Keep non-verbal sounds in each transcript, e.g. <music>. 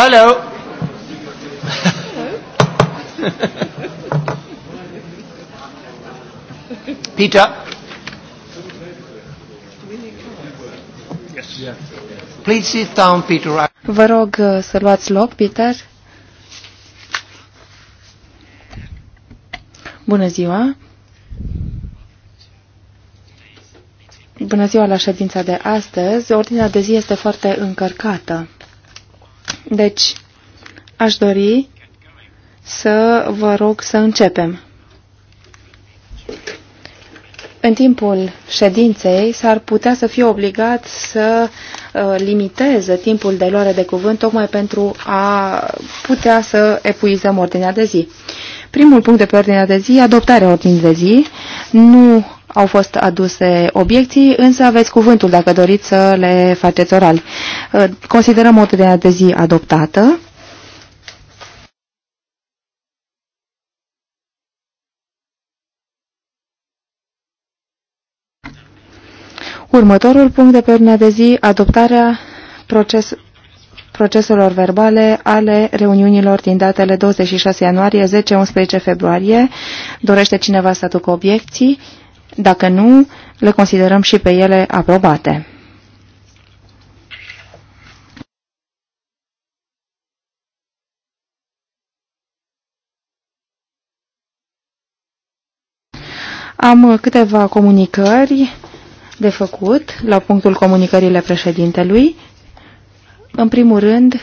Hello. Peter. Please sit down, Peter. Vă rog uh, să luați loc, Peter. Bună ziua! Bună ziua la ședința de astăzi. Ordinea de zi este foarte încărcată. Deci, aș dori să vă rog să începem. În timpul ședinței s-ar putea să fie obligat să uh, limiteze timpul de luare de cuvânt tocmai pentru a putea să epuizăm ordinea de zi. Primul punct de pe ordinea de zi, adoptarea ordinii de zi. Nu au fost aduse obiecții, însă aveți cuvântul dacă doriți să le faceți oral. Uh, considerăm ordinea de zi adoptată. Următorul punct de pe ordinea de zi, adoptarea proces, proceselor verbale ale reuniunilor din datele 26 ianuarie, 10-11 februarie. Dorește cineva să aducă obiecții? Dacă nu, le considerăm și pe ele aprobate. Am câteva comunicări de făcut la punctul comunicările președintelui. În primul rând,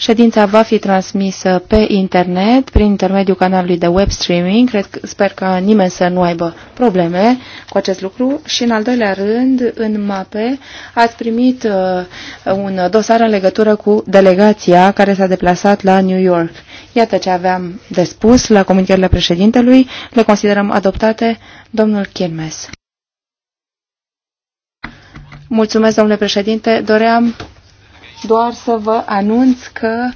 Ședința va fi transmisă pe internet prin intermediul canalului de web streaming. Cred, sper că nimeni să nu aibă probleme cu acest lucru. Și în al doilea rând, în mape, ați primit uh, un dosar în legătură cu delegația care s-a deplasat la New York. Iată ce aveam de spus la comunicările președintelui. Le considerăm adoptate. Domnul Kirmes. Mulțumesc, domnule președinte. Doream doar să vă anunț că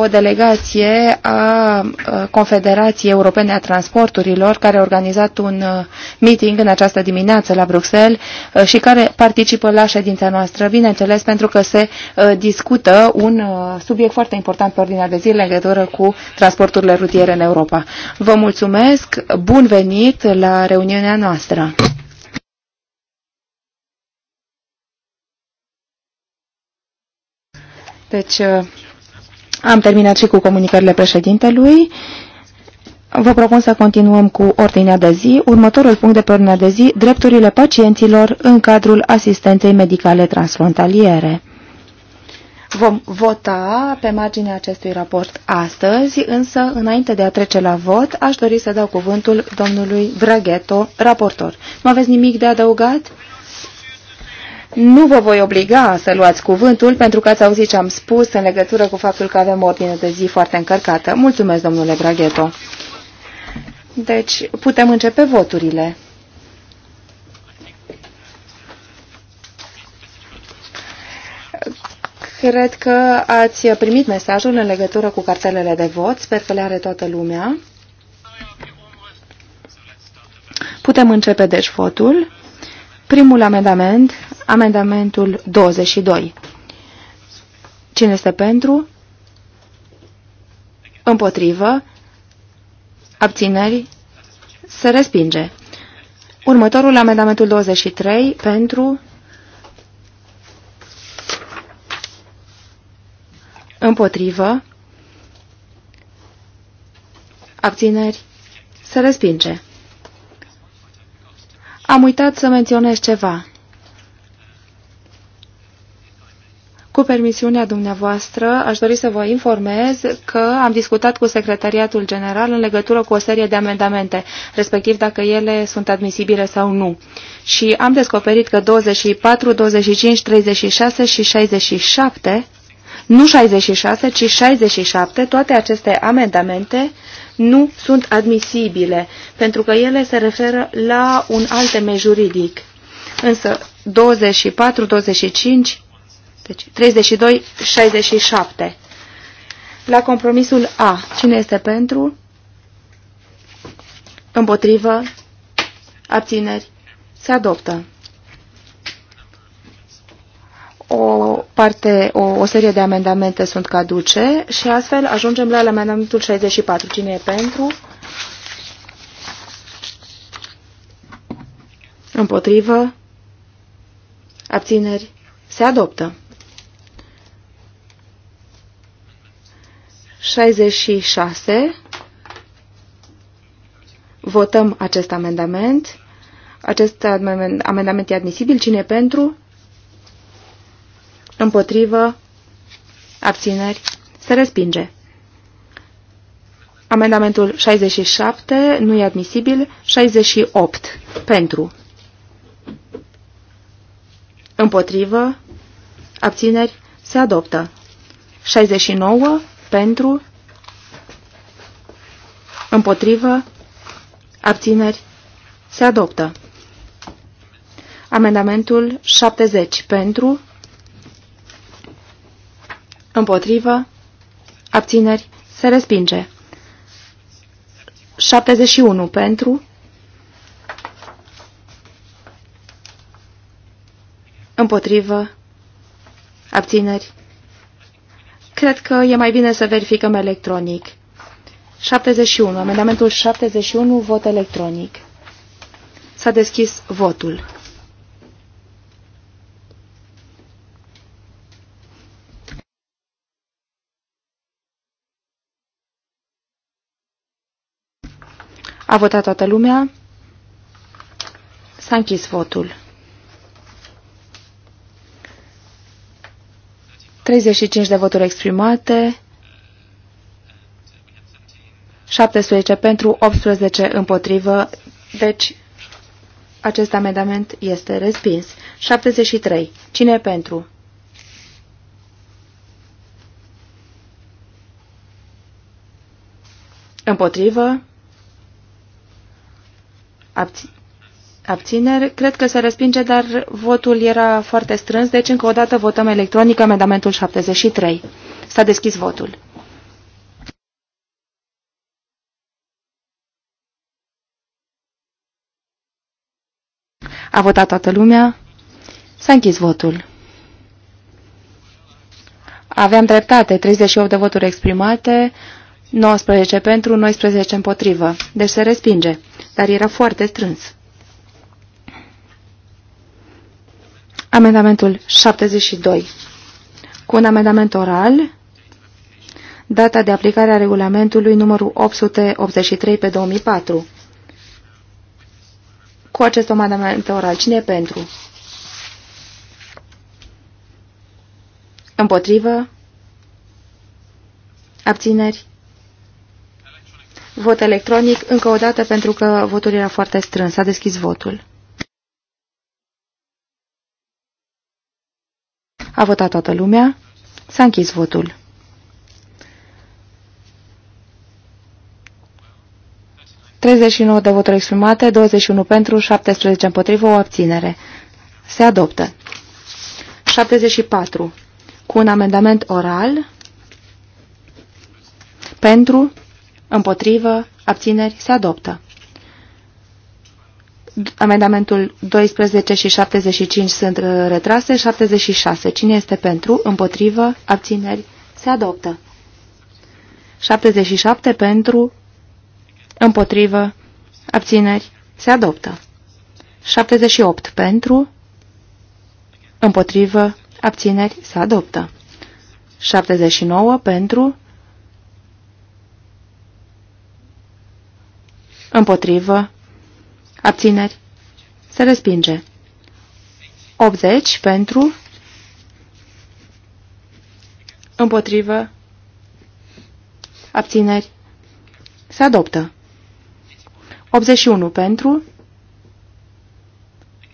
o delegație a Confederației Europene a Transporturilor, care a organizat un meeting în această dimineață la Bruxelles și care participă la ședința noastră, bineînțeles, pentru că se discută un subiect foarte important pe ordinea de zi în legătură cu transporturile rutiere în Europa. Vă mulțumesc, bun venit la reuniunea noastră! Deci uh, am terminat și cu comunicările președintelui. Vă propun să continuăm cu ordinea de zi. Următorul punct de pe ordinea de zi, drepturile pacienților în cadrul asistenței medicale transfrontaliere. Vom vota pe marginea acestui raport astăzi, însă înainte de a trece la vot, aș dori să dau cuvântul domnului Draghetto, raportor. Nu aveți nimic de adăugat? Nu vă voi obliga să luați cuvântul, pentru că ați auzit ce am spus în legătură cu faptul că avem o ordine de zi foarte încărcată. Mulțumesc, domnule Bragheto. Deci, putem începe voturile. Cred că ați primit mesajul în legătură cu cartelele de vot. Sper că le are toată lumea. Putem începe, deci, votul. Primul amendament amendamentul 22. Cine este pentru? Împotrivă? Abțineri? Se respinge. Următorul, amendamentul 23, pentru... Împotrivă? Abțineri? Se respinge. Am uitat să menționez ceva. Cu permisiunea dumneavoastră, aș dori să vă informez că am discutat cu Secretariatul General în legătură cu o serie de amendamente, respectiv dacă ele sunt admisibile sau nu. Și am descoperit că 24, 25, 36 și 67, nu 66, ci 67, toate aceste amendamente nu sunt admisibile, pentru că ele se referă la un alt temei juridic. Însă 24, 25, deci 32, 67. La compromisul A, cine este pentru? Împotrivă? Abțineri? Se adoptă. O parte, o, o serie de amendamente sunt caduce și astfel ajungem la amendamentul 64. Cine e pentru? Împotrivă? Abțineri? Se adoptă. 66. Votăm acest amendament. Acest amendament e admisibil. Cine pentru? Împotrivă? Abțineri? Se respinge. Amendamentul 67 nu e admisibil. 68 pentru. Împotrivă? Abțineri? Se adoptă. 69 pentru, împotrivă, abțineri, se adoptă. Amendamentul 70 pentru, împotrivă, abțineri, se respinge. 71 pentru, împotrivă, abțineri, Cred că e mai bine să verificăm electronic. 71. Amendamentul 71, vot electronic. S-a deschis votul. A votat toată lumea. S-a închis votul. 35 de voturi exprimate, 17 pentru, 18 împotrivă, deci acest amendament este respins. 73. Cine e pentru? Împotrivă? Abți Abțineri. Cred că se respinge, dar votul era foarte strâns, deci încă o dată votăm electronic amendamentul 73. S-a deschis votul. A votat toată lumea. S-a închis votul. Aveam dreptate, 38 de voturi exprimate, 19 pentru, 19 împotrivă. Deci se respinge, dar era foarte strâns. Amendamentul 72. Cu un amendament oral, data de aplicare a regulamentului numărul 883 pe 2004. Cu acest amendament oral, cine e pentru? Împotrivă? Abțineri? Vot electronic, încă o dată, pentru că votul era foarte strâns. S-a deschis votul. A votat toată lumea. S-a închis votul. Treizeci de voturi exprimate, 21 pentru, 17 împotrivă, o abținere. Se adoptă. 74. Cu un amendament oral pentru, împotrivă, abțineri, se adoptă. Amendamentul 12 și 75 sunt uh, retrase. 76. Cine este pentru? Împotrivă? Abțineri? Se adoptă. 77 pentru? Împotrivă? Abțineri? Se adoptă. 78 pentru? Împotrivă? Abțineri? Se adoptă. 79 pentru? Împotrivă? Abțineri. Se respinge. 80 pentru. Împotrivă. Abțineri. Se adoptă. 81 pentru.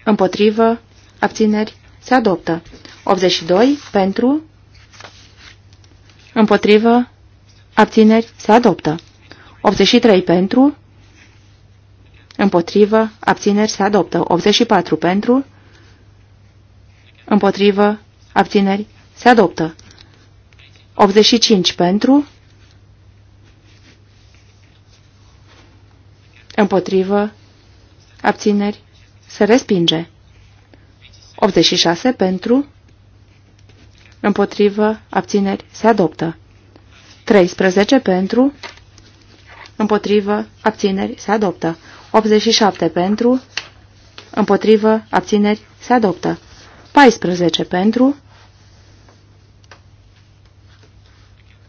Împotrivă. Abțineri. Se adoptă. 82 pentru. Împotrivă. Abțineri. Se adoptă. 83 pentru. Împotrivă. Abțineri se adoptă. 84 pentru. Împotrivă. Abțineri se adoptă. 85 pentru. Împotrivă. Abțineri. Se respinge. 86 pentru. Împotrivă. Abțineri. Se adoptă. 13 pentru. Împotrivă. Abțineri. Se adoptă. 87 pentru, împotrivă, abțineri, se adoptă. 14 pentru,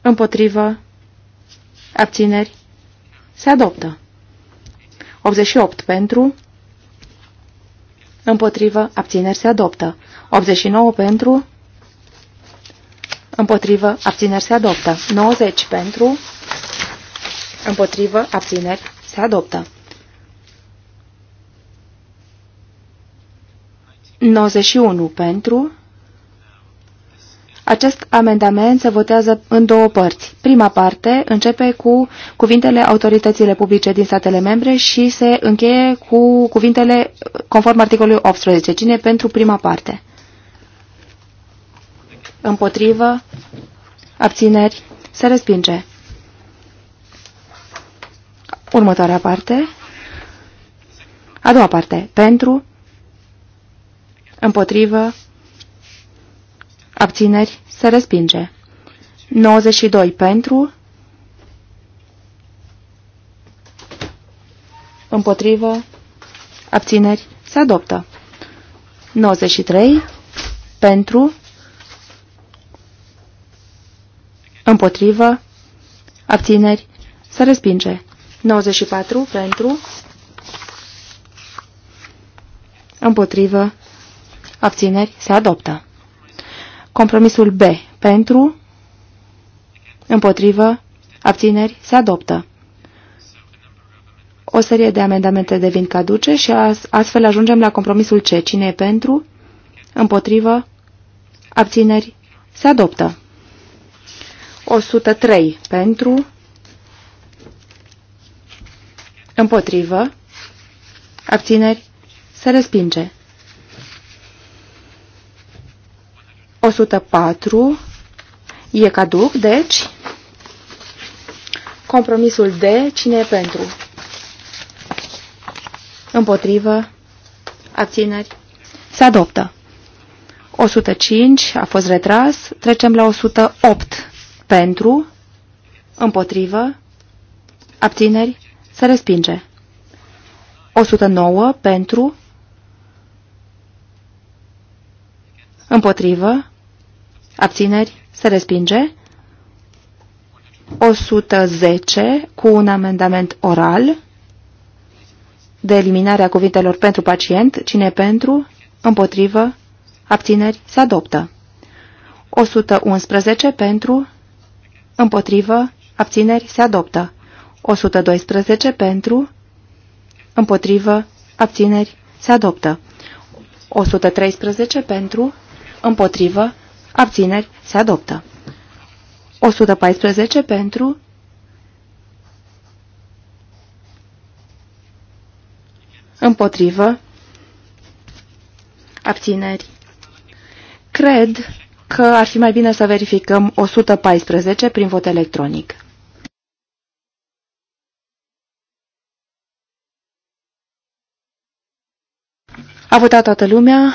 împotrivă, abțineri, se adoptă. 88 pentru, împotrivă, abțineri, se adoptă. 89 pentru, împotrivă, abțineri, se adoptă. 90 pentru, împotrivă, abțineri, se adoptă. 91 pentru. Acest amendament se votează în două părți. Prima parte începe cu cuvintele autoritățile publice din statele membre și se încheie cu cuvintele conform articolului 18. Cine pentru prima parte? Împotrivă? Abțineri? Se respinge. Următoarea parte. A doua parte. Pentru? Împotrivă. Abțineri. Se respinge. 92 pentru. Împotrivă. Abțineri. Se adoptă. 93 pentru. Împotrivă. Abțineri. Se respinge. 94 pentru. Împotrivă abțineri, se adoptă. Compromisul B. Pentru, împotrivă, abțineri, se adoptă. O serie de amendamente devin caduce și astfel ajungem la compromisul C. Cine e pentru, împotrivă, abțineri, se adoptă. 103 pentru, împotrivă, abțineri, se respinge. 104 e caduc, deci compromisul D, cine e pentru? Împotrivă, abțineri, se adoptă. 105 a fost retras, trecem la 108 pentru, împotrivă, abțineri, se respinge. 109 pentru, împotrivă, Abțineri? Se respinge. 110 cu un amendament oral de eliminare a cuvintelor pentru pacient. Cine pentru? Împotrivă? Abțineri? Se adoptă. 111 pentru? Împotrivă? Abțineri? Se adoptă. 112 pentru? Împotrivă? Abțineri? Se adoptă. 113 pentru? Împotrivă? abțineri, se adoptă. 114 pentru, împotrivă, abțineri. Cred că ar fi mai bine să verificăm 114 prin vot electronic. A votat toată lumea,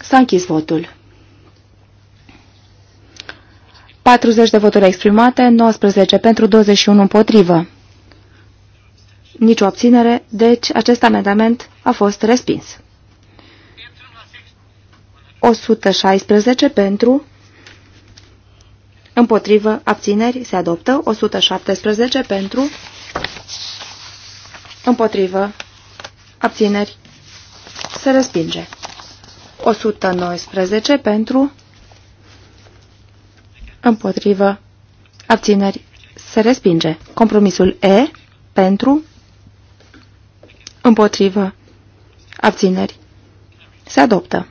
s-a închis votul. 40 de voturi exprimate, 19 pentru, 21 împotrivă. Nici o abținere, deci acest amendament a fost respins. 116 pentru, împotrivă, abțineri, se adoptă. 117 pentru, împotrivă, abțineri, se respinge. 119 pentru, împotrivă, abțineri, se respinge. Compromisul E, pentru, împotrivă, abțineri, se adoptă.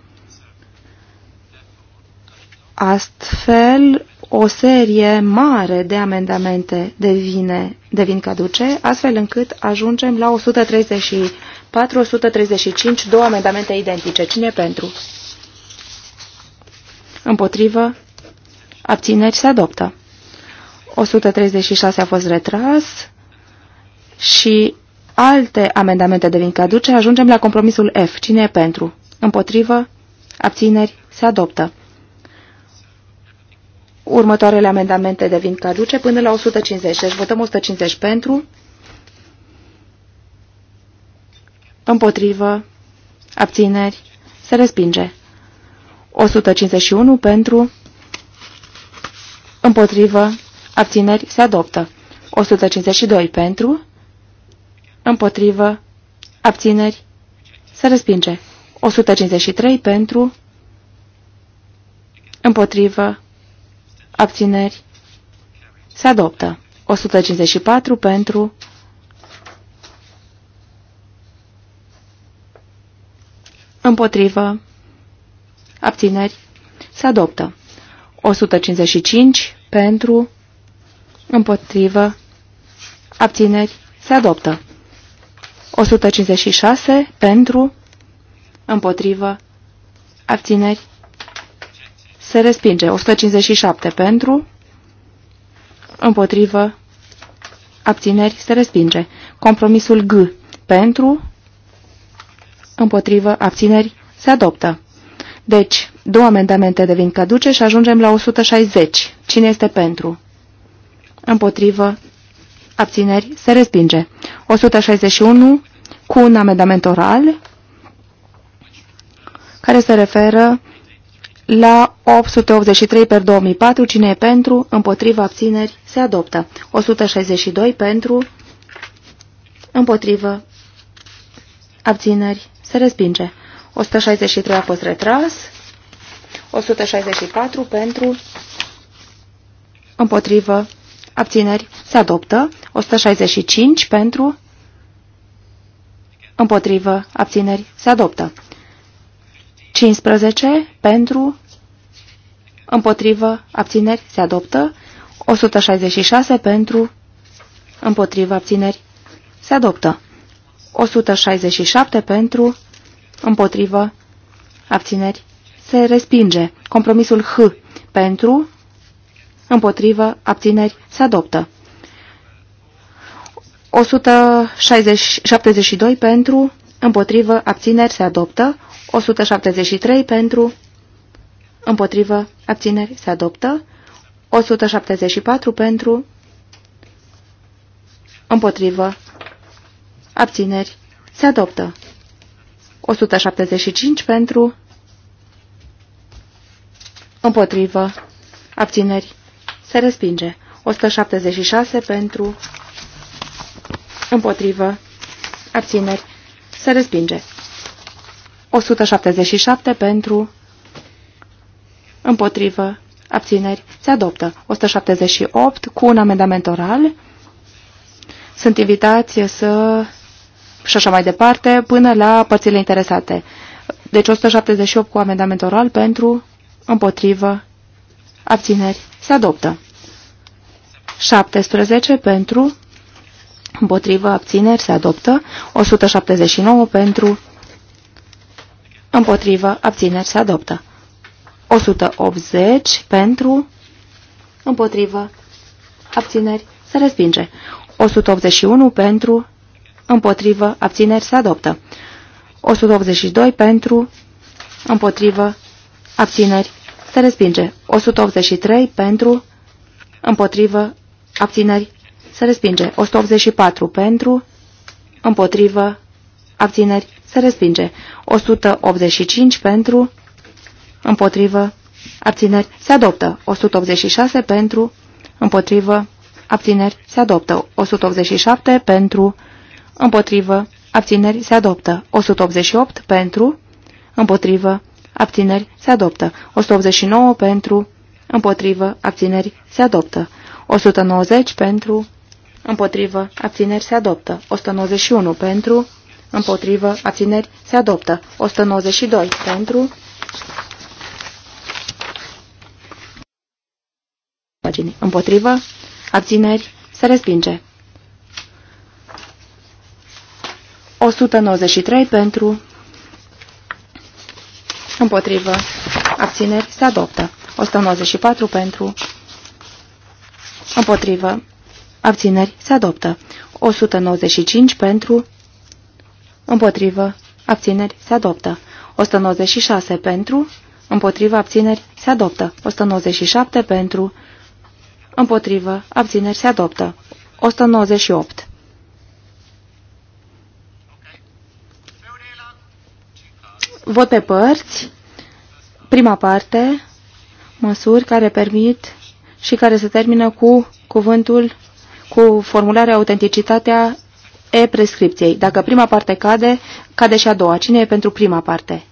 Astfel, o serie mare de amendamente devine, devin caduce, astfel încât ajungem la 134, 135, două amendamente identice. Cine pentru? Împotrivă, abțineri se adoptă. 136 a fost retras și alte amendamente devin caduce, ajungem la compromisul F. Cine e pentru? Împotrivă? Abțineri? Se adoptă. Următoarele amendamente devin caduce până la 150. Deci votăm 150 pentru, împotrivă, abțineri, se respinge. 151 pentru, împotrivă, abțineri, se adoptă. 152 pentru, împotrivă, abțineri, se respinge. 153 pentru, împotrivă, abțineri, se adoptă. 154 pentru, împotrivă, abțineri, se adoptă. 155 pentru, împotrivă, abțineri, se adoptă. 156 pentru, împotrivă, abțineri, se respinge. 157 pentru, împotrivă, abțineri, se respinge. Compromisul G pentru, împotrivă, abțineri, se adoptă. Deci, Două amendamente devin caduce și ajungem la 160. Cine este pentru? Împotrivă. Abțineri. Se respinge. 161 cu un amendament oral care se referă la 883 per 2004. Cine e pentru? Împotrivă. Abțineri. Se adoptă. 162 pentru. Împotrivă. Abțineri. Se respinge. 163 a fost retras. 164 pentru, împotrivă, abțineri, se adoptă. 165 pentru, împotrivă, abțineri, se adoptă. 15 pentru, împotrivă, abțineri, se adoptă. 166 pentru, împotrivă, abțineri, se adoptă. 167 pentru, împotrivă, abțineri, se respinge. Compromisul H. Pentru. Împotrivă. Abțineri. Se adoptă. 172 pentru. Împotrivă. Abțineri. Se adoptă. 173 pentru. Împotrivă. Abțineri. Se adoptă. 174 pentru. Împotrivă. Abțineri. Se adoptă. 175 pentru împotrivă, abțineri, se respinge. 176 pentru, împotrivă, abțineri, se respinge. 177 pentru, împotrivă, abțineri, se adoptă. 178 cu un amendament oral. Sunt invitați să și așa mai departe, până la părțile interesate. Deci 178 cu amendament oral pentru, împotrivă, abțineri, se adoptă. 17 pentru, împotrivă, abțineri, se adoptă. 179 pentru, împotrivă, abțineri, se adoptă. 180 pentru, împotrivă, abțineri, se respinge. 181 pentru, împotrivă, abțineri, se adoptă. 182 pentru, împotrivă, abțineri, se respinge. 183 pentru, împotrivă, abțineri, se respinge. 184 pentru, împotrivă, abțineri, se respinge. 185 pentru, împotrivă, abțineri, se adoptă. 186 pentru, împotrivă, abțineri, se adoptă. 187 pentru, împotrivă, abțineri, se adoptă. 188 pentru, împotrivă, abțineri, se adoptă. 189 pentru, împotrivă, abțineri, se adoptă. 190 pentru, împotrivă, abțineri, se adoptă. 191 pentru, împotrivă, abțineri, se adoptă. 192 pentru, împotrivă, abțineri, se respinge. 193 pentru, Împotrivă. Abțineri. Se adoptă. 194 pentru. Împotrivă. Abțineri. Se adoptă. 195 pentru. Împotrivă. Abțineri. Se adoptă. 196 pentru. Împotrivă. Abțineri. Se adoptă. 197 pentru. Împotrivă. Abțineri. Se adoptă. 198 Vot pe părți. Prima parte, măsuri care permit și care se termină cu cuvântul, cu formularea autenticitatea e-prescripției. Dacă prima parte cade, cade și a doua. Cine e pentru prima parte?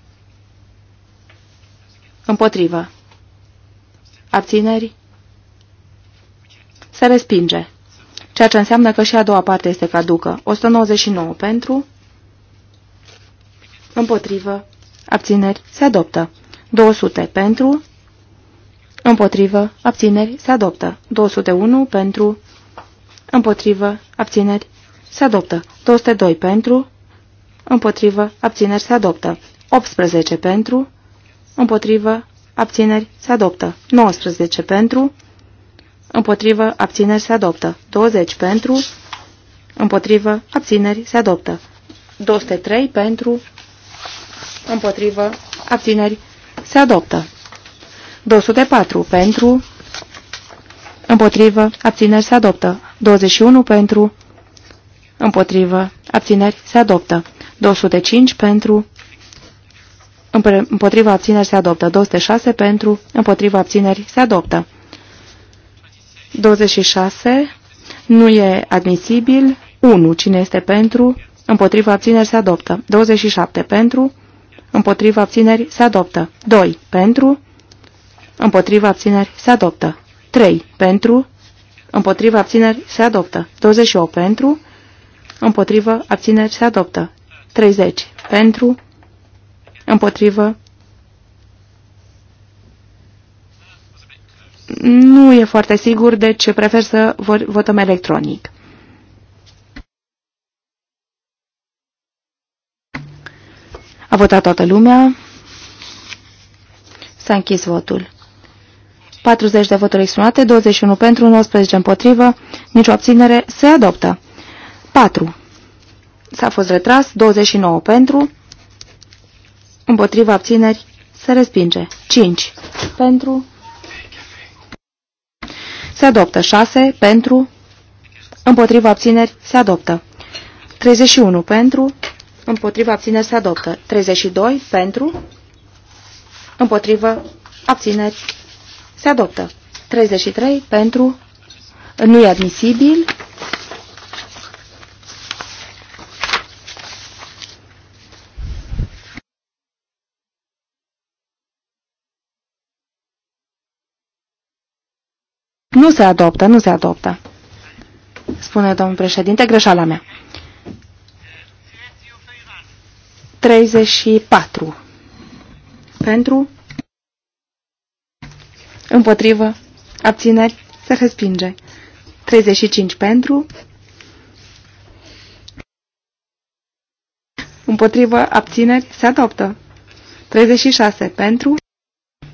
Împotrivă. Abțineri? Se respinge. Ceea ce înseamnă că și a doua parte este caducă. 199 pentru, împotrivă, abțineri, se adoptă. 200 pentru, împotrivă, abțineri, se adoptă. 201 pentru, împotrivă, abțineri, se adoptă. 202 pentru, împotrivă, abțineri, se adoptă. 18 pentru, împotrivă, abțineri, se adoptă. 19 pentru, împotrivă, abțineri, se adoptă. 20 pentru, împotrivă, abțineri, se adoptă. 203 pentru, împotrivă, abțineri, se adoptă. 204 pentru, împotrivă, abțineri, se adoptă. 21 pentru, împotrivă, abțineri, se adoptă. 205 pentru, împotriva abțineri, se adoptă. 206 pentru, împotriva abțineri, se adoptă. 26 nu e admisibil. 1. Cine este pentru? Împotriva abțineri se adoptă. 27. Pentru? împotriva abțineri, se adoptă. 2. Pentru, împotriva abțineri, se adoptă. 3. Pentru, împotriva abțineri, se adoptă. 28. Pentru, împotriva abțineri, se adoptă. 30. Pentru, Împotriva. Nu e foarte sigur, deci prefer să votăm electronic. A votat toată lumea. S-a închis votul. 40 de voturi exprimate, 21 pentru, 19 împotrivă, nicio abținere, se adoptă. 4. S-a fost retras, 29 pentru, împotriva abțineri, se respinge. 5. Pentru. Se adoptă. 6. Pentru. Împotriva abțineri, se adoptă. 31. Pentru. Împotriva abține se adoptă. 32 pentru. Împotriva abțineri se adoptă. 33 pentru. Nu e admisibil. Nu se adoptă, nu se adoptă. Spune domnul președinte, greșeala mea. 34. Pentru, împotrivă, abțineri, se respinge. 35 pentru, împotrivă, abțineri, se adoptă. 36 pentru,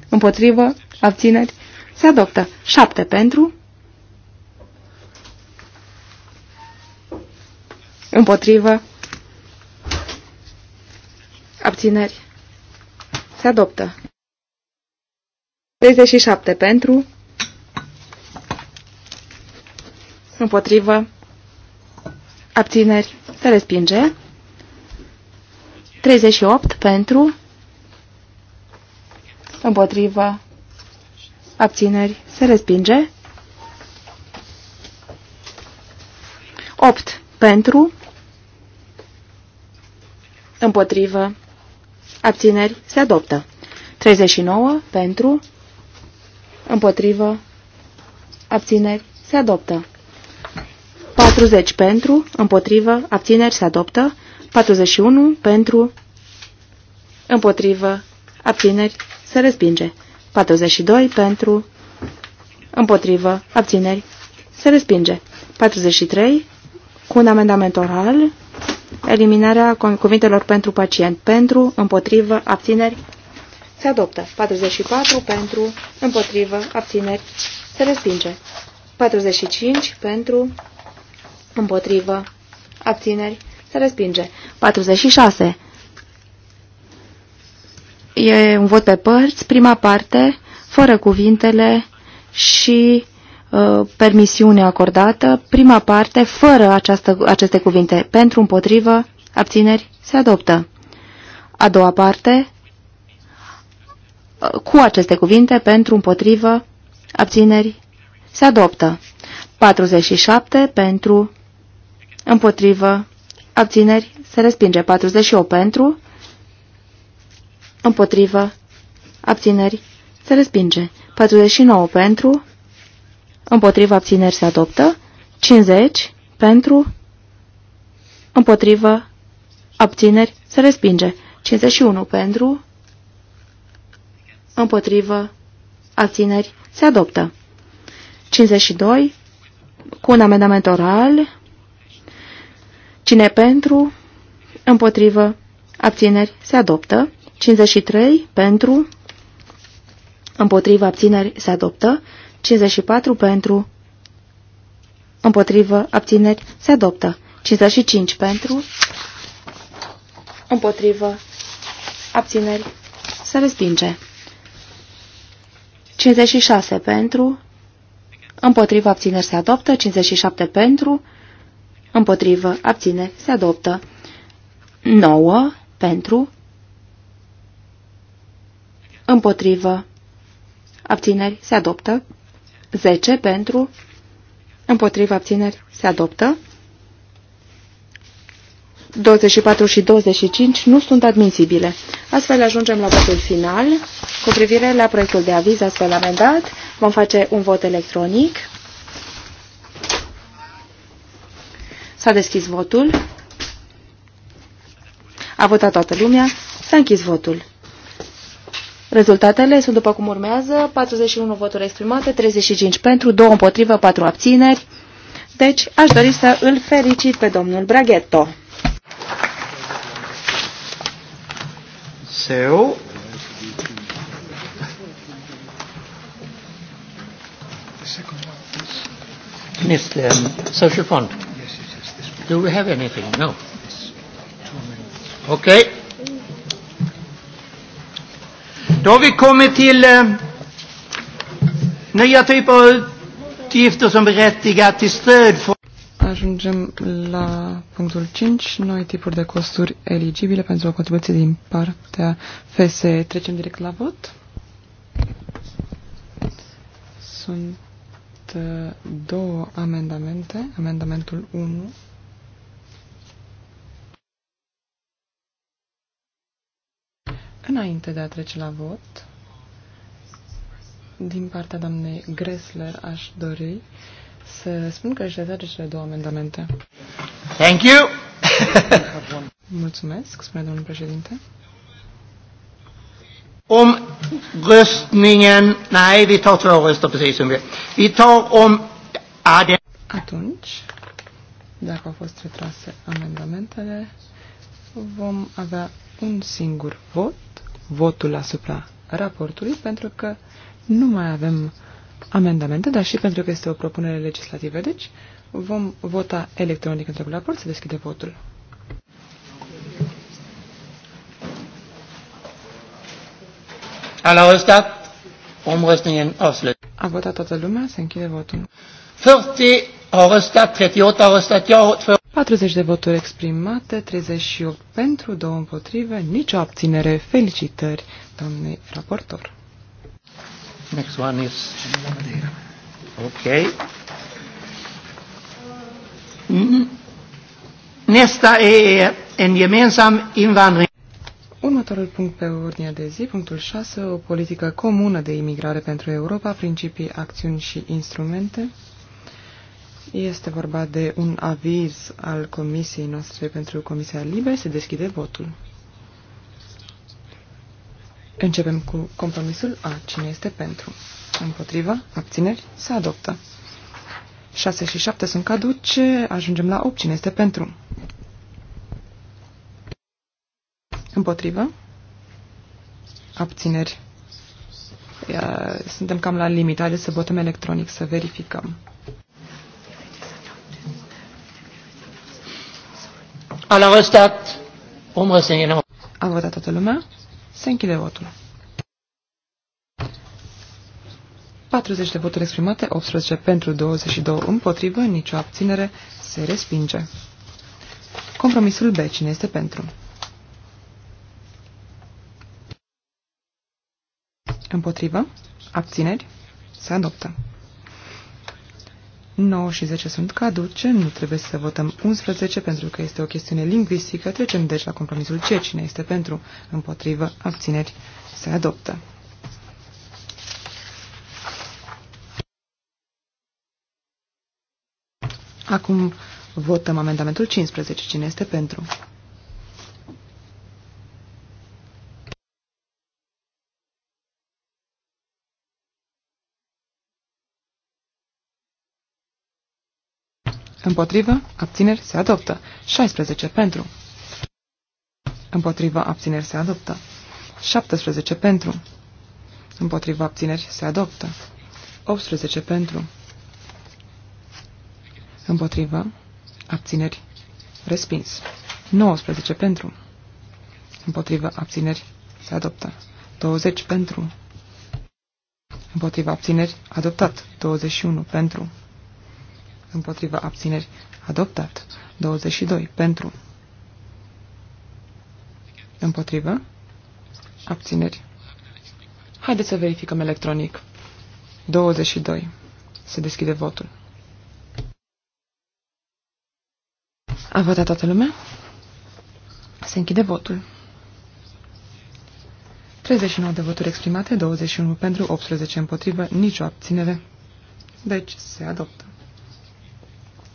împotrivă, abțineri, se adoptă. 7 pentru, împotrivă, Abțineri. Se adoptă. 37 pentru. Împotrivă. Abțineri. Se respinge. 38 pentru. Împotrivă. Abțineri. Se respinge. 8 pentru. Împotrivă abțineri, se adoptă. 39 pentru, împotrivă, abțineri, se adoptă. 40 pentru, împotrivă, abțineri, se adoptă. 41 pentru, împotrivă, abțineri, se respinge. 42 pentru, împotrivă, abțineri, se respinge. 43 cu un amendament oral eliminarea cuvintelor pentru pacient. Pentru, împotrivă, abțineri, se adoptă. 44 pentru, împotrivă, abțineri, se respinge. 45 pentru, împotrivă, abțineri, se respinge. 46. E un vot pe părți, prima parte, fără cuvintele și Uh, permisiune acordată, prima parte, fără această, aceste cuvinte, pentru, împotrivă, abțineri, se adoptă. A doua parte, uh, cu aceste cuvinte, pentru, împotrivă, abțineri, se adoptă. 47 pentru, împotrivă, abțineri, se respinge. 48 pentru, împotrivă, abțineri, se respinge. 49 pentru, împotriva abțineri se adoptă, 50 pentru, împotriva abțineri se respinge, 51 pentru, împotrivă, abțineri se adoptă. 52 cu un amendament oral, cine pentru, împotrivă, abțineri se adoptă. 53 pentru, împotrivă, abțineri se adoptă. 54 pentru, împotrivă, abțineri, se adoptă. 55 pentru, împotrivă, abțineri, se respinge. 56 pentru, împotrivă, abțineri, se adoptă. 57 pentru, împotrivă, abțineri, se adoptă. 9 pentru, împotrivă, abțineri, se adoptă. 10 pentru, împotriva abțineri se adoptă. 24 și 25 nu sunt admisibile. Astfel ajungem la votul final. Cu privire la proiectul de aviz astfel amendat, vom face un vot electronic. S-a deschis votul. A votat toată lumea. S-a închis votul. Rezultatele sunt după cum urmează, 41 voturi exprimate, 35 pentru, 2 împotrivă, 4 abțineri. Deci aș dori să îl felicit pe domnul Braghetto. Seu. Mr. Um, Social Fund, do we have anything? No. Okay. Då har vi kommit till eh, nya typer av utgifter som berättigar till stöd för Ajungem la punctul 5, noi tipuri de costuri eligibile pentru o contribuție din partea FSE. Trecem direct la vot. Sunt eh, două amendamente, amendamentul 1 Înainte de a trece la vot, din partea doamnei Gressler aș dori să spun că își rezerve cele două amendamente. Thank you! <laughs> Mulțumesc, spune domnul președinte. Om răstningen, Nai, vi tar två röster precis zi, vi Vi tar om... Atunci, dacă au fost retrase amendamentele, vom avea un singur vot, votul asupra raportului, pentru că nu mai avem amendamente, dar și pentru că este o propunere legislativă. Deci vom vota electronic întregul raport. Se deschide votul. Alla röstat. Omröstningen avslut. A votat toată lumea, se închide votul. 40 au röstat, 38 au röstat ja, 2 40 de voturi exprimate, 38 pentru, 2 împotrive, nicio abținere. Felicitări, doamnei raportor. Next one is Ok. Nesta e en gemensam invandring. Următorul punct pe ordinea de zi, punctul 6, o politică comună de imigrare pentru Europa, principii, acțiuni și instrumente. Este vorba de un aviz al comisiei noastre pentru Comisia Liberă. Se deschide votul. Începem cu compromisul A. Cine este pentru? Împotriva? Abțineri? Se adoptă. 6 și 7 sunt caduce. Ajungem la 8. Cine este pentru? Împotrivă? Abțineri. Suntem cam la limită. Haideți să votăm electronic, să verificăm. Alla röstat. Omröstningen la A votat toată lumea. Se închide votul. 40 de voturi exprimate, 18 pentru, 22 împotrivă, nicio abținere, se respinge. Compromisul B, cine este pentru? Împotrivă, abțineri, se adoptă. 9 și 10 sunt caduce, nu trebuie să votăm 11 pentru că este o chestiune lingvistică. Trecem deci la compromisul C. Cine este pentru? Împotrivă, abțineri, se adoptă. Acum votăm amendamentul 15. Cine este pentru? Împotrivă, abțineri, se adoptă. 16 pentru. Împotrivă, abțineri, se adoptă. 17 pentru. Împotrivă, abțineri, se adoptă. 18 pentru. Împotrivă, abțineri, respins. 19 pentru. Împotrivă, abțineri, se adoptă. 20 pentru. Împotriva abțineri, adoptat. 21 pentru împotriva abțineri adoptat. 22 pentru împotriva abțineri. Haideți să verificăm electronic. 22. Se deschide votul. A votat toată lumea? Se închide votul. 39 de voturi exprimate, 21 pentru, 18 împotrivă, nicio abținere. Deci se adoptă.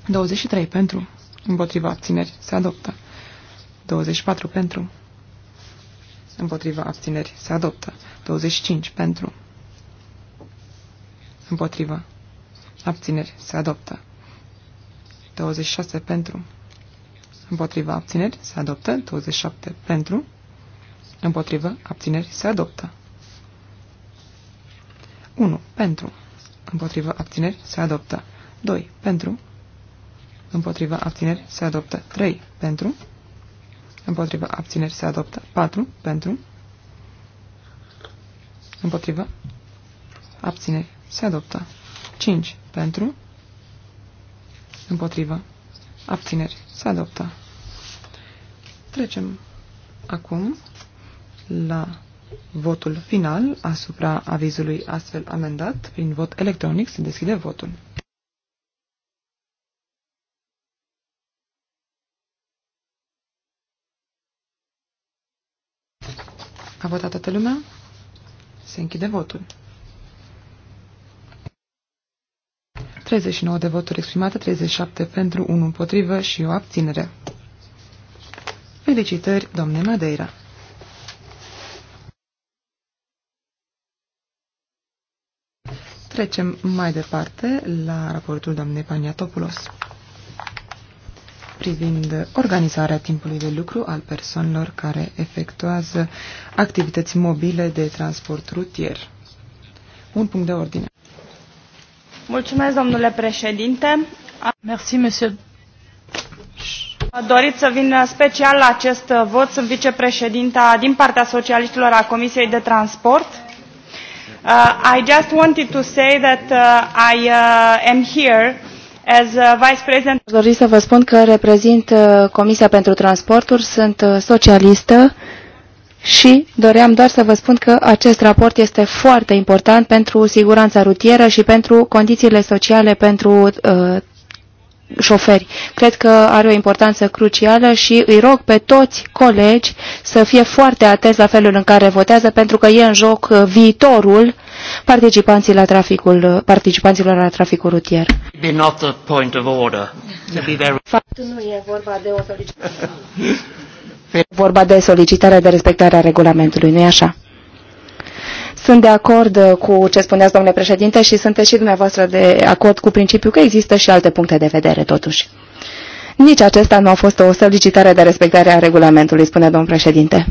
23 pentru. Împotriva abțineri se adoptă. 24 pentru. Împotriva abțineri se adoptă. 25 pentru. Împotriva abțineri se adoptă. 26 pentru. Împotriva abțineri se adoptă. 27 pentru. Împotriva abțineri se adoptă. 1. Pentru. Împotriva abțineri se adoptă. 2. Pentru împotriva abțineri se adoptă 3 pentru, împotriva abțineri se adoptă 4 pentru, împotriva abțineri se adoptă 5 pentru, împotriva abțineri se adoptă. Trecem acum la votul final asupra avizului astfel amendat. Prin vot electronic se deschide votul. A votat toată lumea? Se închide votul. 39 de voturi exprimate, 37 pentru, 1 împotrivă și o abținere. Felicitări, domne Madeira! Trecem mai departe la raportul doamnei Paniatopoulos privind organizarea timpului de lucru al persoanelor care efectuează activități mobile de transport rutier. Un punct de ordine. Mulțumesc, domnule președinte. Merci, monsieur. A dorit să vin special la acest vot. Sunt vicepreședinta din partea socialiștilor a Comisiei de Transport. Uh, I just wanted to say that uh, I uh, am here As uh, Vice President... Aș dori să vă spun că reprezint uh, Comisia pentru Transporturi, sunt uh, socialistă și doream doar să vă spun că acest raport este foarte important pentru siguranța rutieră și pentru condițiile sociale pentru uh, șoferi. Cred că are o importanță crucială și îi rog pe toți colegi să fie foarte atenți la felul în care votează, pentru că e în joc viitorul participanții la traficul, participanților la traficul rutier. Faptul nu e vorba de o solicitare. vorba de solicitarea de respectare a regulamentului, nu-i așa? Sunt de acord cu ce spuneați, domnule președinte, și sunteți și dumneavoastră de acord cu principiul că există și alte puncte de vedere, totuși. Nici acesta nu a fost o solicitare de respectare a regulamentului, spune domnul președinte.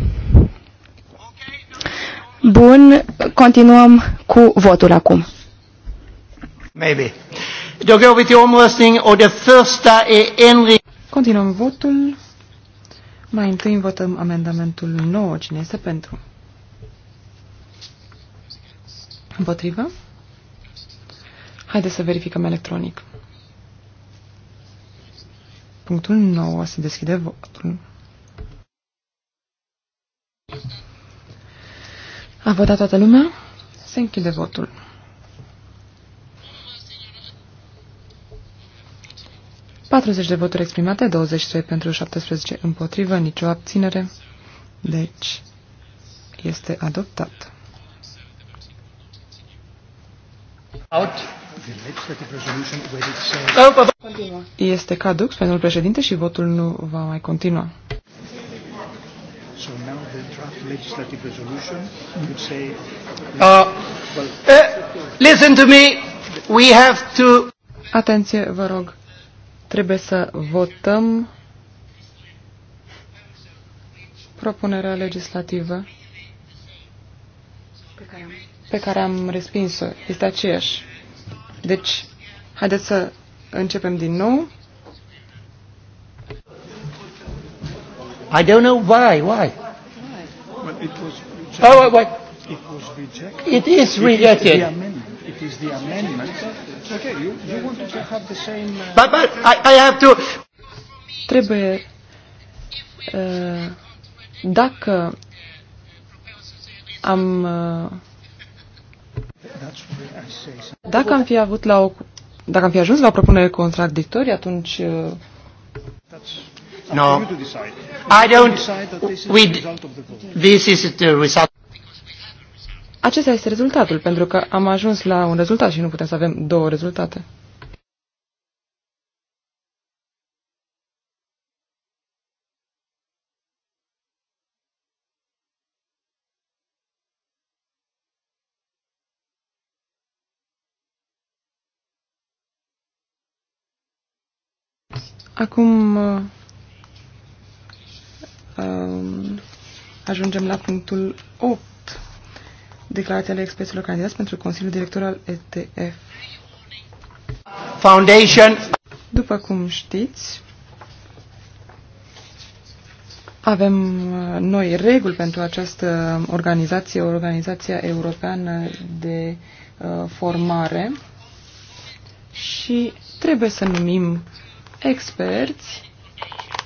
Bun, continuăm cu votul acum. Maybe. Då går vi till omröstning och det första är ändring... Continuăm votul. Mai întâi votăm amendamentul 9. Cine este pentru? Împotrivă? Haideți să verificăm electronic. Punctul 9. Se deschide votul. A votat toată lumea? Se închide votul. Patruzeci de voturi exprimate, 23 pentru 17 împotrivă, nicio abținere. Deci, este adoptat. Out. Este caduc, pentru președinte, și votul nu va mai continua legislative resolution would say... Uh, well, uh, listen to me. We have to... Atenție, vă rog. Trebuie să votăm propunerea legislativă pe care am, pe care am respins-o. Este aceeași. Deci, haideți să începem din nou. I don't know why, why. It was rejected. Oh, wait. It was rejected. It is rejected. It is the amendment. It is the amendment. Okay, you, you wanted to have the same... Uh... But, but I, I have to... Trebuie... Uh, dacă am... Uh, dacă am fi avut la o... Dacă am fi ajuns la o propunere contradictorie, atunci... Uh, No. I don't. We, this is the result. Acesta este rezultatul, pentru că am ajuns la un rezultat și nu putem să avem două rezultate. Acum uh, Um, ajungem la punctul 8. Declarația ale experților candidați pentru Consiliul Director al ETF. Foundation. După cum știți, avem uh, noi reguli pentru această organizație, Organizația Europeană de uh, Formare și trebuie să numim experți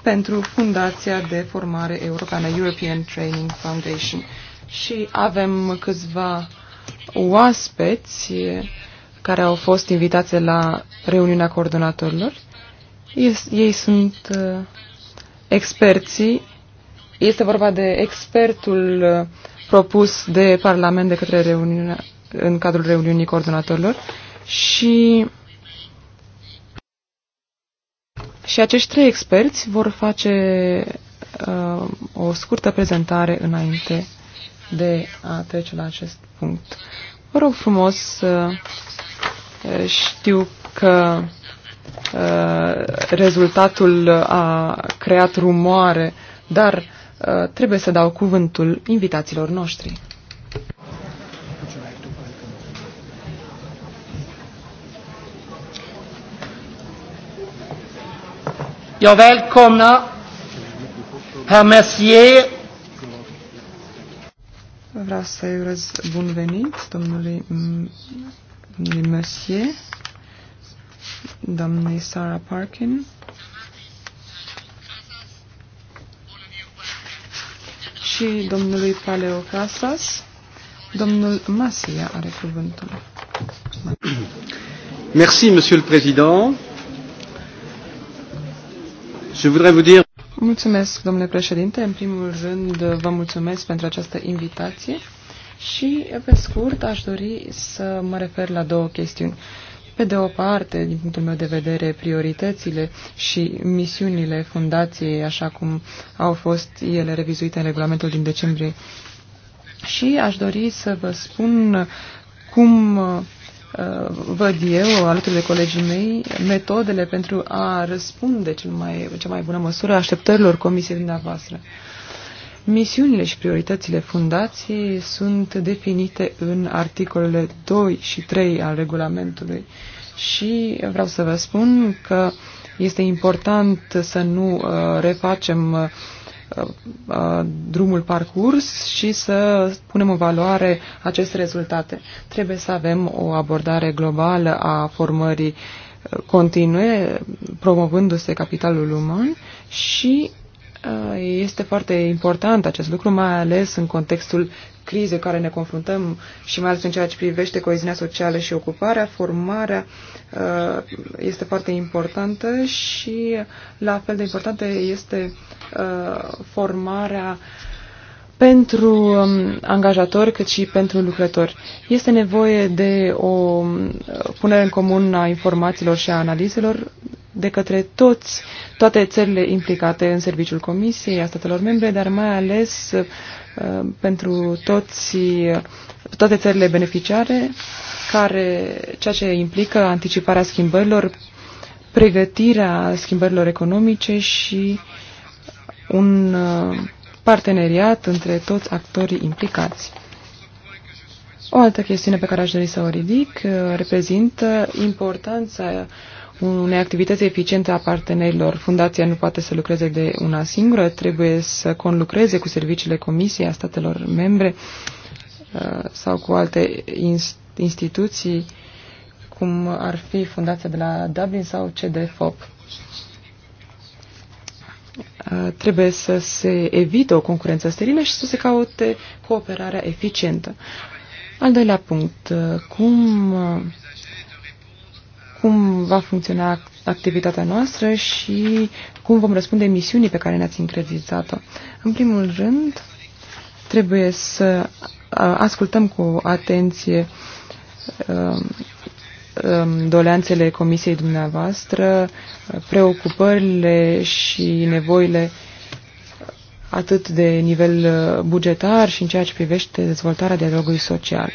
pentru Fundația de Formare Europeană, European Training Foundation. Și avem câțiva oaspeți care au fost invitați la reuniunea coordonatorilor. Ei sunt uh, experții. Este vorba de expertul uh, propus de Parlament de către reuniunea, în cadrul reuniunii coordonatorilor și Și acești trei experți vor face uh, o scurtă prezentare înainte de a trece la acest punct. Vă rog frumos, uh, știu că uh, rezultatul a creat rumoare, dar uh, trebuie să dau cuvântul invitațiilor noștri. Jag välkomnar herr Messier. Vreau să-i urez bun venit domnului, domnului Messier, doamnei Sara Parkin. și domnului Casas, Domnul Masia are cuvântul. Merci, Monsieur le Président. Je voudrais vous dire... Mulțumesc, domnule președinte. În primul rând, vă mulțumesc pentru această invitație și, pe scurt, aș dori să mă refer la două chestiuni. Pe de o parte, din punctul meu de vedere, prioritățile și misiunile fundației, așa cum au fost ele revizuite în regulamentul din decembrie. Și aș dori să vă spun cum Uh, văd eu, alături de colegii mei, metodele pentru a răspunde cel mai, cea mai bună măsură așteptărilor comisiei dumneavoastră. Misiunile și prioritățile fundației sunt definite în articolele 2 și 3 al regulamentului și vreau să vă spun că este important să nu uh, refacem uh, drumul parcurs și să punem în valoare aceste rezultate. Trebuie să avem o abordare globală a formării continue, promovându-se capitalul uman și Uh, este foarte important acest lucru, mai ales în contextul crizei care ne confruntăm și mai ales în ceea ce privește coeziunea socială și ocuparea, formarea uh, este foarte importantă și la fel de importantă este uh, formarea pentru um, angajatori cât și pentru lucrători. Este nevoie de o punere în comun a informațiilor și a analizelor de către toți, toate țările implicate în serviciul Comisiei, a statelor membre, dar mai ales uh, pentru toți, uh, toate țările beneficiare, care, ceea ce implică anticiparea schimbărilor, pregătirea schimbărilor economice și un uh, parteneriat între toți actorii implicați. O altă chestiune pe care aș dori să o ridic uh, reprezintă importanța unei activități eficiente a partenerilor. Fundația nu poate să lucreze de una singură, trebuie să conlucreze cu serviciile Comisiei a statelor membre uh, sau cu alte instituții, cum ar fi Fundația de la Dublin sau CDFOP. Uh, trebuie să se evite o concurență sterilă și să se caute cooperarea eficientă. Al doilea punct, uh, cum cum va funcționa activitatea noastră și cum vom răspunde misiunii pe care ne-ați încredințat-o. În primul rând, trebuie să ascultăm cu atenție um, um, doleanțele comisiei dumneavoastră, preocupările și nevoile atât de nivel uh, bugetar și în ceea ce privește dezvoltarea dialogului social.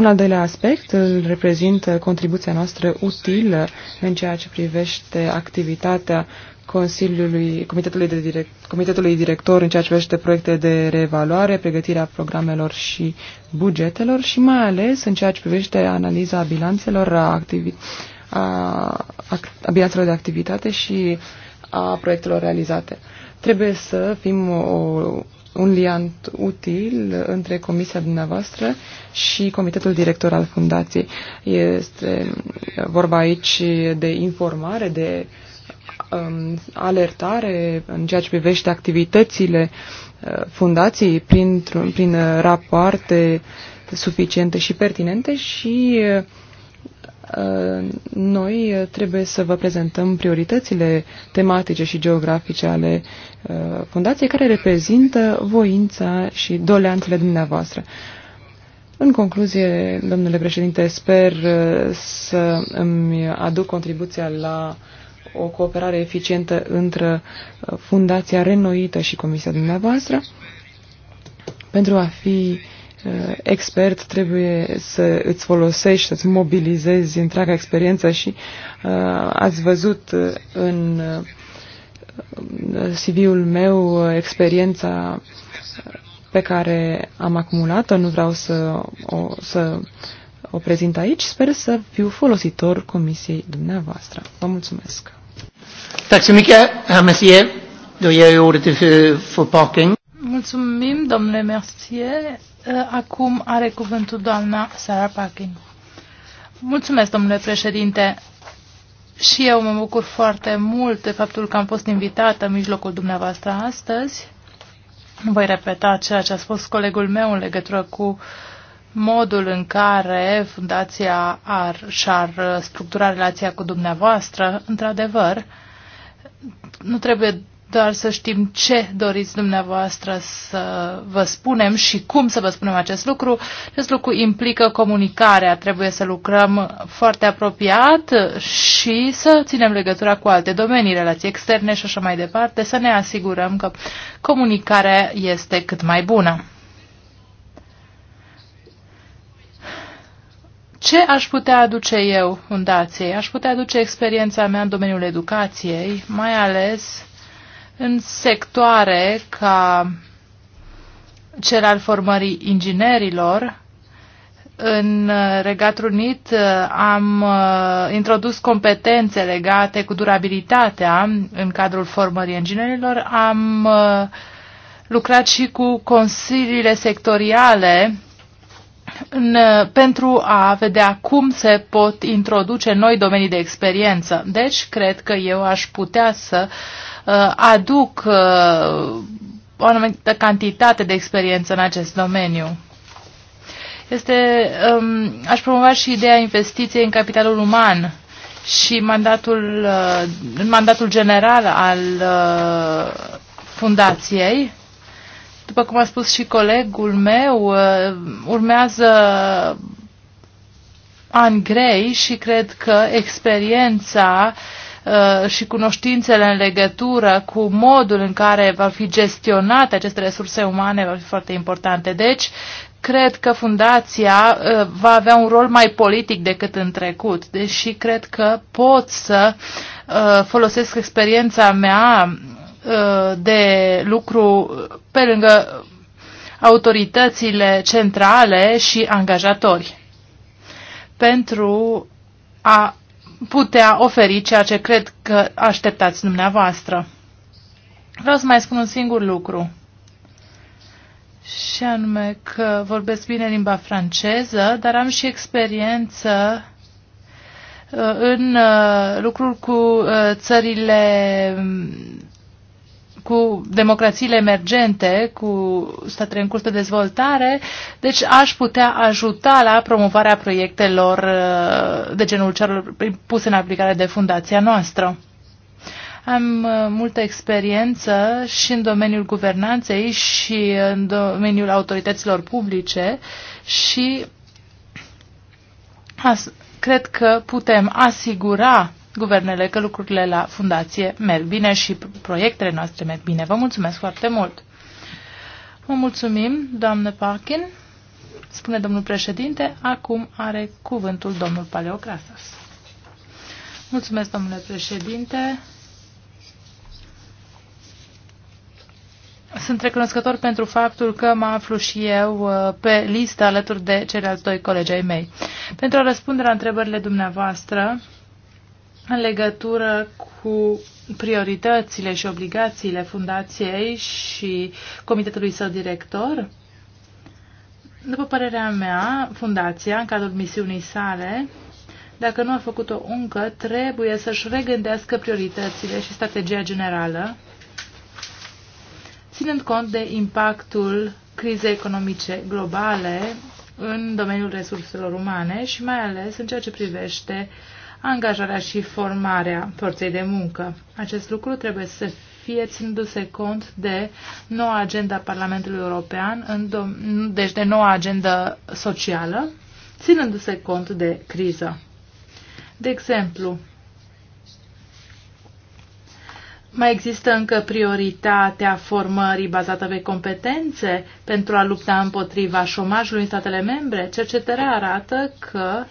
Un al doilea aspect îl reprezintă contribuția noastră utilă în ceea ce privește activitatea Consiliului, Comitetului, de direct, Comitetului Director în ceea ce privește proiecte de reevaluare, pregătirea programelor și bugetelor și mai ales în ceea ce privește analiza bilanțelor, a, activi, a, a bilanțelor de activitate și a proiectelor realizate. Trebuie să fim o un liant util între comisia dumneavoastră și comitetul director al fundației. Este vorba aici de informare, de um, alertare în ceea ce privește activitățile uh, fundației prin, prin rapoarte suficiente și pertinente și uh, Uh, noi uh, trebuie să vă prezentăm prioritățile tematice și geografice ale uh, fundației care reprezintă voința și doleanțele dumneavoastră. În concluzie, domnule președinte, sper să îmi aduc contribuția la o cooperare eficientă între Fundația Renoită și Comisia dumneavoastră pentru a fi uh, Uh, expert, trebuie să îți folosești, să-ți mobilizezi întreaga experiență și uh, ați văzut uh, în uh, CV-ul meu experiența pe care am acumulat-o, nu vreau să o, să o prezint aici, sper să fiu folositor comisiei dumneavoastră. Vă mulțumesc! Eh, parking. Mulțumim, domnule Mercier. Eh, acum are cuvântul doamna Sara Pachin. Mulțumesc, domnule președinte. Și eu mă bucur foarte mult de faptul că am fost invitată în mijlocul dumneavoastră astăzi. Voi repeta ceea ce a spus colegul meu în legătură cu modul în care fundația ar, și-ar eh, structura relația cu dumneavoastră. Într-adevăr, nu trebuie doar să știm ce doriți dumneavoastră să vă spunem și cum să vă spunem acest lucru. Acest lucru implică comunicarea. Trebuie să lucrăm foarte apropiat și să ținem legătura cu alte domenii, relații externe și așa mai departe, să ne asigurăm că comunicarea este cât mai bună. Ce aș putea aduce eu fundației? Aș putea aduce experiența mea în domeniul educației, mai ales în sectoare ca cel al formării inginerilor, în Regatul Unit uh, am uh, introdus competențe legate cu durabilitatea în cadrul formării inginerilor. Am uh, lucrat și cu consiliile sectoriale în, pentru a vedea cum se pot introduce noi domenii de experiență. Deci, cred că eu aș putea să uh, aduc uh, o anumită cantitate de experiență în acest domeniu. Este, um, aș promova și ideea investiției în capitalul uman și mandatul, uh, mandatul general al uh, fundației după cum a spus și colegul meu, uh, urmează ani grei și cred că experiența uh, și cunoștințele în legătură cu modul în care va fi gestionate aceste resurse umane va fi foarte importante. Deci, cred că fundația uh, va avea un rol mai politic decât în trecut, deși deci, cred că pot să folosesc experiența mea Uh, de lucru pe lângă autoritățile centrale și angajatori pentru a putea oferi ceea ce cred că așteptați dumneavoastră. Vreau să mai spun un singur lucru. Și anume că vorbesc bine limba franceză, dar am și experiență uh, în uh, lucruri cu țările cu democrațiile emergente, cu statele în curs de dezvoltare, deci aș putea ajuta la promovarea proiectelor uh, de genul celor puse în aplicare de fundația noastră. Am uh, multă experiență și în domeniul guvernanței și în domeniul autorităților publice și cred că putem asigura guvernele că lucrurile la fundație merg bine și proiectele noastre merg bine. Vă mulțumesc foarte mult! Vă mulțumim, doamnă Parkin, spune domnul președinte. Acum are cuvântul domnul Paleocrasas. Mulțumesc, domnule președinte. Sunt recunoscător pentru faptul că mă aflu și eu uh, pe listă alături de ceilalți doi colegi ai mei. Pentru a răspunde la întrebările dumneavoastră, în legătură cu prioritățile și obligațiile fundației și comitetului său director? După părerea mea, fundația, în cadrul misiunii sale, dacă nu a făcut-o încă, trebuie să-și regândească prioritățile și strategia generală, ținând cont de impactul crizei economice globale în domeniul resurselor umane și mai ales în ceea ce privește uh, angajarea și formarea forței de muncă. Acest lucru trebuie să fie ținându-se cont de noua agenda Parlamentului European, în deci de noua agenda socială, ținându-se cont de criză. De exemplu, mai există încă prioritatea formării bazată pe competențe pentru a lupta împotriva șomajului în statele membre? Cercetarea arată că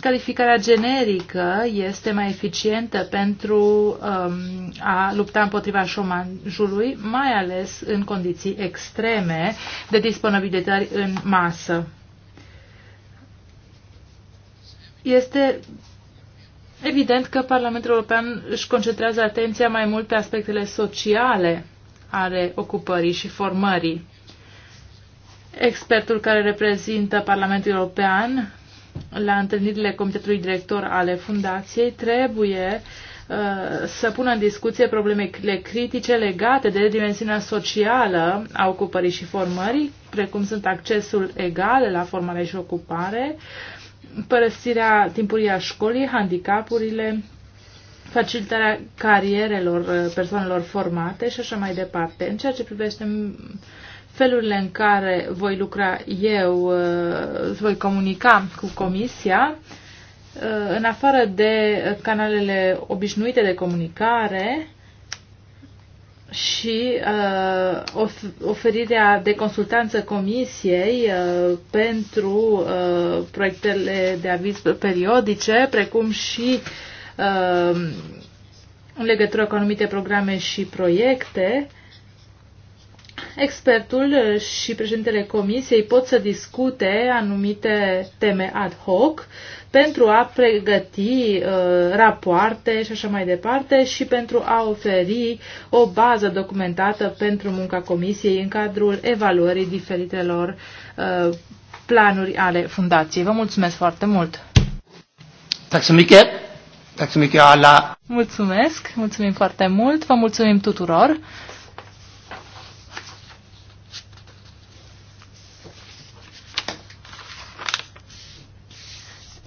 Calificarea generică este mai eficientă pentru um, a lupta împotriva șomajului, mai ales în condiții extreme de disponibilitate în masă. Este evident că Parlamentul European își concentrează atenția mai mult pe aspectele sociale ale ocupării și formării. Expertul care reprezintă Parlamentul European la întâlnirile comitetului director ale fundației trebuie uh, să pună în discuție problemele critice legate de dimensiunea socială a ocupării și formării, precum sunt accesul egal la formare și ocupare, părăsirea timpurii a școlii, handicapurile, facilitarea carierelor uh, persoanelor formate și așa mai departe. În ceea ce privește felurile în care voi lucra eu, uh, voi comunica cu Comisia, uh, în afară de canalele obișnuite de comunicare și uh, oferirea de consultanță comisiei pentru proiectele de aviz periodice, precum și în legătură cu anumite programe și proiecte, uh, expertul și președintele comisiei pot să discute anumite teme ad hoc pentru a pregăti uh, rapoarte și așa mai departe și pentru a oferi o bază documentată pentru munca comisiei în cadrul evaluării diferitelor uh, planuri ale fundației. Vă mulțumesc foarte mult! Mulțumesc, mulțumim foarte mult, vă mulțumim tuturor!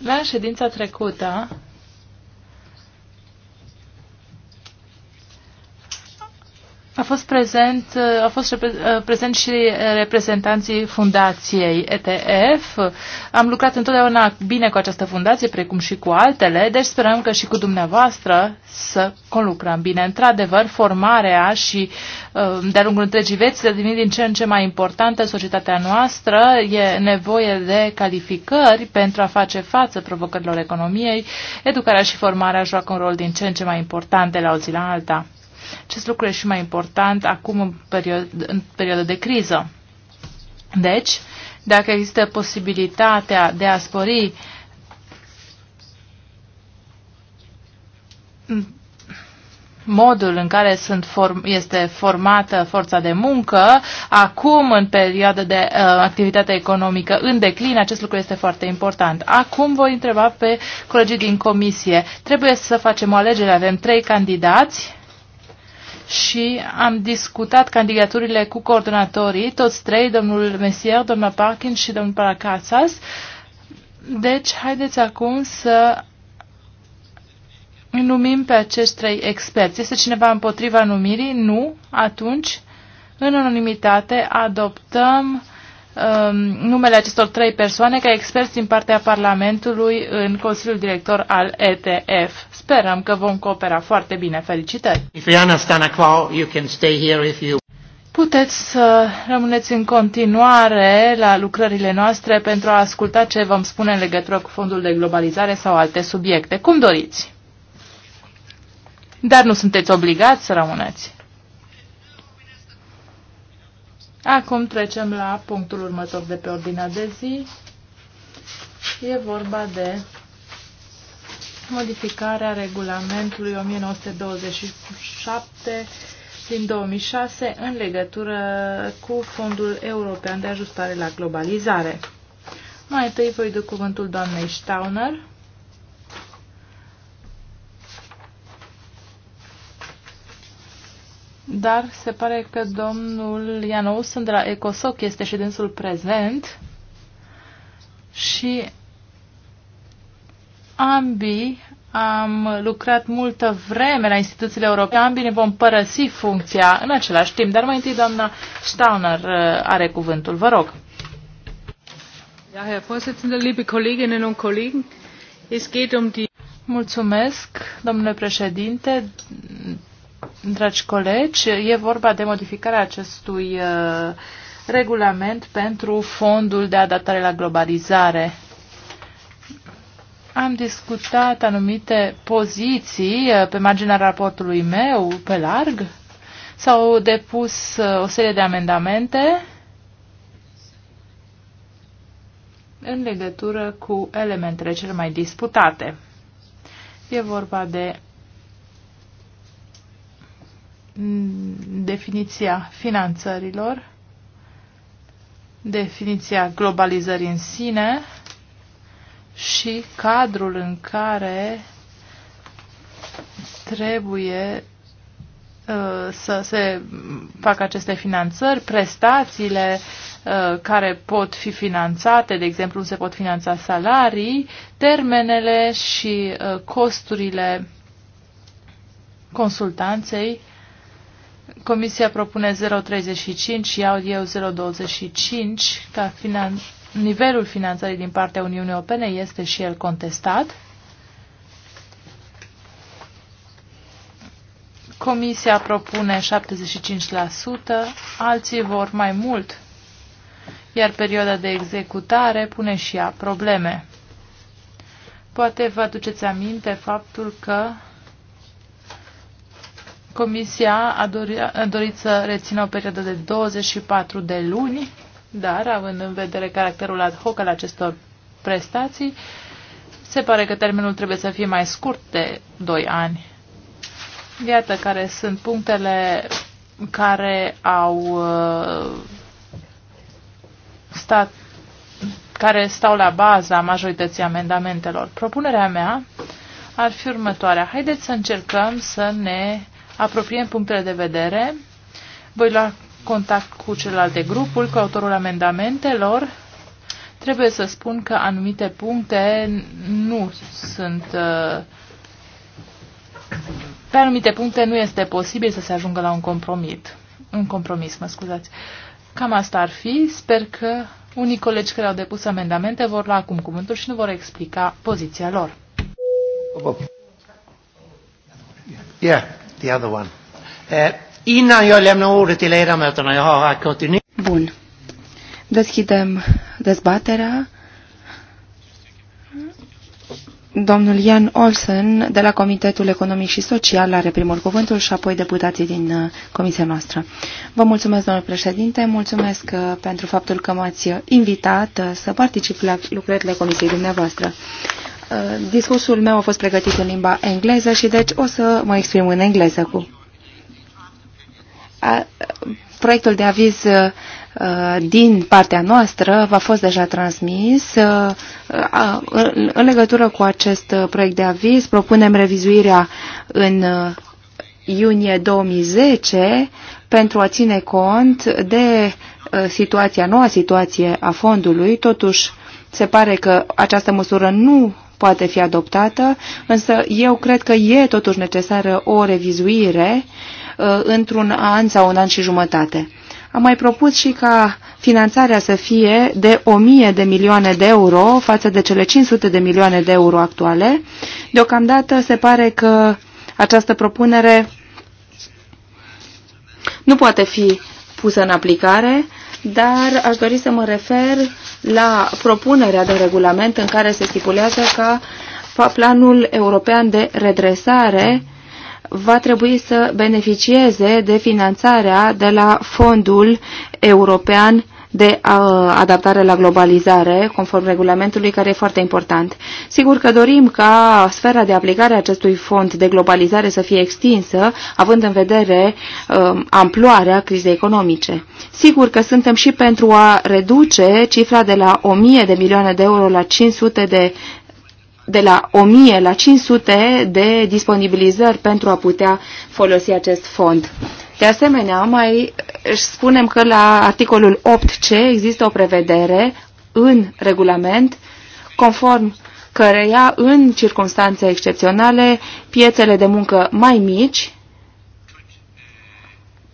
La ședința trecută A fost prezent, a fost prezent și reprezentanții fundației ETF. Am lucrat întotdeauna bine cu această fundație, precum și cu altele, deci sperăm că și cu dumneavoastră să conlucrăm bine. Într-adevăr, formarea și de-a lungul întregii vieți devine din ce în ce mai importantă societatea noastră. E nevoie de calificări pentru a face față provocărilor economiei. Educarea și formarea joacă un rol din ce în ce mai important de la o zi la alta. Acest lucru e și mai important acum în, perioadă în perioadă de criză. Deci, dacă există posibilitatea de a spori modul în care sunt form, este formată forța de muncă, acum în perioada de uh, activitate economică în declin, acest lucru este foarte important. Acum voi întreba pe colegii din comisie. Trebuie să facem o alegere, avem trei candidați și am discutat candidaturile cu coordonatorii, toți trei, domnul Messier, domnul Parkin și domnul Paracasas. Deci, haideți acum să numim pe acești trei experți. Este cineva împotriva numirii? Nu. Atunci, în anonimitate adoptăm uh, Um, numele acestor trei persoane ca experți din partea Parlamentului în Consiliul Director al ETF. Sperăm că vom coopera foarte bine. Felicitări! Puteți să rămâneți în continuare la lucrările noastre pentru a asculta ce vom spune în legătură cu fondul de globalizare sau alte subiecte, cum doriți. Dar nu sunteți obligați să rămâneți. Acum trecem la punctul următor de pe ordinea de zi. E vorba de modificarea regulamentului 1927 din 2006 în legătură cu Fondul European de Ajustare la Globalizare. Mai întâi voi da cuvântul doamnei Stauner Dar se pare că domnul Ianousen de la ECOSOC este și dânsul prezent și ambii am lucrat multă vreme la instituțiile europene, ambii ne vom părăsi funcția în același timp. Dar mai întâi doamna Stauner uh, are cuvântul, vă rog. Ja, Herr Vorsitzender, liebe Kolleginnen und Kollegen, es geht um die Mulțumesc, domnule președinte dragi colegi, e vorba de modificarea acestui uh, regulament pentru fondul de adaptare la globalizare. Am discutat anumite poziții uh, pe marginea raportului meu, pe larg. S-au depus uh, o serie de amendamente în legătură cu elementele cele mai disputate. E vorba de Mm, definiția finanțărilor, definiția globalizării în sine și cadrul în care trebuie uh, să se facă aceste finanțări, prestațiile uh, care pot fi finanțate, de exemplu, se pot finanța salarii, termenele și uh, costurile consultanței Comisia propune 0,35 și iau eu 0,25 ca finan... nivelul finanțării din partea Uniunii Europene este și el contestat. Comisia propune 75%, alții vor mai mult, iar perioada de executare pune și ea probleme. Poate vă aduceți aminte faptul că Comisia a, dori, a dorit să rețină o perioadă de 24 de luni, dar având în vedere caracterul ad hoc al acestor prestații, se pare că termenul trebuie să fie mai scurt de 2 ani. Iată care sunt punctele care au uh, stat, care stau la baza majorității amendamentelor. Propunerea mea ar fi următoarea. Haideți să încercăm să ne apropiem punctele de vedere. Voi lua contact cu celelalte grupuri, cu autorul amendamentelor. Trebuie să spun că anumite puncte nu sunt uh, pe anumite puncte nu este posibil să se ajungă la un compromis. Un compromis, mă scuzați. Cam asta ar fi. Sper că unii colegi care au depus amendamente vor lua acum cuvântul și nu vor explica poziția lor. Yeah the other one. Eh, innan jag lämnar ordet till ledamöterna, jag har kontinuerligt... Bun. Deschidem dezbaterea. Domnul Ian Olsen de la Comitetul Economic și Social are primul cuvântul și apoi deputații din eh, comisia noastră. Vă mulțumesc, domnule președinte, mulțumesc eh, pentru faptul că m-ați invitat eh, să particip la lucrările comisiei dumneavoastră. Eh, discursul meu a fost pregătit în limba engleză și deci o să mă exprim în engleză cu. A, proiectul de aviz eh, din partea noastră va fost deja transmis. Eh, în legătură cu acest proiect de aviz, propunem revizuirea în iunie 2010 pentru a ține cont de situația, noua situație a fondului. Totuși, se pare că această măsură nu poate fi adoptată, însă eu cred că e totuși necesară o revizuire uh, într-un an sau un an și jumătate. Am mai propus și ca finanțarea să fie de 1000 de milioane de euro față de cele 500 de milioane de euro actuale. Deocamdată se pare că această propunere nu poate fi pusă în aplicare dar aș dori să mă refer la propunerea de regulament în care se stipulează că planul european de redresare va trebui să beneficieze de finanțarea de la Fondul European de adaptare la globalizare, conform regulamentului, care e foarte important. Sigur că dorim ca sfera de aplicare a acestui fond de globalizare să fie extinsă, având în vedere uh, amploarea crizei economice. Sigur că suntem și pentru a reduce cifra de la 1000 de milioane de euro la 500 de de la 1000 la 500 de disponibilizări pentru a putea folosi acest fond. De asemenea, mai spunem că la articolul 8c există o prevedere în regulament conform căreia, în circunstanțe excepționale, piețele de muncă mai mici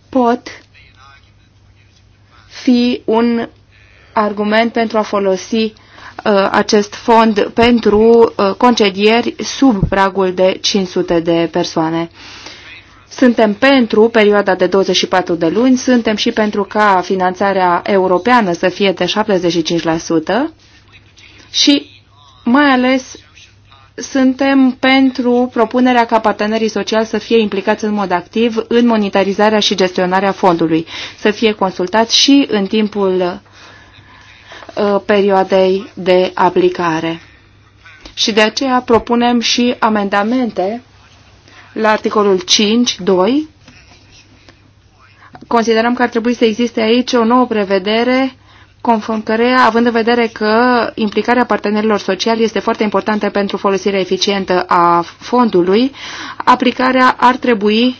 pot fi un argument pentru a folosi uh, acest fond pentru uh, concedieri sub pragul de 500 de persoane. Suntem pentru perioada de 24 de luni, suntem și pentru ca finanțarea europeană să fie de 75% și mai ales suntem pentru propunerea ca partenerii sociali să fie implicați în mod activ în monitorizarea și gestionarea fondului, să fie consultați și în timpul uh, perioadei de aplicare. Și de aceea propunem și amendamente la articolul 5, 2, considerăm că ar trebui să existe aici o nouă prevedere conform cărea, având în vedere că implicarea partenerilor sociali este foarte importantă pentru folosirea eficientă a fondului, aplicarea ar trebui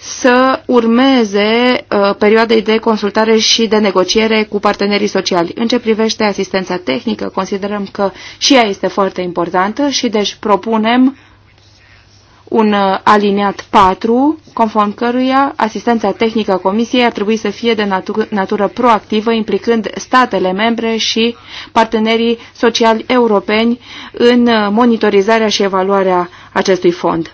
să urmeze uh, perioadei de consultare și de negociere cu partenerii sociali. În ce privește asistența tehnică, considerăm că și ea este foarte importantă și deci propunem un uh, aliniat 4, conform căruia asistența tehnică a Comisiei ar trebui să fie de natură, natură proactivă, implicând statele membre și partenerii sociali europeni în uh, monitorizarea și evaluarea acestui fond.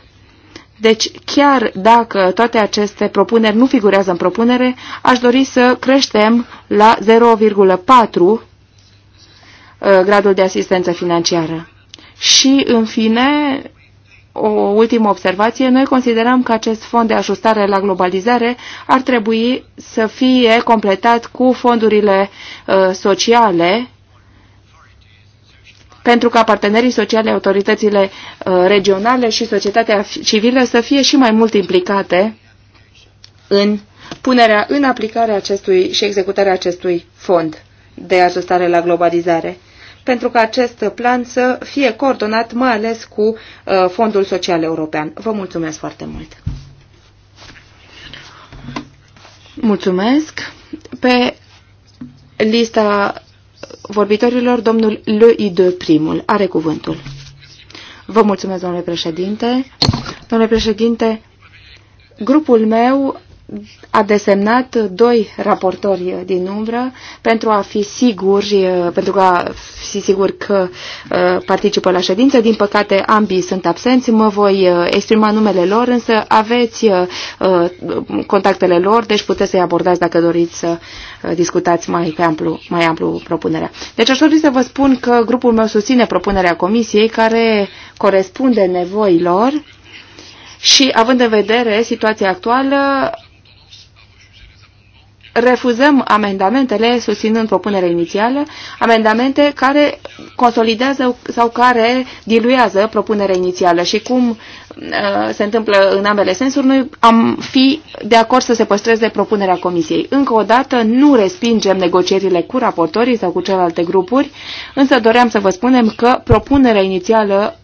Deci, chiar dacă toate aceste propuneri nu figurează în propunere, aș dori să creștem la 0,4 uh, gradul de asistență financiară. Și, în fine, o ultimă observație. Noi considerăm că acest fond de ajustare la globalizare ar trebui să fie completat cu fondurile uh, sociale pentru ca partenerii sociale, autoritățile uh, regionale și societatea civilă să fie și mai mult implicate în punerea în aplicare acestui și executarea acestui fond de ajustare la globalizare pentru ca acest plan să fie coordonat mai ales cu uh, Fondul Social European. Vă mulțumesc foarte mult! Mulțumesc! Pe lista vorbitorilor, domnul Leide primul are cuvântul. Vă mulțumesc, domnule președinte. Domnule președinte, grupul meu a desemnat doi raportori din umbră pentru a fi siguri pentru a fi sigur că uh, participă la ședință. Din păcate, ambii sunt absenți. Mă voi uh, exprima numele lor, însă aveți uh, contactele lor, deci puteți să-i abordați dacă doriți să discutați mai, pe amplu, mai amplu propunerea. Deci aș dori să vă spun că grupul meu susține propunerea comisiei care corespunde nevoilor și având în vedere situația actuală, refuzăm amendamentele susținând propunerea inițială, amendamente care consolidează sau care diluează propunerea inițială și cum uh, se întâmplă în ambele sensuri, noi am fi de acord să se păstreze propunerea Comisiei. Încă o dată, nu respingem negocierile cu raportorii sau cu celelalte grupuri, însă doream să vă spunem că propunerea inițială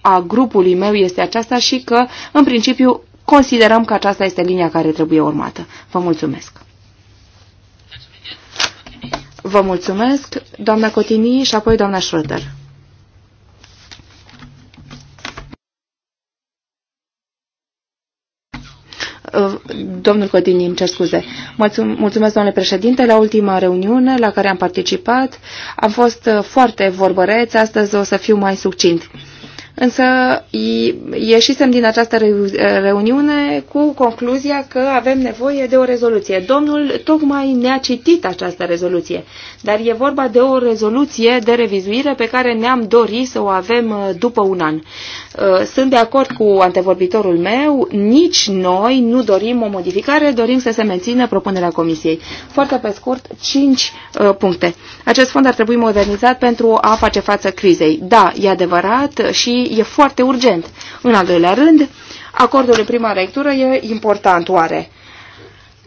a grupului meu este aceasta și că, în principiu, considerăm că aceasta este linia care trebuie urmată. Vă mulțumesc! Vă mulțumesc, doamna Cotini și apoi doamna Schröder. Domnul Codini, îmi cer scuze. Mulțumesc, domnule președinte, la ultima reuniune la care am participat. Am fost foarte vorbăreț, astăzi o să fiu mai succint. Însă ieșisem din această reuniune cu concluzia că avem nevoie de o rezoluție. Domnul tocmai ne-a citit această rezoluție, dar e vorba de o rezoluție de revizuire pe care ne-am dorit să o avem uh, după un an. Uh, sunt de acord cu antevorbitorul meu, nici noi nu dorim o modificare, dorim să se mențină propunerea Comisiei. Foarte pe scurt, cinci uh, puncte. Acest fond ar trebui modernizat pentru a face față crizei. Da, e adevărat și e foarte urgent. În al doilea rând, acordul în prima lectură e important oare?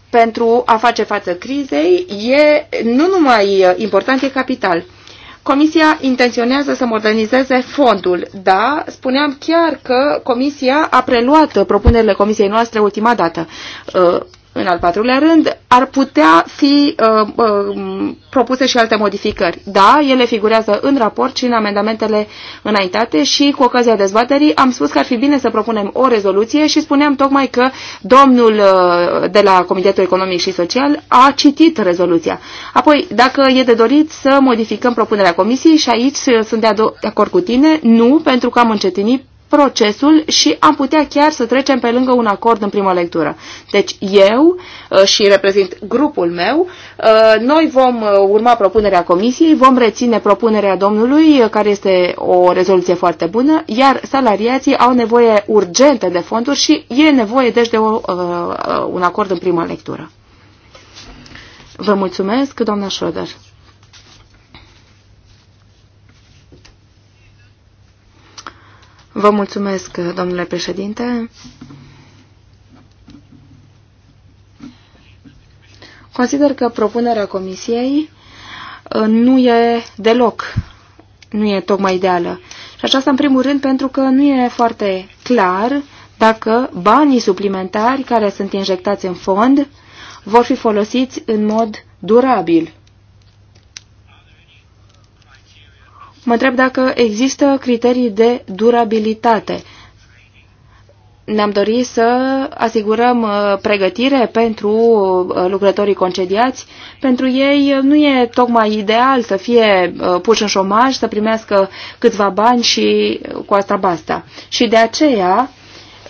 Pentru a face față crizei e nu numai important, e capital. Comisia intenționează să modernizeze fondul, da, spuneam chiar că Comisia a preluat propunerile Comisiei noastre ultima dată ă, în al patrulea rând, ar putea fi uh, uh, propuse și alte modificări. Da, ele figurează în raport și în amendamentele înaintate și cu ocazia dezbaterii am spus că ar fi bine să propunem o rezoluție și spuneam tocmai că domnul uh, de la Comitetul Economic și Social a citit rezoluția. Apoi, dacă e de dorit să modificăm propunerea comisiei și aici sunt de acord cu tine, nu, pentru că am încetinit procesul și am putea chiar să trecem pe lângă un acord în primă lectură. Deci eu uh, și reprezint grupul meu, uh, noi vom uh, urma propunerea comisiei, vom reține propunerea domnului, care este o rezoluție foarte bună, iar salariații au nevoie urgentă de fonduri și e nevoie deci de o, un acord în prima lectură. Vă mulțumesc, doamna Schroeder. Vă mulțumesc, domnule președinte. Consider că propunerea comisiei uh, nu e deloc, nu e tocmai ideală. Și aceasta, în primul rând, pentru că nu e foarte clar dacă banii suplimentari care sunt injectați în fond vor fi folosiți în mod durabil. Mă întreb dacă există criterii de durabilitate. Ne-am dorit să asigurăm uh, pregătire pentru uh, lucrătorii concediați. Pentru ei uh, nu e tocmai ideal să fie puși în șomaj, să primească câțiva bani și cu asta basta. Și de aceea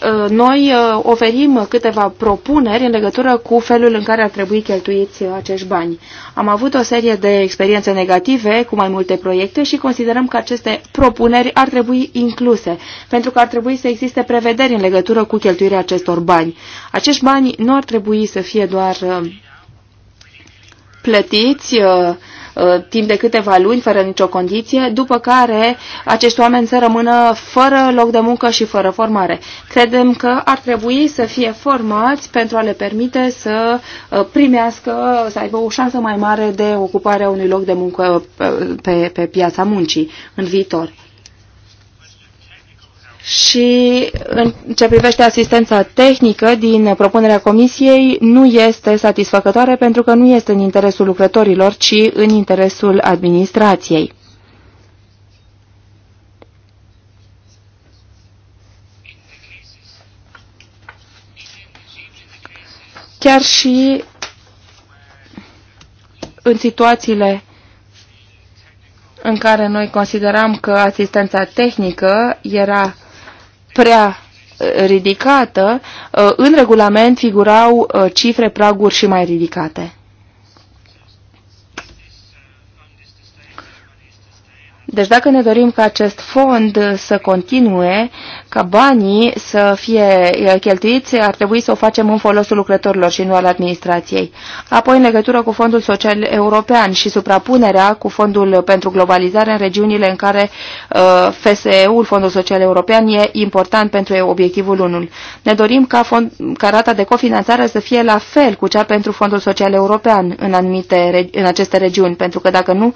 Uh, noi uh, oferim câteva propuneri în legătură cu felul în care ar trebui cheltuiți acești bani. Am avut o serie de experiențe negative cu mai multe proiecte și considerăm că aceste propuneri ar trebui incluse, pentru că ar trebui să existe prevederi în legătură cu cheltuirea acestor bani. Acești bani nu ar trebui să fie doar uh, plătiți Uh, timp de câteva luni, fără nicio condiție, după care acești oameni să rămână fără loc de muncă și fără formare. Credem că ar trebui să fie formați pentru a le permite să uh, primească, să aibă o șansă mai mare de ocupare a unui loc de muncă uh, pe, pe piața muncii în viitor și în ce privește asistența tehnică din propunerea comisiei nu este satisfăcătoare pentru că nu este în interesul lucrătorilor, ci în interesul administrației. Chiar și în situațiile în care noi consideram că asistența tehnică era prea uh, ridicată, uh, în regulament figurau uh, cifre, praguri și mai ridicate. Deci dacă ne dorim ca acest fond să continue, ca banii să fie eh, cheltuiți, ar trebui să o facem în folosul lucrătorilor și nu al administrației. Apoi, în legătură cu Fondul Social European și suprapunerea cu Fondul pentru Globalizare în regiunile în care eh, FSE-ul, Fondul Social European, e important pentru obiectivul 1. Ne dorim ca, fond, ca rata de cofinanțare să fie la fel cu cea pentru Fondul Social European în, anumite, în aceste regiuni, pentru că dacă nu,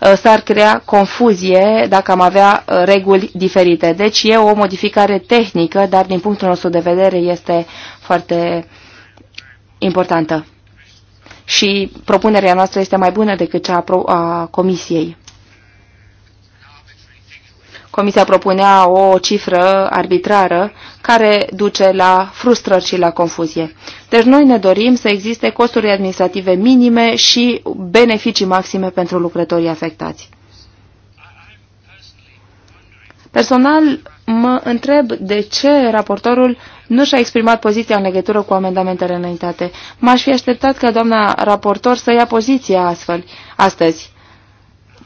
eh, s-ar crea confuzie concluzie dacă am avea uh, reguli diferite. Deci e o modificare tehnică, dar din punctul nostru de vedere este foarte importantă. Și propunerea noastră este mai bună decât cea a Comisiei. Comisia propunea o cifră arbitrară care duce la frustrări și la confuzie. Deci noi ne dorim să existe costuri administrative minime și beneficii maxime pentru lucrătorii afectați. Personal mă întreb de ce raportorul nu și-a exprimat poziția în legătură cu amendamentele înaintate. M-aș fi așteptat ca doamna raportor să ia poziția astfel, astăzi.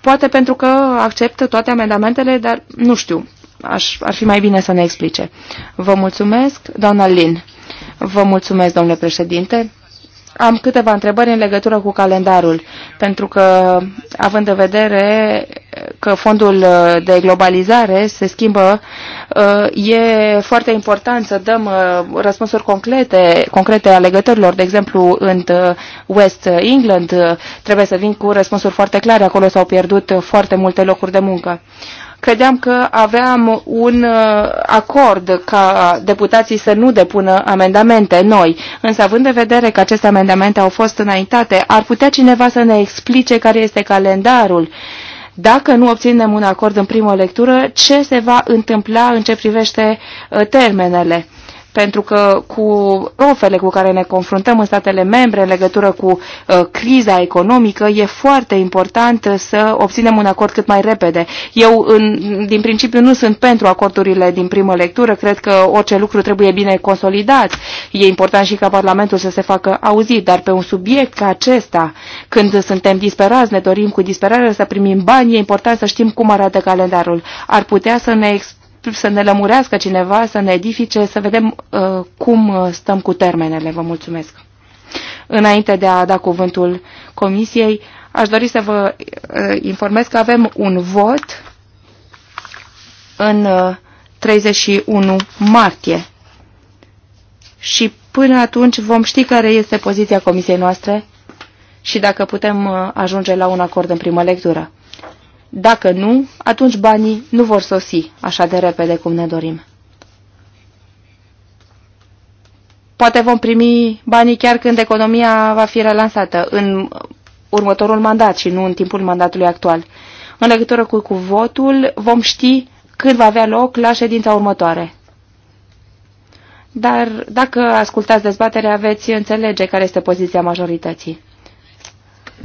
Poate pentru că acceptă toate amendamentele, dar nu știu. Aș, ar fi mai bine să ne explice. Vă mulțumesc, doamna Lin. Vă mulțumesc, domnule președinte am câteva întrebări în legătură cu calendarul, pentru că, având în vedere că fondul uh, de globalizare se schimbă, uh, e foarte important să dăm uh, răspunsuri concrete, concrete a legătorilor. De exemplu, în West England trebuie să vin cu răspunsuri foarte clare. Acolo s-au pierdut foarte multe locuri de muncă credeam că aveam un uh, acord ca deputații să nu depună amendamente noi, însă având în vedere că aceste amendamente au fost înaintate, ar putea cineva să ne explice care este calendarul dacă nu obținem un acord în primă lectură, ce se va întâmpla în ce privește uh, termenele pentru că cu profele cu care ne confruntăm în statele membre în legătură cu uh, criza economică, e foarte important să obținem un acord cât mai repede. Eu, în, din principiu, nu sunt pentru acordurile din primă lectură, cred că orice lucru trebuie bine consolidat. E important și ca Parlamentul să se facă auzit, dar pe un subiect ca acesta, când suntem disperați, ne dorim cu disperare să primim bani, e important să știm cum arată calendarul. Ar putea să ne explicăm să ne lămurească cineva, să ne edifice, să vedem uh, cum uh, stăm cu termenele. Vă mulțumesc. Înainte de a da cuvântul comisiei, aș dori să vă uh, informez că avem un vot în uh, 31 martie și până atunci vom ști care este poziția comisiei noastre și dacă putem uh, ajunge la un acord în primă lectură. Dacă nu, atunci banii nu vor sosi așa de repede cum ne dorim. Poate vom primi banii chiar când economia va fi relansată, în următorul mandat și nu în timpul mandatului actual. În legătură cu, cu votul, vom ști când va avea loc la ședința următoare. Dar dacă ascultați dezbaterea, veți înțelege care este poziția majorității.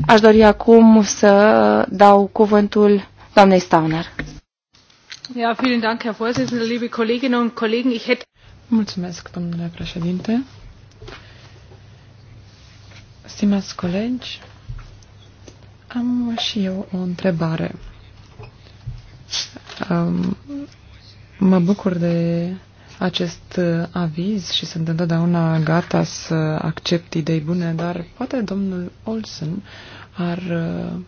Aș dori acum să dau cuvântul doamnei Stauner. Ja, vielen Dank, Herr liebe Kolleginnen und Kollegen. Ich hätte... Mulțumesc, domnule președinte. Stimați colegi, am și eu o întrebare. Um, mă bucur de acest uh, aviz și sunt întotdeauna gata să accept idei bune, dar poate domnul Olsen ar, uh,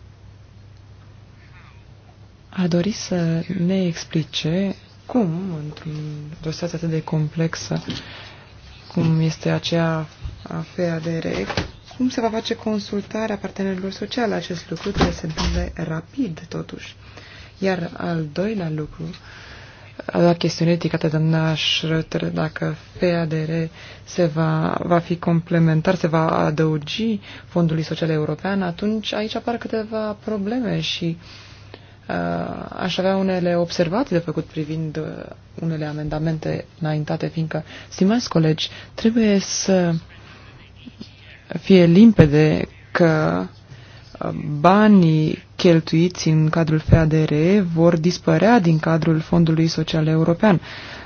ar dori să ne explice cum, într-un dosar atât de complexă cum este aceea a FADR, cum se va face consultarea partenerilor sociale. Acest lucru trebuie să se întâmple rapid, totuși. Iar al doilea lucru la chestiune ridicată, de nașrătere, dacă FADR se va, va fi complementar, se va adăugi Fondului Social European, atunci aici apar câteva probleme și uh, aș avea unele observații de făcut privind uh, unele amendamente înaintate, fiindcă, stimați colegi, trebuie să fie limpede că banii cheltuiți în cadrul FADR vor dispărea din cadrul Fondului Social European.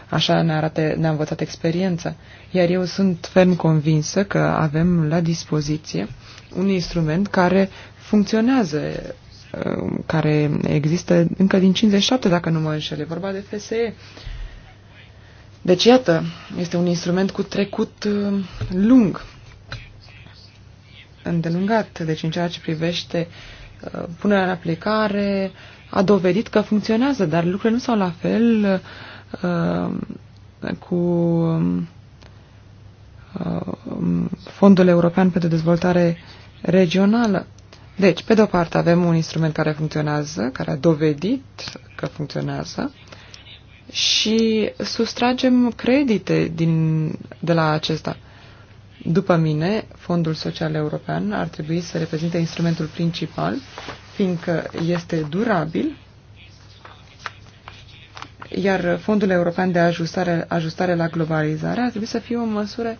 Așa ne arată, ne-a învățat experiența. Iar eu sunt ferm convinsă că avem la dispoziție un instrument care funcționează, um, care există încă din 57, dacă nu mă înșel, e vorba de FSE. Deci, iată, este un instrument cu trecut um, lung îndelungat. Deci în ceea ce privește uh, punerea în aplicare, a dovedit că funcționează, dar lucrurile nu sunt la fel uh, cu um, uh, Fondul European pentru Dezvoltare Regională. Deci, pe de-o parte avem un instrument care funcționează, care a dovedit că funcționează și sustragem credite din, de la acesta. După mine, Fondul Social European ar trebui să reprezinte instrumentul principal, fiindcă este durabil, iar Fondul European de Ajustare, ajustare la Globalizare ar trebui să fie o măsură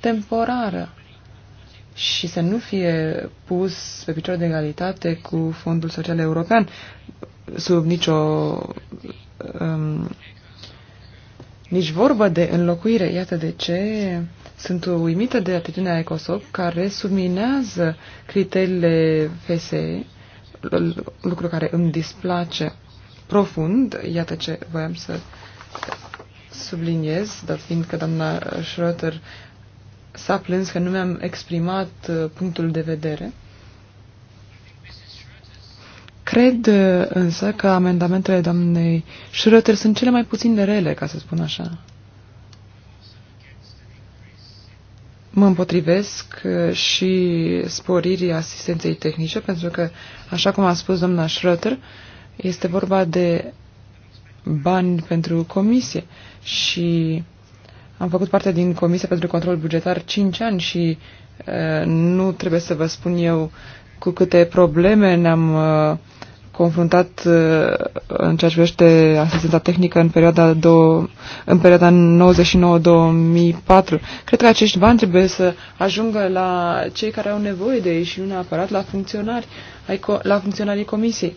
temporară și să nu fie pus pe picior de egalitate cu Fondul Social European sub nicio um, nici vorbă de înlocuire. Iată de ce sunt uimită de atitudinea ECOSOC care subminează criteriile FSE, lucru care îmi displace profund. Iată ce voiam să subliniez, dar fiindcă doamna Schroeter s-a plâns că nu mi-am exprimat uh, punctul de vedere. Cred uh, însă că amendamentele doamnei Schröter sunt cele mai puțin de rele, ca să spun așa. mă împotrivesc uh, și sporirii asistenței tehnice, pentru că, așa cum a spus doamna Schröter, este vorba de bani pentru comisie și am făcut parte din Comisia pentru Control Bugetar 5 ani și uh, nu trebuie să vă spun eu cu câte probleme ne-am uh, confruntat uh, în ceea ce privește asistența tehnică în perioada, două, în perioada 99-2004. Cred că acești bani trebuie să ajungă la cei care au nevoie de ei și nu neapărat la funcționari, la funcționarii comisiei.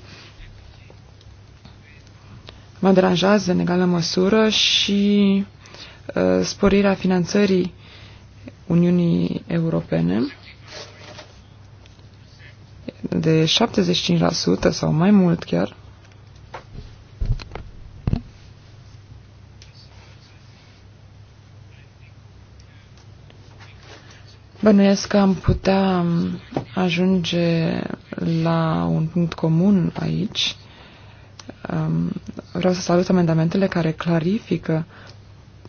Mă deranjează în egală măsură și uh, sporirea finanțării Uniunii Europene de 75% sau mai mult chiar, Bănuiesc că am putea ajunge la un punct comun aici. Vreau să salut amendamentele care clarifică,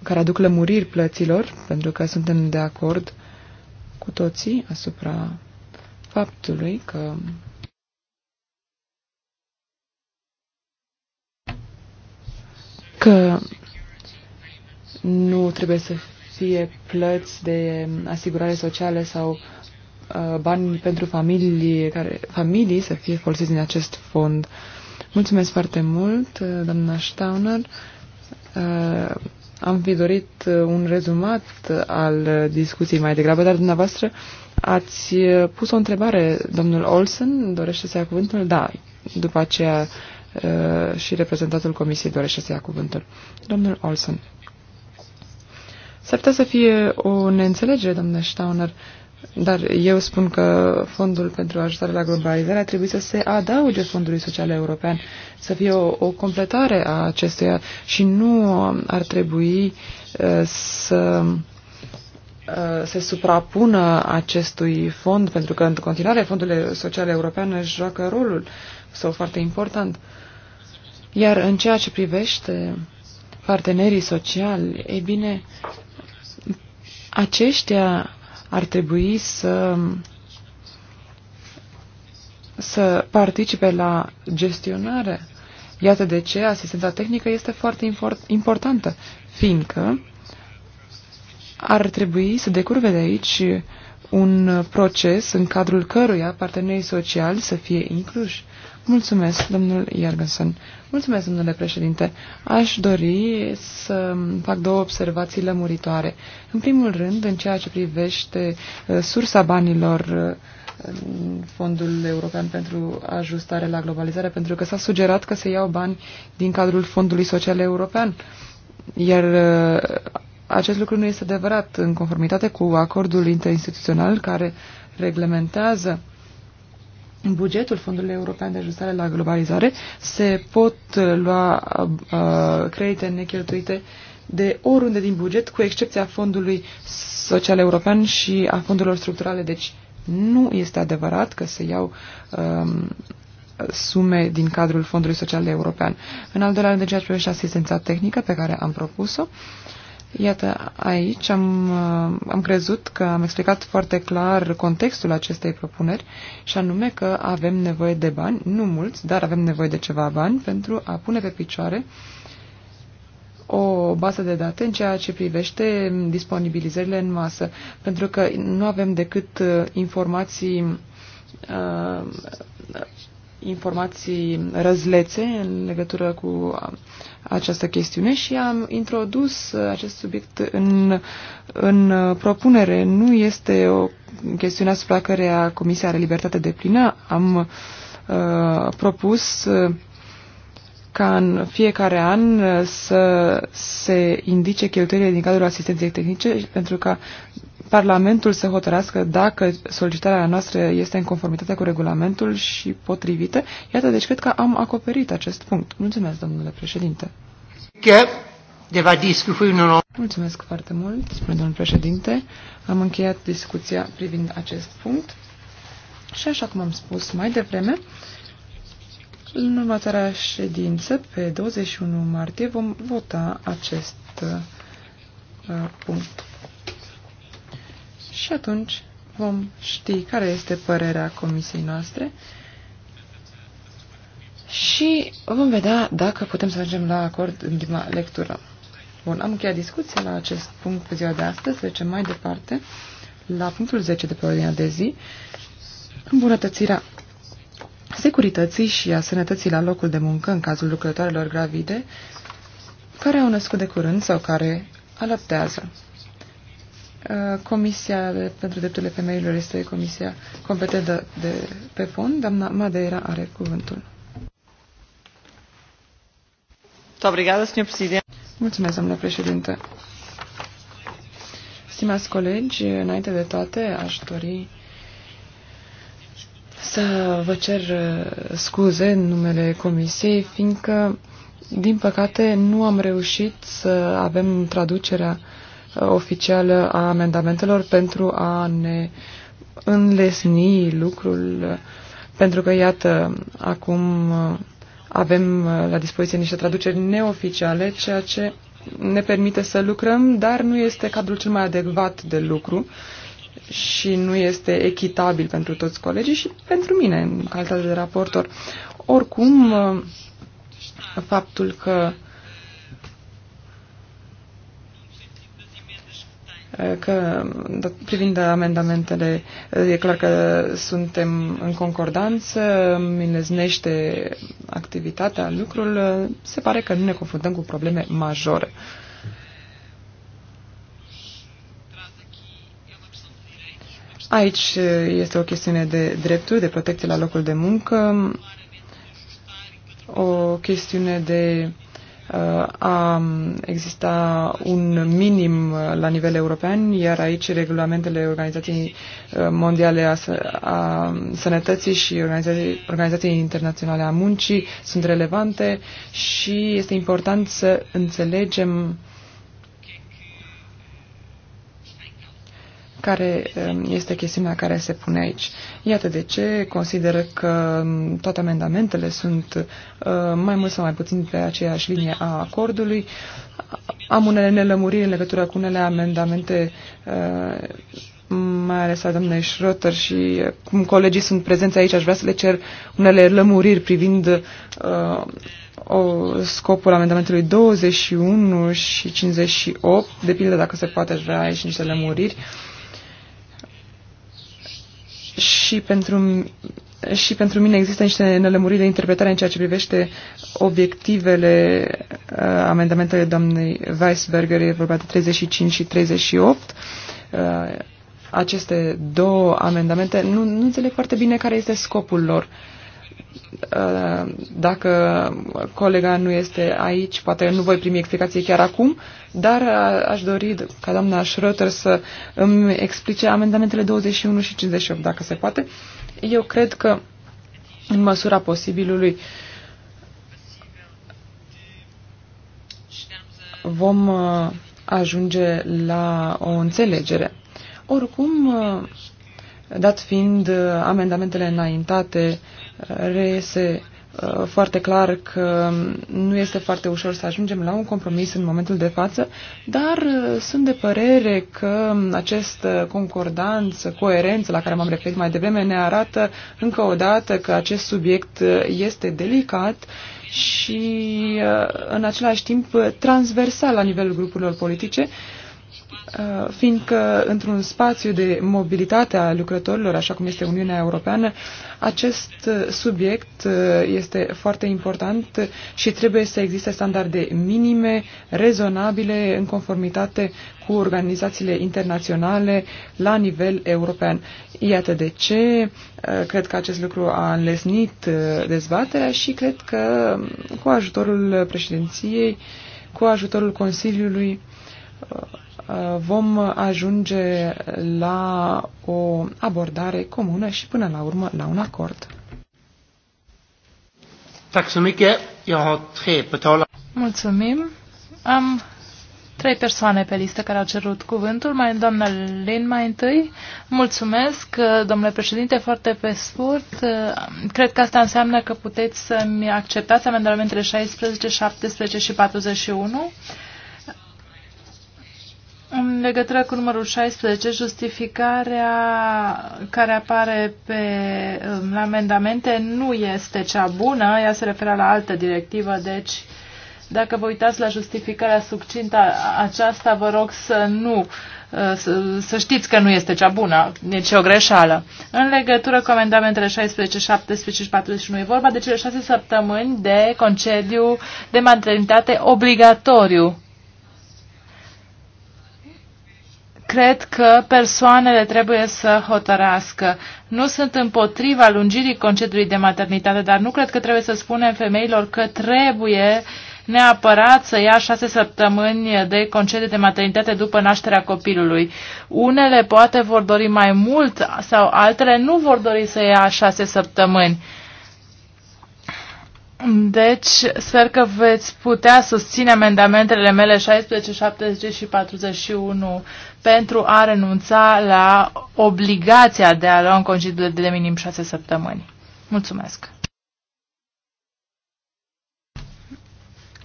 care aduc lămuriri plăților, pentru că suntem de acord cu toții asupra faptului că că nu trebuie să fie plăți de asigurare socială sau uh, bani pentru familii, care, familii să fie folosiți din acest fond. Mulțumesc foarte mult, uh, doamna Stauner. Uh, am fi dorit uh, un rezumat uh, al discuției mai degrabă, dar dumneavoastră Ați uh, pus o întrebare, domnul Olsen dorește să ia cuvântul? Da, după aceea uh, și reprezentantul comisiei dorește să ia cuvântul. Domnul Olsen. S-ar putea să fie o neînțelegere, domnule Stauner, dar eu spun că fondul pentru ajutare la globalizare ar trebui să se adauge fondului social european, să fie o, o completare a acestuia și nu ar trebui uh, să Uh, se suprapună acestui fond, pentru că în continuare fondurile sociale europene joacă rolul sau foarte important. Iar în ceea ce privește partenerii sociali, ei bine, aceștia ar trebui să să participe la gestionare. Iată de ce asistența tehnică este foarte importantă, fiindcă ar trebui să decurve de aici un proces în cadrul căruia partenerii sociali să fie incluși. Mulțumesc, domnul Iargenson. Mulțumesc, domnule președinte. Aș dori să fac două observații lămuritoare. În primul rând, în ceea ce privește uh, sursa banilor uh, Fondul European pentru Ajustare la Globalizare, pentru că s-a sugerat că se iau bani din cadrul Fondului Social European. Iar uh, acest lucru nu este adevărat în conformitate cu acordul interinstituțional care reglementează bugetul Fondului European de Ajustare la Globalizare, se pot lua uh, credite necheltuite de oriunde din buget, cu excepția Fondului Social European și a fondurilor structurale. Deci nu este adevărat că se iau um, sume din cadrul Fondului Social European. În al doilea rând, în ceea ce privește asistența tehnică pe care am propus-o, uh, Iată, aici am, uh, am crezut că am explicat foarte clar contextul acestei propuneri și anume că avem nevoie de bani, nu mulți, dar avem nevoie de ceva bani pentru a pune pe picioare o bază de date în ceea ce privește disponibilizările în masă, pentru că nu avem decât uh, informații uh, informații răzlețe în legătură cu această chestiune și am introdus acest subiect în, în propunere. Nu este o chestiune asupra care Comisia are libertate de plină. Am uh, propus ca în fiecare an să se indice cheltuielile din cadrul asistenței tehnice pentru ca Parlamentul să hotărească dacă solicitarea noastră este în conformitate cu regulamentul și potrivită. Iată, deci cred că am acoperit acest punct. Mulțumesc, domnule președinte. Mulțumesc foarte mult, spune domnul președinte. Am încheiat discuția privind acest punct. Și așa cum am spus mai devreme, în următoarea ședință, pe 21 martie, vom vota acest uh, punct și atunci vom ști care este părerea comisiei noastre și vom vedea dacă putem să ajungem la acord în prima lectură. Bun, am încheiat discuția la acest punct pe ziua de astăzi, trecem mai departe la punctul 10 de pe ordinea de zi, îmbunătățirea securității și a sănătății la locul de muncă în cazul lucrătoarelor gravide care au născut de curând sau care alăptează. Uh, comisia pentru drepturile femeilor este comisia competentă de, pe fond. Doamna Madeira are cuvântul. Mulțumesc, doamnă președinte. Stimați colegi, înainte de toate aș dori să vă cer uh, scuze în numele Comisiei, fiindcă, din păcate, nu am reușit să avem traducerea oficială a amendamentelor pentru a ne înlesni lucrul, pentru că, iată, acum avem la dispoziție niște traduceri neoficiale, ceea ce ne permite să lucrăm, dar nu este cadrul cel mai adecvat de lucru și nu este echitabil pentru toți colegii și pentru mine, în calitate de raportor. Oricum, faptul că că da, privind amendamentele, e clar că suntem în concordanță, mineznește activitatea, lucrul, se pare că nu ne confruntăm cu probleme majore. Aici este o chestiune de drepturi, de protecție la locul de muncă, o chestiune de a exista un minim la nivel european, iar aici regulamentele Organizației uh, Mondiale a, a Sănătății și Organizației, Organizației Internaționale a Muncii sunt relevante și este important să înțelegem care um, este chestiunea care se pune aici. Iată de ce consider că um, toate amendamentele sunt uh, mai mult sau mai puțin pe aceeași linie a acordului. Am unele nelămuriri în legătură cu unele amendamente uh, mai ales a doamnei Schroeter și uh, cum colegii sunt prezenți aici, aș vrea să le cer unele lămuriri privind uh, o, scopul amendamentului 21 și 58, de pildă dacă se poate, aș vrea aici niște lămuriri. Uh, și pentru, și pentru mine există niște nelămuriri de interpretare în ceea ce privește obiectivele uh, amendamentele doamnei Weisberger, e vorba de 35 și 38. Uh, aceste două amendamente, nu, nu înțeleg foarte bine care este scopul lor. Uh, Uh, dacă colega nu este aici, poate nu voi primi explicație chiar acum, dar uh, aș dori ca doamna Schröter să îmi explice amendamentele 21 și 58, dacă se poate. Eu cred că, în măsura posibilului, vom uh, ajunge la o înțelegere. Oricum, dat fiind amendamentele înaintate, reiese uh, foarte clar că nu este foarte ușor să ajungem la un compromis în momentul de față, dar uh, sunt de părere că această concordanță, coerență la care m-am referit mai devreme ne arată încă o dată că acest subiect uh, este delicat și în același timp transversal la nivelul grupurilor politice, Uh, fiindcă într-un spațiu de mobilitate a lucrătorilor, așa cum este Uniunea Europeană, acest uh, subiect uh, este foarte important și trebuie să existe standarde minime, rezonabile, în conformitate cu organizațiile internaționale la nivel european. Iată de ce cred că acest lucru a înlesnit dezbaterea și cred că cu ajutorul președinției, cu ajutorul Consiliului, Uh, vom ajunge la o abordare comună și până la urmă la un acord. Mulțumim. Am trei persoane pe listă care au cerut cuvântul. Mai doamna Lin mai întâi. Mulțumesc, uh, domnule președinte, foarte pe scurt. Uh, cred că asta înseamnă că puteți să-mi acceptați amendamentele 16, 17 și 41. În legătură cu numărul 16, justificarea care apare pe, um, la amendamente nu este cea bună, ea se referă la altă directivă, deci dacă vă uitați la justificarea succintă aceasta, vă rog să nu, uh, să, să știți că nu este cea bună, nici deci o greșeală. În legătură cu amendamentele 16, 17 și 41, e vorba de cele șase săptămâni de concediu de maternitate obligatoriu cred că persoanele trebuie să hotărască. Nu sunt împotriva lungirii concediului de maternitate, dar nu cred că trebuie să spunem femeilor că trebuie neapărat să ia șase săptămâni de concediu de maternitate după nașterea copilului. Unele poate vor dori mai mult sau altele nu vor dori să ia șase săptămâni. Deci, sper că veți putea susține amendamentele mele 16, 70 și 41 pentru a renunța la obligația de a lua un concediu de minim 6 săptămâni. Mulțumesc!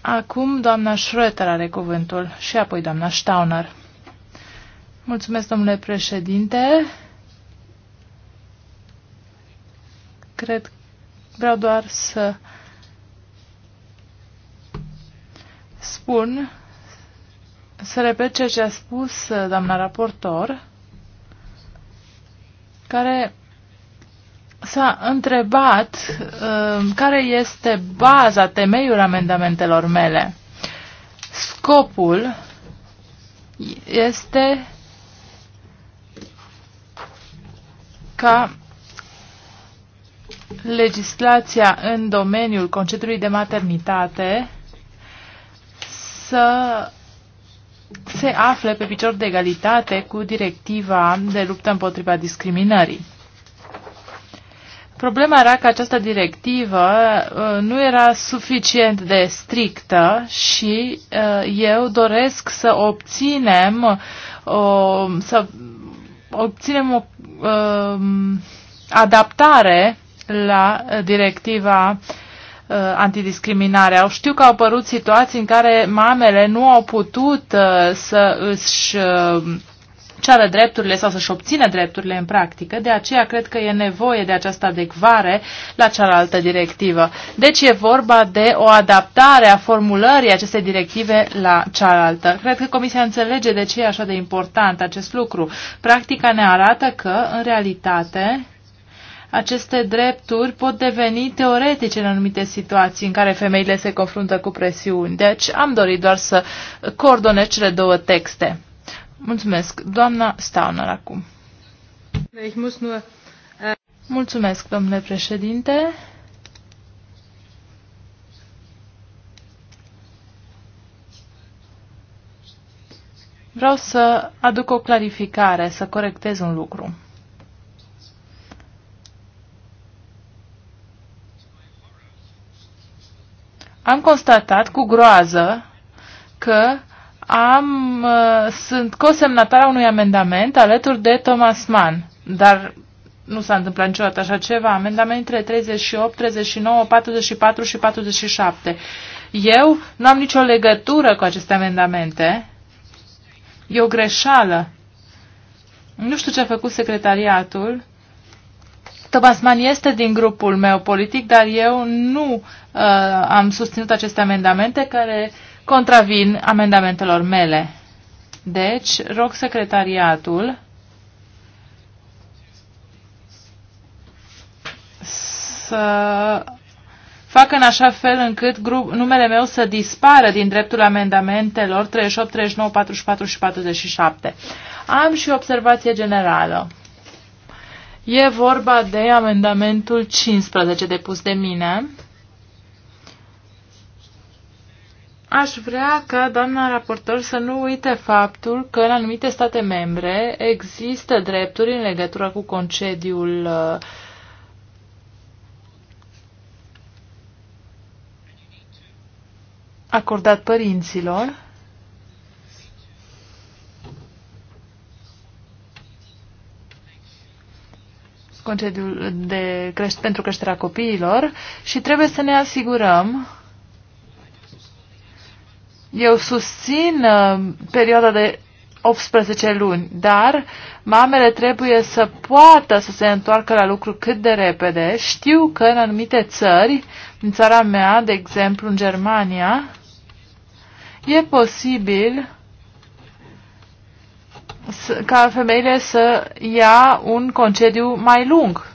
Acum doamna Schröter are cuvântul și apoi doamna Stauner. Mulțumesc, domnule președinte. Cred, vreau doar să spun, să repet ceea ce a spus uh, doamna raportor, care s-a întrebat uh, care este baza, temeiul amendamentelor mele. Scopul este ca legislația în domeniul concediului de maternitate să se afle pe picior de egalitate cu directiva de luptă împotriva discriminării. Problema era că această directivă uh, nu era suficient de strictă și uh, eu doresc să obținem o, să obținem o um, adaptare la directiva uh, Au Știu că au apărut situații în care mamele nu au putut uh, să își uh, ceară drepturile sau să-și obțină drepturile în practică, de aceea cred că e nevoie de această adecvare la cealaltă directivă. Deci e vorba de o adaptare a formulării acestei directive la cealaltă. Cred că Comisia înțelege de ce e așa de important acest lucru. Practica ne arată că, în realitate, aceste drepturi pot deveni teoretice în anumite situații în care femeile se confruntă cu presiuni. Deci am dorit doar să coordonez cele două texte. Mulțumesc. Doamna Stauner acum. Äh, Mulțumesc, domnule președinte. Vreau să aduc o clarificare, să corectez un lucru. am constatat cu groază că am, uh, sunt cosemnatarea unui amendament alături de Thomas Mann, dar nu s-a întâmplat niciodată așa ceva. Amendamentele 38, 39, 44 și 47. Eu nu am nicio legătură cu aceste amendamente. E o greșeală. Nu știu ce a făcut secretariatul, Tăbasman este din grupul meu politic, dar eu nu uh, am susținut aceste amendamente care contravin amendamentelor mele. Deci, rog secretariatul să fac în așa fel încât grup, numele meu să dispară din dreptul amendamentelor 38, 39, 44 și 47. Am și o observație generală. E vorba de amendamentul 15 depus de mine. Aș vrea ca doamna raportor să nu uite faptul că în anumite state membre există drepturi în legătură cu concediul uh, acordat părinților. concediul de creș pentru creșterea copiilor și trebuie să ne asigurăm eu susțin uh, perioada de 18 luni, dar mamele trebuie să poată să se întoarcă la lucru cât de repede. Știu că în anumite țări, în țara mea, de exemplu în Germania, e posibil ca femeile să ia un concediu mai lung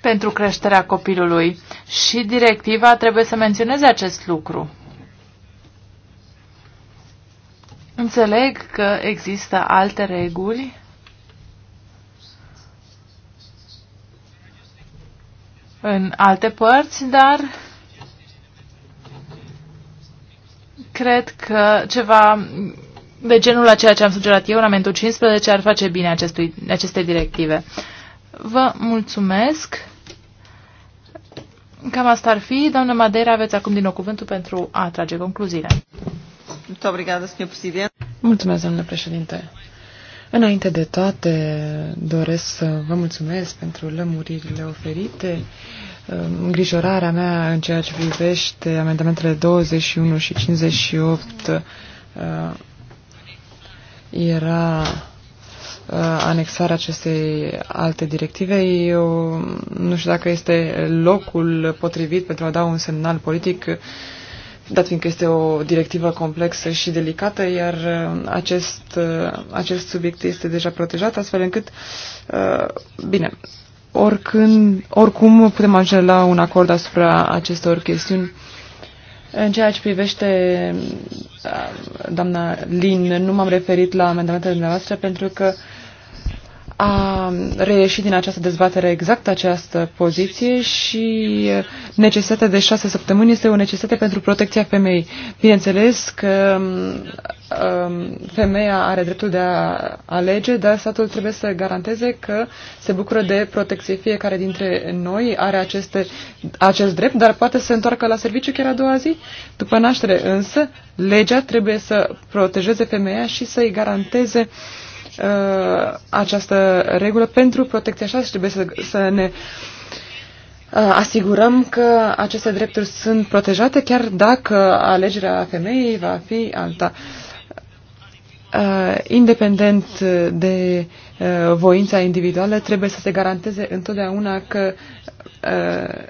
pentru creșterea copilului și directiva trebuie să menționeze acest lucru. Înțeleg că există alte reguli în alte părți, dar cred că ceva de genul la ceea ce am sugerat eu, la amendul 15, ar face bine acestui, aceste directive. Vă mulțumesc. Cam asta ar fi. Doamnă Madeira, aveți acum din nou cuvântul pentru a trage concluziile. Mulțumesc, domnule președinte. Înainte de toate, doresc să vă mulțumesc pentru lămuririle oferite. Îngrijorarea mea în ceea ce privește amendamentele 21 și 58 era uh, anexarea acestei alte directive. Eu nu știu dacă este locul potrivit pentru a da un semnal politic, dat fiindcă este o directivă complexă și delicată, iar uh, acest, uh, acest subiect este deja protejat, astfel încât, bine, oricând, oricum putem ajunge la un acord asupra acestor chestiuni în ceea ce privește, uh, doamna Lin, nu m-am referit la amendamentele dumneavoastră pentru că uh, a reieșit din această dezbatere exact această poziție și necesitatea de șase săptămâni este o necesitate pentru protecția femeii. Bineînțeles că um, femeia are dreptul de a alege, dar statul trebuie să garanteze că se bucură de protecție. Fiecare dintre noi are aceste, acest drept, dar poate să se întoarcă la serviciu chiar a doua zi. După naștere însă, legea trebuie să protejeze femeia și să-i garanteze uh, uh, această regulă pentru protecția așa și trebuie să, să ne uh, asigurăm că aceste drepturi sunt protejate chiar dacă alegerea femeii va fi alta. Uh, independent de uh, voința individuală, trebuie să se garanteze întotdeauna că uh,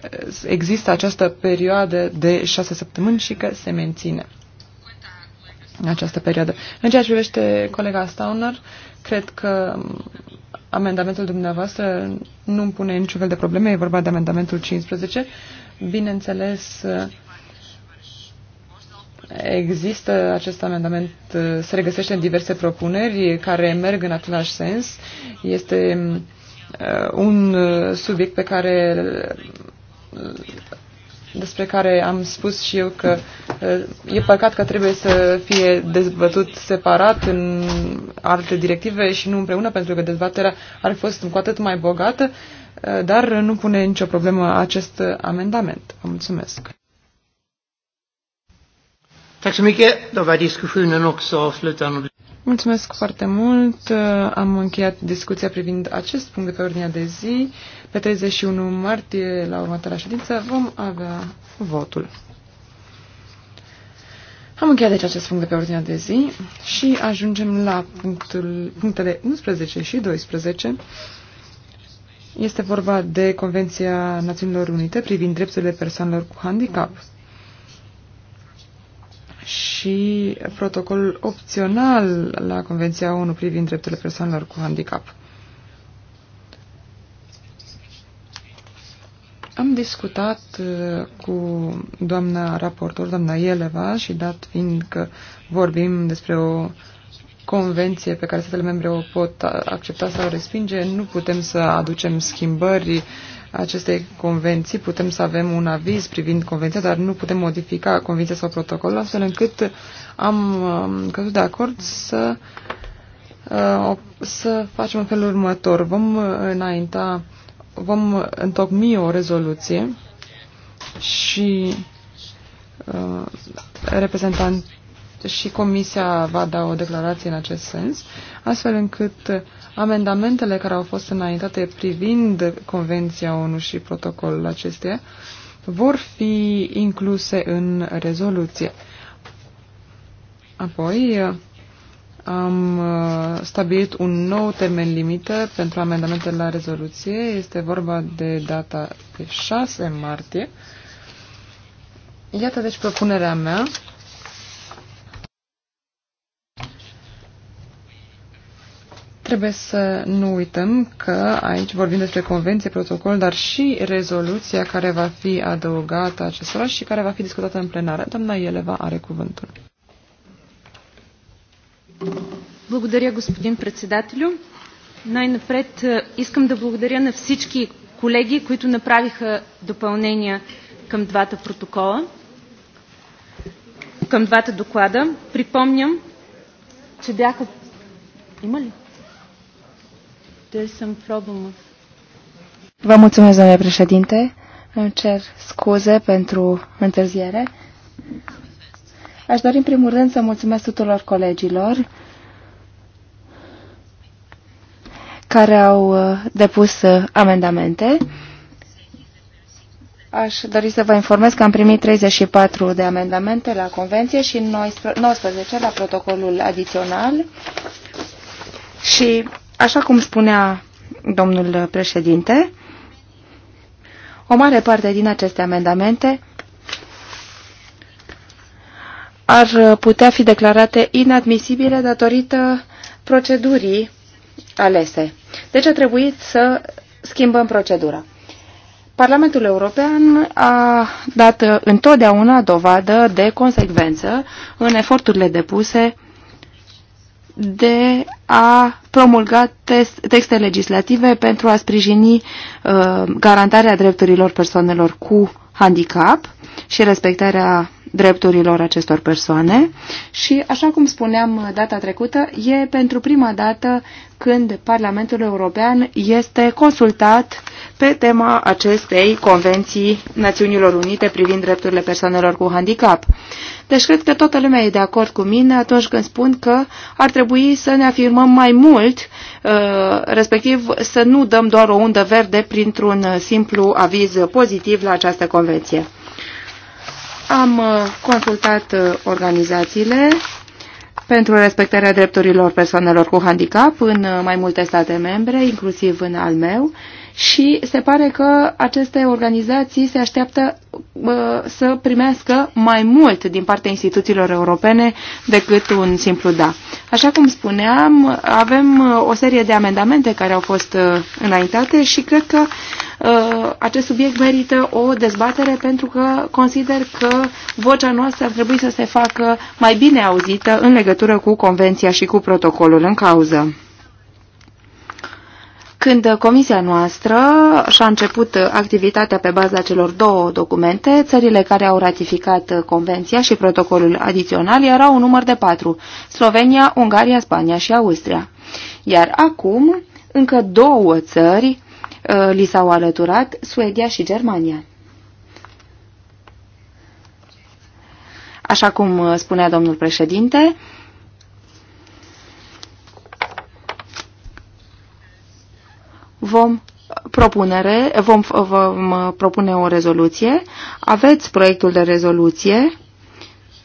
există această perioadă de șase săptămâni și că se menține această perioadă. În ceea ce privește colega Stauner, Cred că amendamentul dumneavoastră nu îmi pune niciun fel de probleme, e vorba de amendamentul 15. Bineînțeles, există acest amendament, se regăsește în diverse propuneri care merg în același sens. Este uh, un uh, subiect pe care uh, despre care am spus și eu că uh, e păcat că trebuie să fie dezbătut separat în alte directive și nu împreună, pentru că dezbaterea ar fi fost cu atât mai bogată, uh, dar nu pune nicio problemă acest amendament. Vă mulțumesc. Tack så mycket. Då var diskussionen också avslutad. Mulțumesc foarte mult. Am încheiat discuția privind acest punct de pe ordinea de zi. Pe 31 martie, la următoarea ședință, vom avea votul. Am încheiat deci acest punct de pe ordinea de zi și ajungem la punctul, punctele 11 și 12. Este vorba de Convenția Națiunilor Unite privind drepturile persoanelor cu handicap și protocolul opțional la Convenția ONU privind drepturile persoanelor cu handicap. Am discutat uh, cu doamna raportor, doamna Ieleva, și dat fiind că vorbim despre o convenție pe care statele membre o pot accepta sau respinge, nu putem să aducem schimbări acestei convenții putem să avem un aviz privind convenția, dar nu putem modifica convenția sau protocolul, astfel încât am căzut de acord să, uh, să facem în felul următor. Vom uh, înainta, vom întocmi o rezoluție și uh, reprezentant și Comisia va da o declarație în acest sens, astfel încât Amendamentele care au fost înaintate privind Convenția ONU și protocolul acesteia vor fi incluse în rezoluție. Apoi am uh, stabilit un nou termen limită pentru amendamentele la rezoluție. Este vorba de data de 6 martie. Iată deci propunerea mea. Trebuie să nu uităm că aici vorbim despre convenție, protocol, dar și rezoluția care va fi adăugată acestora și care va fi discutată în plenară. Doamna Eleva are cuvântul. Благодаря, господин председателю. Най-напред искам да благодаря на всички колеги, които направиха допълнения към двата протокола, към двата доклада. Припомням, че бяха... Има ли? Vă mulțumesc, domnule președinte. Îmi cer scuze pentru întârziere. Aș dori, în primul rând, să mulțumesc tuturor colegilor care au uh, depus uh, amendamente. Aș dori să vă informez că am primit 34 de amendamente la convenție și 19 la protocolul adițional și Așa cum spunea domnul președinte, o mare parte din aceste amendamente ar putea fi declarate inadmisibile datorită procedurii alese. Deci a trebuit să schimbăm procedura. Parlamentul European a dat întotdeauna dovadă de consecvență în eforturile depuse de a promulgat texte legislative pentru a sprijini uh, garantarea drepturilor persoanelor cu handicap și respectarea drepturilor acestor persoane și, așa cum spuneam data trecută, e pentru prima dată când Parlamentul European este consultat pe tema acestei Convenții Națiunilor Unite privind drepturile persoanelor cu handicap. Deci cred că toată lumea e de acord cu mine atunci când spun că ar trebui să ne afirmăm mai mult, uh, respectiv să nu dăm doar o undă verde printr-un simplu aviz pozitiv la această convenție. Am uh, consultat uh, organizațiile pentru respectarea drepturilor persoanelor cu handicap în uh, mai multe state membre, inclusiv în al meu, și se pare că aceste organizații se așteaptă uh, să primească mai mult din partea instituțiilor europene decât un simplu da. Așa cum spuneam, avem uh, o serie de amendamente care au fost uh, înaintate și cred că acest subiect merită o dezbatere pentru că consider că vocea noastră ar trebui să se facă mai bine auzită în legătură cu convenția și cu protocolul în cauză. Când comisia noastră și-a început activitatea pe baza celor două documente, țările care au ratificat convenția și protocolul adițional erau un număr de patru, Slovenia, Ungaria, Spania și Austria. Iar acum, încă două țări uh, li s-au alăturat, Suedia și Germania. Așa cum uh, spunea domnul președinte, vom propunere, vom, vom propune o rezoluție. Aveți proiectul de rezoluție.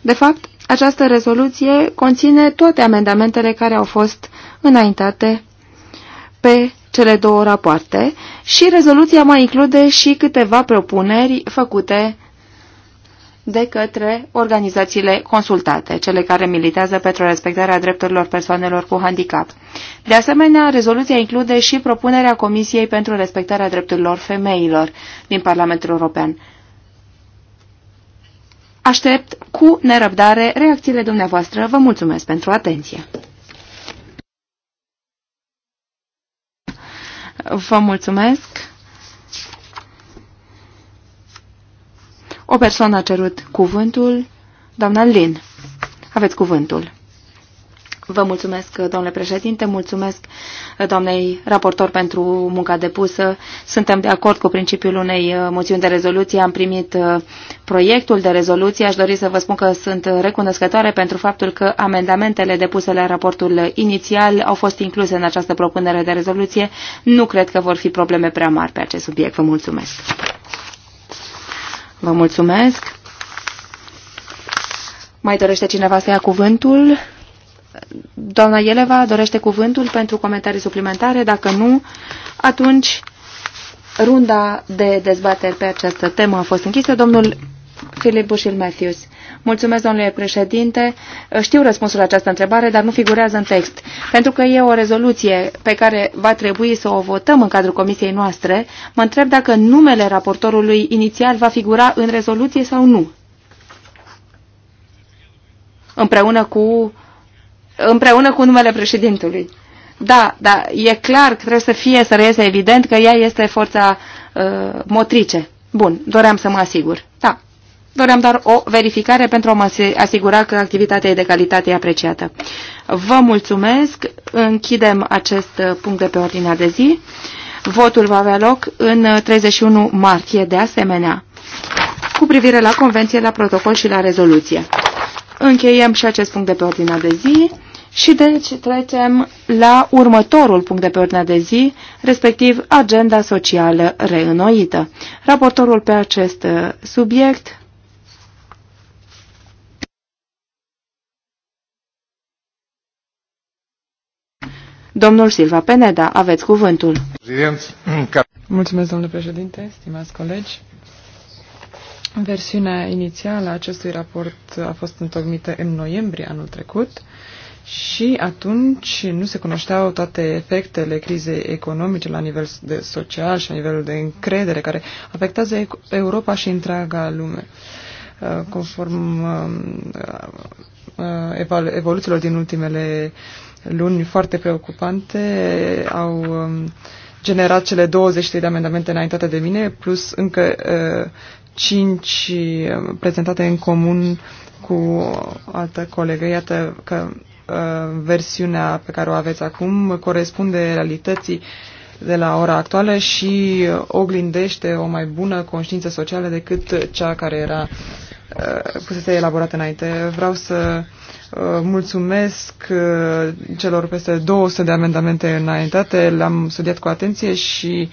De fapt, această rezoluție conține toate amendamentele care au fost înaintate pe cele două rapoarte și rezoluția mai include și câteva propuneri făcute de către organizațiile consultate, cele care militează pentru respectarea drepturilor persoanelor cu handicap. De asemenea, rezoluția include și propunerea Comisiei pentru respectarea drepturilor femeilor din Parlamentul European. Aștept cu nerăbdare reacțiile dumneavoastră. Vă mulțumesc pentru atenție. Vă mulțumesc. O persoană a cerut cuvântul. Doamna Lin, aveți cuvântul. Vă mulțumesc, domnule președinte, mulțumesc eh, doamnei raportor pentru munca depusă. Suntem de acord cu principiul unei eh, moțiuni de rezoluție. Am primit eh, proiectul de rezoluție. Aș dori să vă spun că sunt recunoscătoare pentru faptul că amendamentele depuse la raportul inițial au fost incluse în această propunere de rezoluție. Nu cred că vor fi probleme prea mari pe acest subiect. Vă mulțumesc. Vă mulțumesc. Mai dorește cineva să ia cuvântul? Doamna Eleva dorește cuvântul pentru comentarii suplimentare. Dacă nu, atunci runda de dezbateri pe această temă a fost închisă. Domnul Philip Bușil Matthews. Mulțumesc, domnule președinte. Știu răspunsul la această întrebare, dar nu figurează în text, pentru că e o rezoluție pe care va trebui să o votăm în cadrul comisiei noastre. Mă întreb dacă numele raportorului inițial va figura în rezoluție sau nu. Împreună cu, împreună cu numele președintelui. Da, da, e clar că trebuie să fie, să reiese evident că ea este forța uh, motrice. Bun, doream să mă asigur. Doream doar o verificare pentru a mă asigura că activitatea e de calitate apreciată. Vă mulțumesc. Închidem acest uh, punct de pe ordinea de zi. Votul va avea loc în 31 uh, martie de asemenea cu privire la convenție, la protocol și la rezoluție. Încheiem și acest punct de pe ordinea de zi și deci trecem la următorul punct de pe ordinea de zi, respectiv agenda socială reînnoită. Raportorul pe acest uh, subiect Domnul Silva Peneda, aveți cuvântul. Mulțumesc, domnule președinte, stimați colegi. Versiunea inițială a acestui raport a fost întocmită în noiembrie anul trecut și atunci nu se cunoșteau toate efectele crizei economice la nivel de social și la nivelul de încredere care afectează Europa și întreaga lume. Uh, conform uh, uh, evoluțiilor din ultimele luni foarte preocupante au um, generat cele 23 de amendamente înaintate de mine, plus încă uh, 5 uh, prezentate în comun cu altă colegă. Iată că uh, versiunea pe care o aveți acum corespunde realității de la ora actuală și oglindește o mai bună conștiință socială decât cea care era uh, pusese elaborată înainte. Vreau să uh, Uh, mulțumesc uh, celor peste 200 de amendamente înaintate, le-am studiat cu atenție și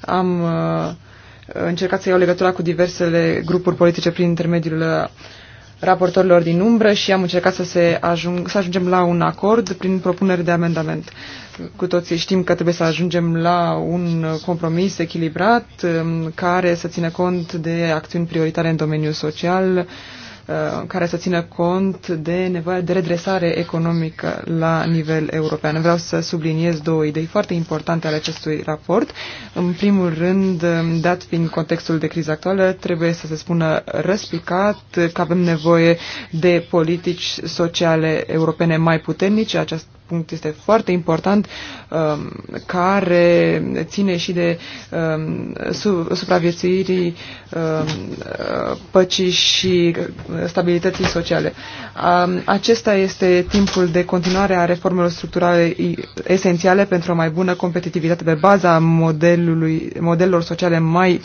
am uh, încercat să iau legătura cu diversele grupuri politice prin intermediul raportorilor din umbră și am încercat să, se ajung, să ajungem la un acord prin propuneri de amendament. Cu toții știm că trebuie să ajungem la un compromis echilibrat um, care să țină cont de acțiuni prioritare în domeniul social, Uh, care să țină cont de nevoia de redresare economică la nivel european. Vreau să subliniez două idei foarte importante ale acestui raport. În primul rând, um, dat fiind contextul de criză actuală, trebuie să se spună răspicat că avem nevoie de politici sociale europene mai puternice. Această punct este foarte important, um, care ține și de um, supraviețuirii um, păcii și stabilității sociale. Acesta este timpul de continuare a reformelor structurale esențiale pentru o mai bună competitivitate pe baza modelului, modelelor sociale mai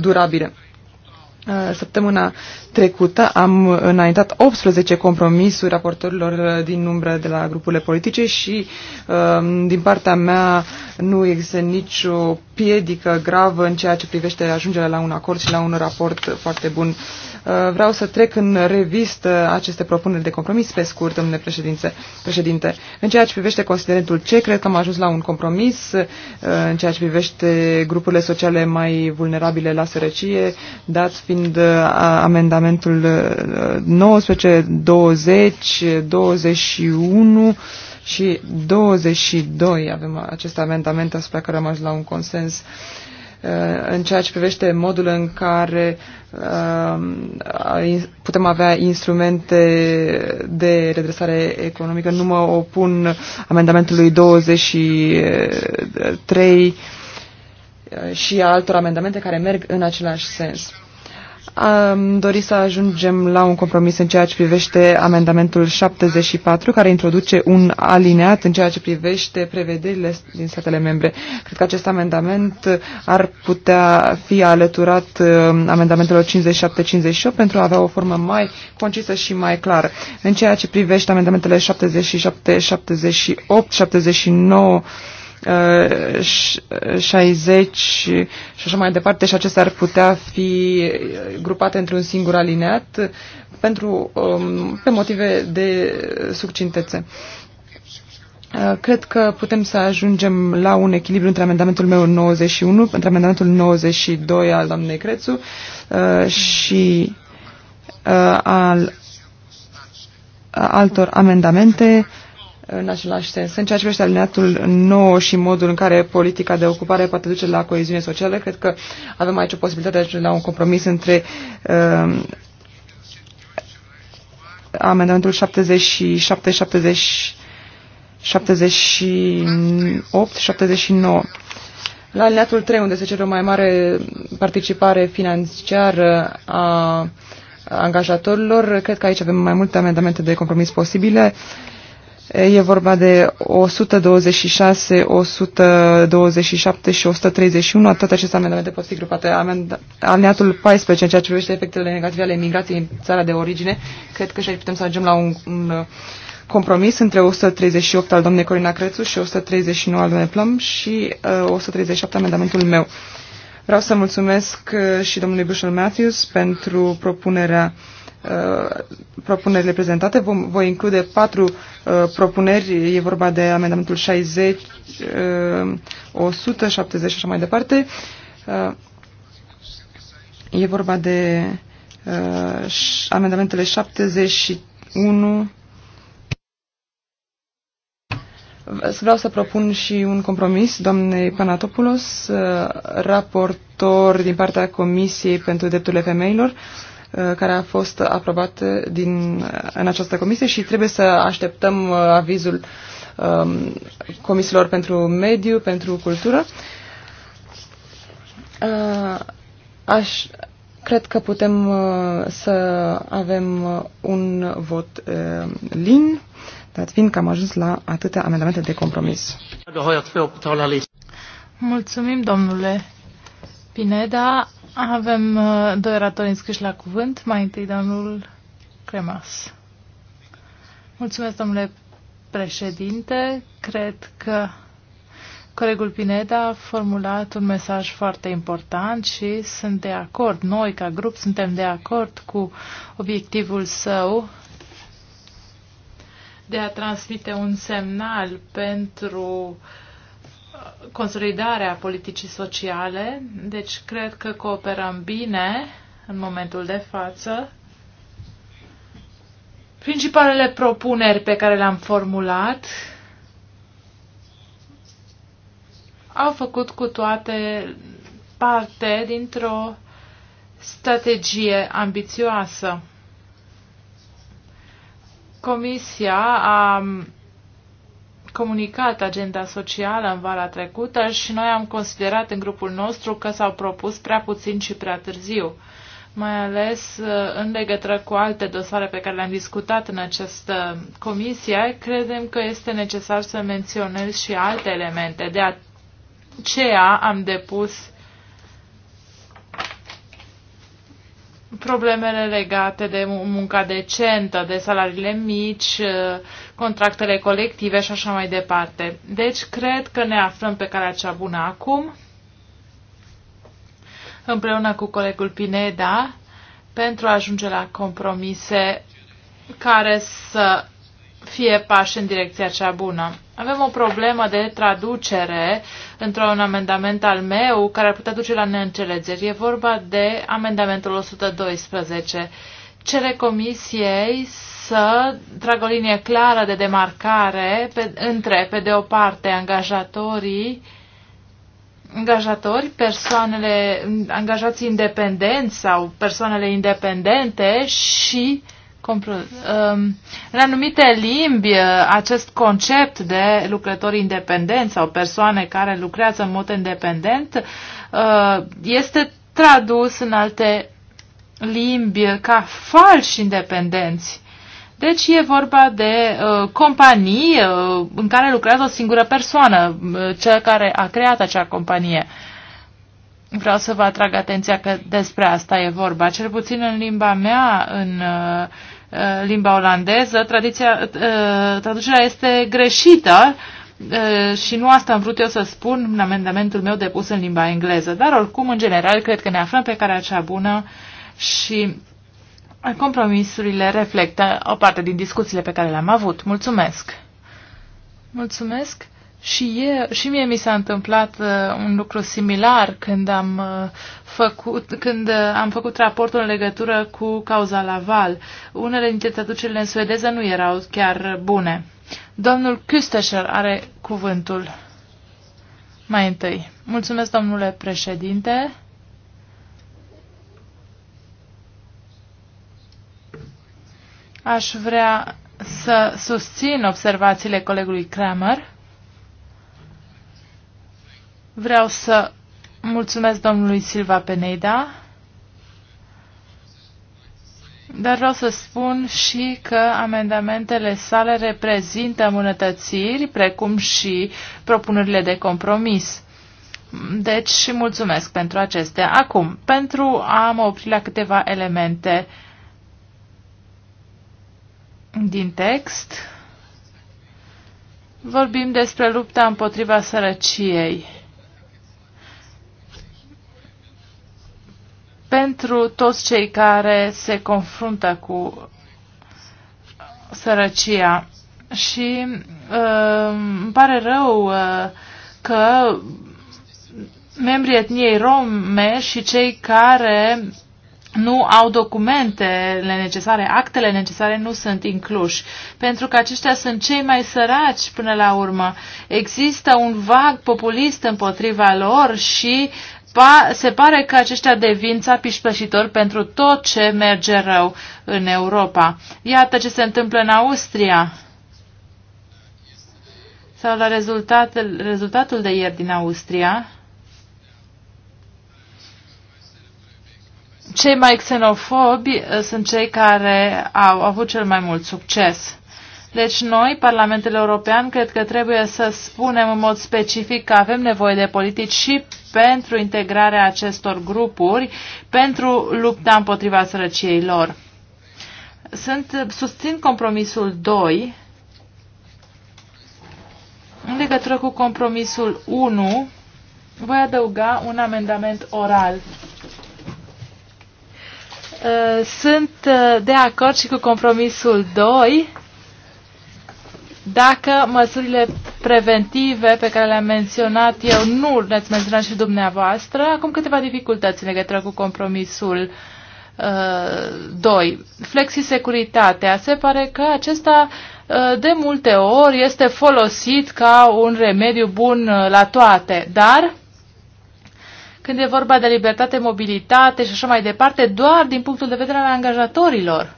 durabile. Săptămâna trecută am înaintat 18 compromisuri raportorilor din umbră de la grupurile politice și din partea mea nu există nicio piedică gravă în ceea ce privește ajungerea la un acord și la un raport foarte bun Uh, vreau să trec în revist aceste propuneri de compromis pe scurt, domnule președinte. președinte. În ceea ce privește considerentul C, cred că am ajuns la un compromis uh, în ceea ce privește grupurile sociale mai vulnerabile la sărăcie, dat fiind uh, amendamentul 19, 20, 21 și 22 avem acest amendament asupra care am ajuns la un consens. Uh, în ceea ce privește modul în care um, putem avea instrumente de redresare economică. Nu mă opun amendamentului 23 uh, și altor amendamente care merg în același sens. Am dorit să ajungem la un compromis în ceea ce privește amendamentul 74, care introduce un alineat în ceea ce privește prevederile din statele membre. Cred că acest amendament ar putea fi alăturat um, amendamentelor 57-58 pentru a avea o formă mai concisă și mai clară. În ceea ce privește amendamentele 77, 78, 79, 60 uh, și așa mai departe și acestea ar putea fi grupate într-un singur alineat pentru, um, pe motive de succintețe. Uh, cred că putem să ajungem la un echilibru între amendamentul meu 91, între amendamentul 92 al doamnei Crețu uh, și al altor amendamente în același sens. În ceea ce privește alineatul nou și modul în care politica de ocupare poate duce la coeziune socială, cred că avem aici o posibilitate de a ajunge la un compromis între uh, amendamentul 77, 70, 78, 79. La alineatul 3, unde se cere o mai mare participare financiară a angajatorilor, cred că aici avem mai multe amendamente de compromis posibile. Uh, E vorba de 126, 127 și 131. Toate aceste amendamente pot fi grupate. Amend alineatul 14, în ceea ce privește efectele negative ale imigrației în țara de origine, cred că și aici putem să ajungem la un, un uh, compromis între 138 al domnului Corina Crețu și 139 al domnului Plăm și uh, 137 amendamentul meu. Vreau să mulțumesc uh, și domnului Bushel Matthews pentru propunerea uh, Uh, propunerile prezentate. Vom, voi include patru uh, propuneri. E vorba de amendamentul 60, uh, 170 și așa mai departe. Uh, e vorba de uh, amendamentele 71. Vreau să propun și un compromis doamnei Panatopoulos, uh, raportor din partea Comisiei pentru Drepturile Femeilor. Uh, Uh, care a fost aprobat din, în această comisie și trebuie să așteptăm uh, avizul um, comisiilor pentru mediu, pentru cultură. Uh, aș, cred că putem uh, să avem uh, un vot uh, lin, dat fiind că am ajuns la atâtea amendamente de compromis. Mulțumim, domnule Pineda. Avem uh, doi oratori înscriși la cuvânt. Mai întâi domnul Cremas. Mulțumesc, domnule președinte. Cred că colegul Pineda a formulat un mesaj foarte important și sunt de acord. Noi, ca grup, suntem de acord cu obiectivul său de a transmite un semnal pentru uh, consolidarea politicii sociale, deci cred că cooperăm bine în momentul de față. Principalele propuneri pe care le-am formulat au făcut cu toate parte dintr-o strategie ambițioasă. Comisia a comunicat agenda socială în vara trecută și noi am considerat în grupul nostru că s-au propus prea puțin și prea târziu, mai ales uh, în legătură cu alte dosare pe care le-am discutat în această comisie, credem că este necesar să menționez și alte elemente. De aceea am depus problemele legate de munca decentă, de salariile mici, uh, contractele colective și așa mai departe. Deci cred că ne aflăm pe calea cea bună acum, împreună cu colegul Pineda, pentru a ajunge la compromise care să fie pași în direcția cea bună. Avem o problemă de traducere într-un amendament al meu care ar putea duce la neînțelegeri. E vorba de amendamentul 112. Cere comisiei să tragă o linie clară de demarcare pe, între, pe de o parte, angajatorii angajatori, persoanele, angajații independenți sau persoanele independente și Um, în anumite limbi, uh, acest concept de lucrători independenți sau persoane care lucrează în mod independent uh, este tradus în alte limbi ca falși independenți. Deci e vorba de uh, companii în care lucrează o singură persoană, cea cel care a creat acea companie. Vreau să vă atrag atenția că despre asta e vorba. Cel puțin în limba mea, în uh, Uh, limba olandeză, tradiția, uh, traducerea este greșită uh, și nu asta am vrut eu să spun în amendamentul meu depus în limba engleză. Dar oricum, în general, cred că ne aflăm pe calea cea bună și compromisurile reflectă o parte din discuțiile pe care le-am avut. Mulțumesc! Mulțumesc! Și, e, și mie mi s-a întâmplat uh, un lucru similar când am uh, făcut, când uh, am făcut raportul în legătură cu cauza Laval. Unele dintre traducerile în suedeză nu erau chiar bune. Domnul Küstescher are cuvântul. Mai întâi. Mulțumesc, domnule președinte. Aș vrea să susțin observațiile colegului Kramer. Vreau să Mulțumesc domnului Silva Peneda. Dar vreau să spun și că amendamentele sale reprezintă îmbunătățiri, precum și propunerile de compromis. Deci, și mulțumesc pentru acestea. Acum, pentru a mă opri la câteva elemente din text, vorbim despre lupta împotriva sărăciei. pentru toți cei care se confruntă cu sărăcia. Și uh, îmi pare rău uh, că membrii etniei rome și cei care nu au documentele necesare, actele necesare nu sunt incluși, pentru că aceștia sunt cei mai săraci până la urmă. Există un vag populist împotriva lor și pa, se pare că aceștia devin țapișpășitori pentru tot ce merge rău în Europa. Iată ce se întâmplă în Austria sau la rezultatul, rezultatul de ieri din Austria. Cei mai xenofobi uh, sunt cei care au avut cel mai mult succes. Deci noi, Parlamentul European, cred că trebuie să spunem în mod specific că avem nevoie de politici și pentru integrarea acestor grupuri, pentru lupta împotriva sărăciei lor. Sunt, susțin compromisul 2 în legătură cu compromisul 1 voi adăuga un amendament oral. Uh, sunt uh, de acord și cu compromisul 2 dacă măsurile preventive pe care le-am menționat eu nu le-ați menționat și dumneavoastră, acum câteva dificultăți în legătură cu compromisul 2. Uh, flexisecuritatea. Se pare că acesta uh, de multe ori este folosit ca un remediu bun uh, la toate, dar când e vorba de libertate, mobilitate și așa mai departe, doar din punctul de vedere al angajatorilor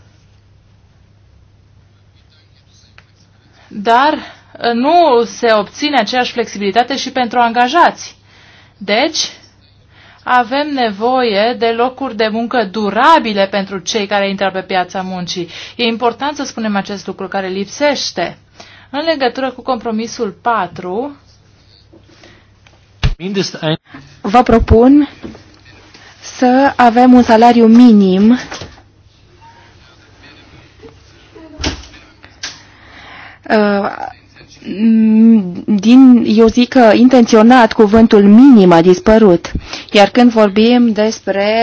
dar uh, nu se obține aceeași flexibilitate și pentru angajați. Deci, avem nevoie de locuri de muncă durabile pentru cei care intră pe piața muncii. E important să spunem acest lucru care lipsește. În legătură cu compromisul 4, vă propun să avem un salariu minim Uh, din, eu zic că intenționat cuvântul minim a dispărut. Iar când vorbim despre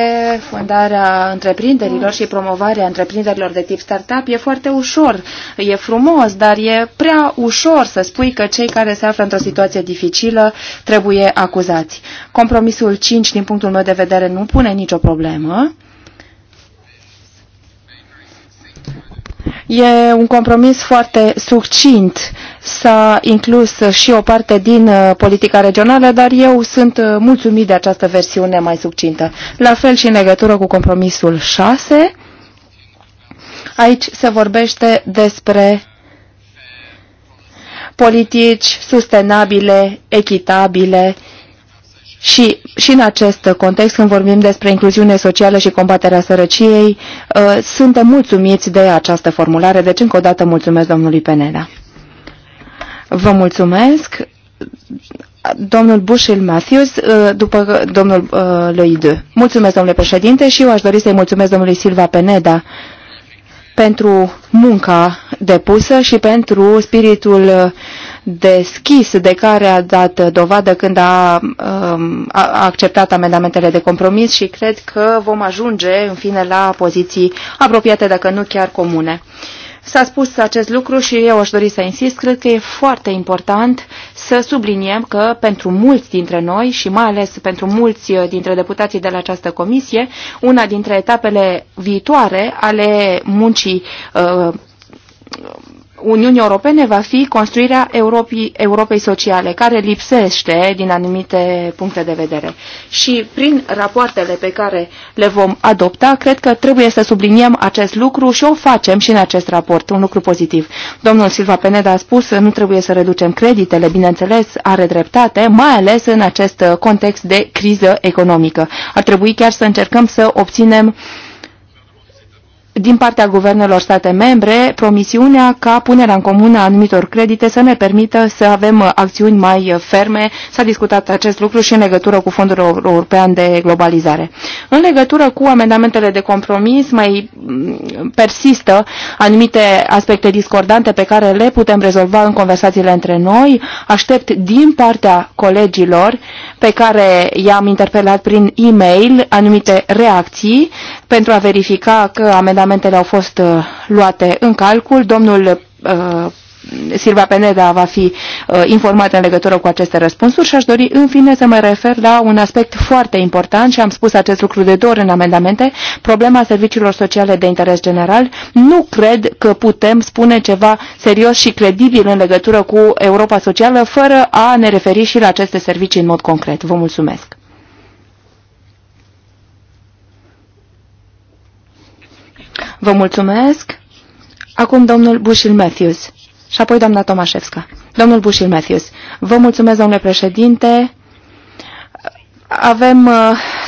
fundarea întreprinderilor și promovarea întreprinderilor de tip startup, e foarte ușor, e frumos, dar e prea ușor să spui că cei care se află într-o situație dificilă trebuie acuzați. Compromisul 5, din punctul meu de vedere, nu pune nicio problemă. E un compromis foarte succint. S-a inclus și o parte din uh, politica regională, dar eu sunt uh, mulțumit de această versiune mai succintă. La fel și în legătură cu compromisul 6. Aici se vorbește despre politici sustenabile, echitabile și, și în acest context, când vorbim despre incluziune socială și combaterea sărăciei, uh, suntem mulțumiți de această formulare. Deci, încă o dată, mulțumesc domnului Penela. Vă mulțumesc. Domnul Bushil Matthews, uh, după domnul uh, Loide. Mulțumesc, domnule președinte, și eu aș dori să-i mulțumesc domnului Silva Peneda pentru munca depusă și pentru spiritul deschis de care a dat dovadă când um, a, a acceptat amendamentele de compromis și cred că vom ajunge în fine la poziții apropiate, dacă nu chiar comune. S-a spus acest lucru și eu aș dori să insist, cred că e foarte important să subliniem că pentru mulți dintre noi și mai ales pentru mulți dintre deputații de la această comisie, una dintre etapele viitoare ale muncii uh, Uniunii Europene va fi construirea Europii, Europei Sociale, care lipsește din anumite puncte de vedere. Și prin rapoartele pe care le vom adopta, cred că trebuie să subliniem acest lucru și o facem și în acest raport, un lucru pozitiv. Domnul Silva Peneda a spus că nu trebuie să reducem creditele, bineînțeles, are dreptate, mai ales în acest context de criză economică. Ar trebui chiar să încercăm să obținem uh, din partea guvernelor state membre promisiunea ca punerea în comună a anumitor credite să ne permită să avem uh, acțiuni mai uh, ferme. S-a discutat acest lucru și în legătură cu Fondul European de Globalizare. În legătură cu amendamentele de compromis mai mm, persistă anumite aspecte discordante pe care le putem rezolva în conversațiile între noi. Aștept din partea colegilor pe care i-am interpelat prin e-mail anumite reacții pentru a verifica că amendamentele amendamentele au fost uh, luate în calcul. Domnul uh, Silva Peneda va fi uh, în legătură cu aceste răspunsuri și aș dori în fine să mă refer la un aspect foarte important și am spus acest lucru de două ori în amendamente, problema serviciilor sociale de interes general. Nu cred că putem spune ceva serios și credibil în legătură cu Europa Socială fără a ne referi și la aceste servicii în mod concret. Vă mulțumesc! Vă mulțumesc. Acum domnul Bushil Matthews și apoi doamna Tomașevska. Domnul Bushil Matthews, vă mulțumesc, domnule președinte avem uh,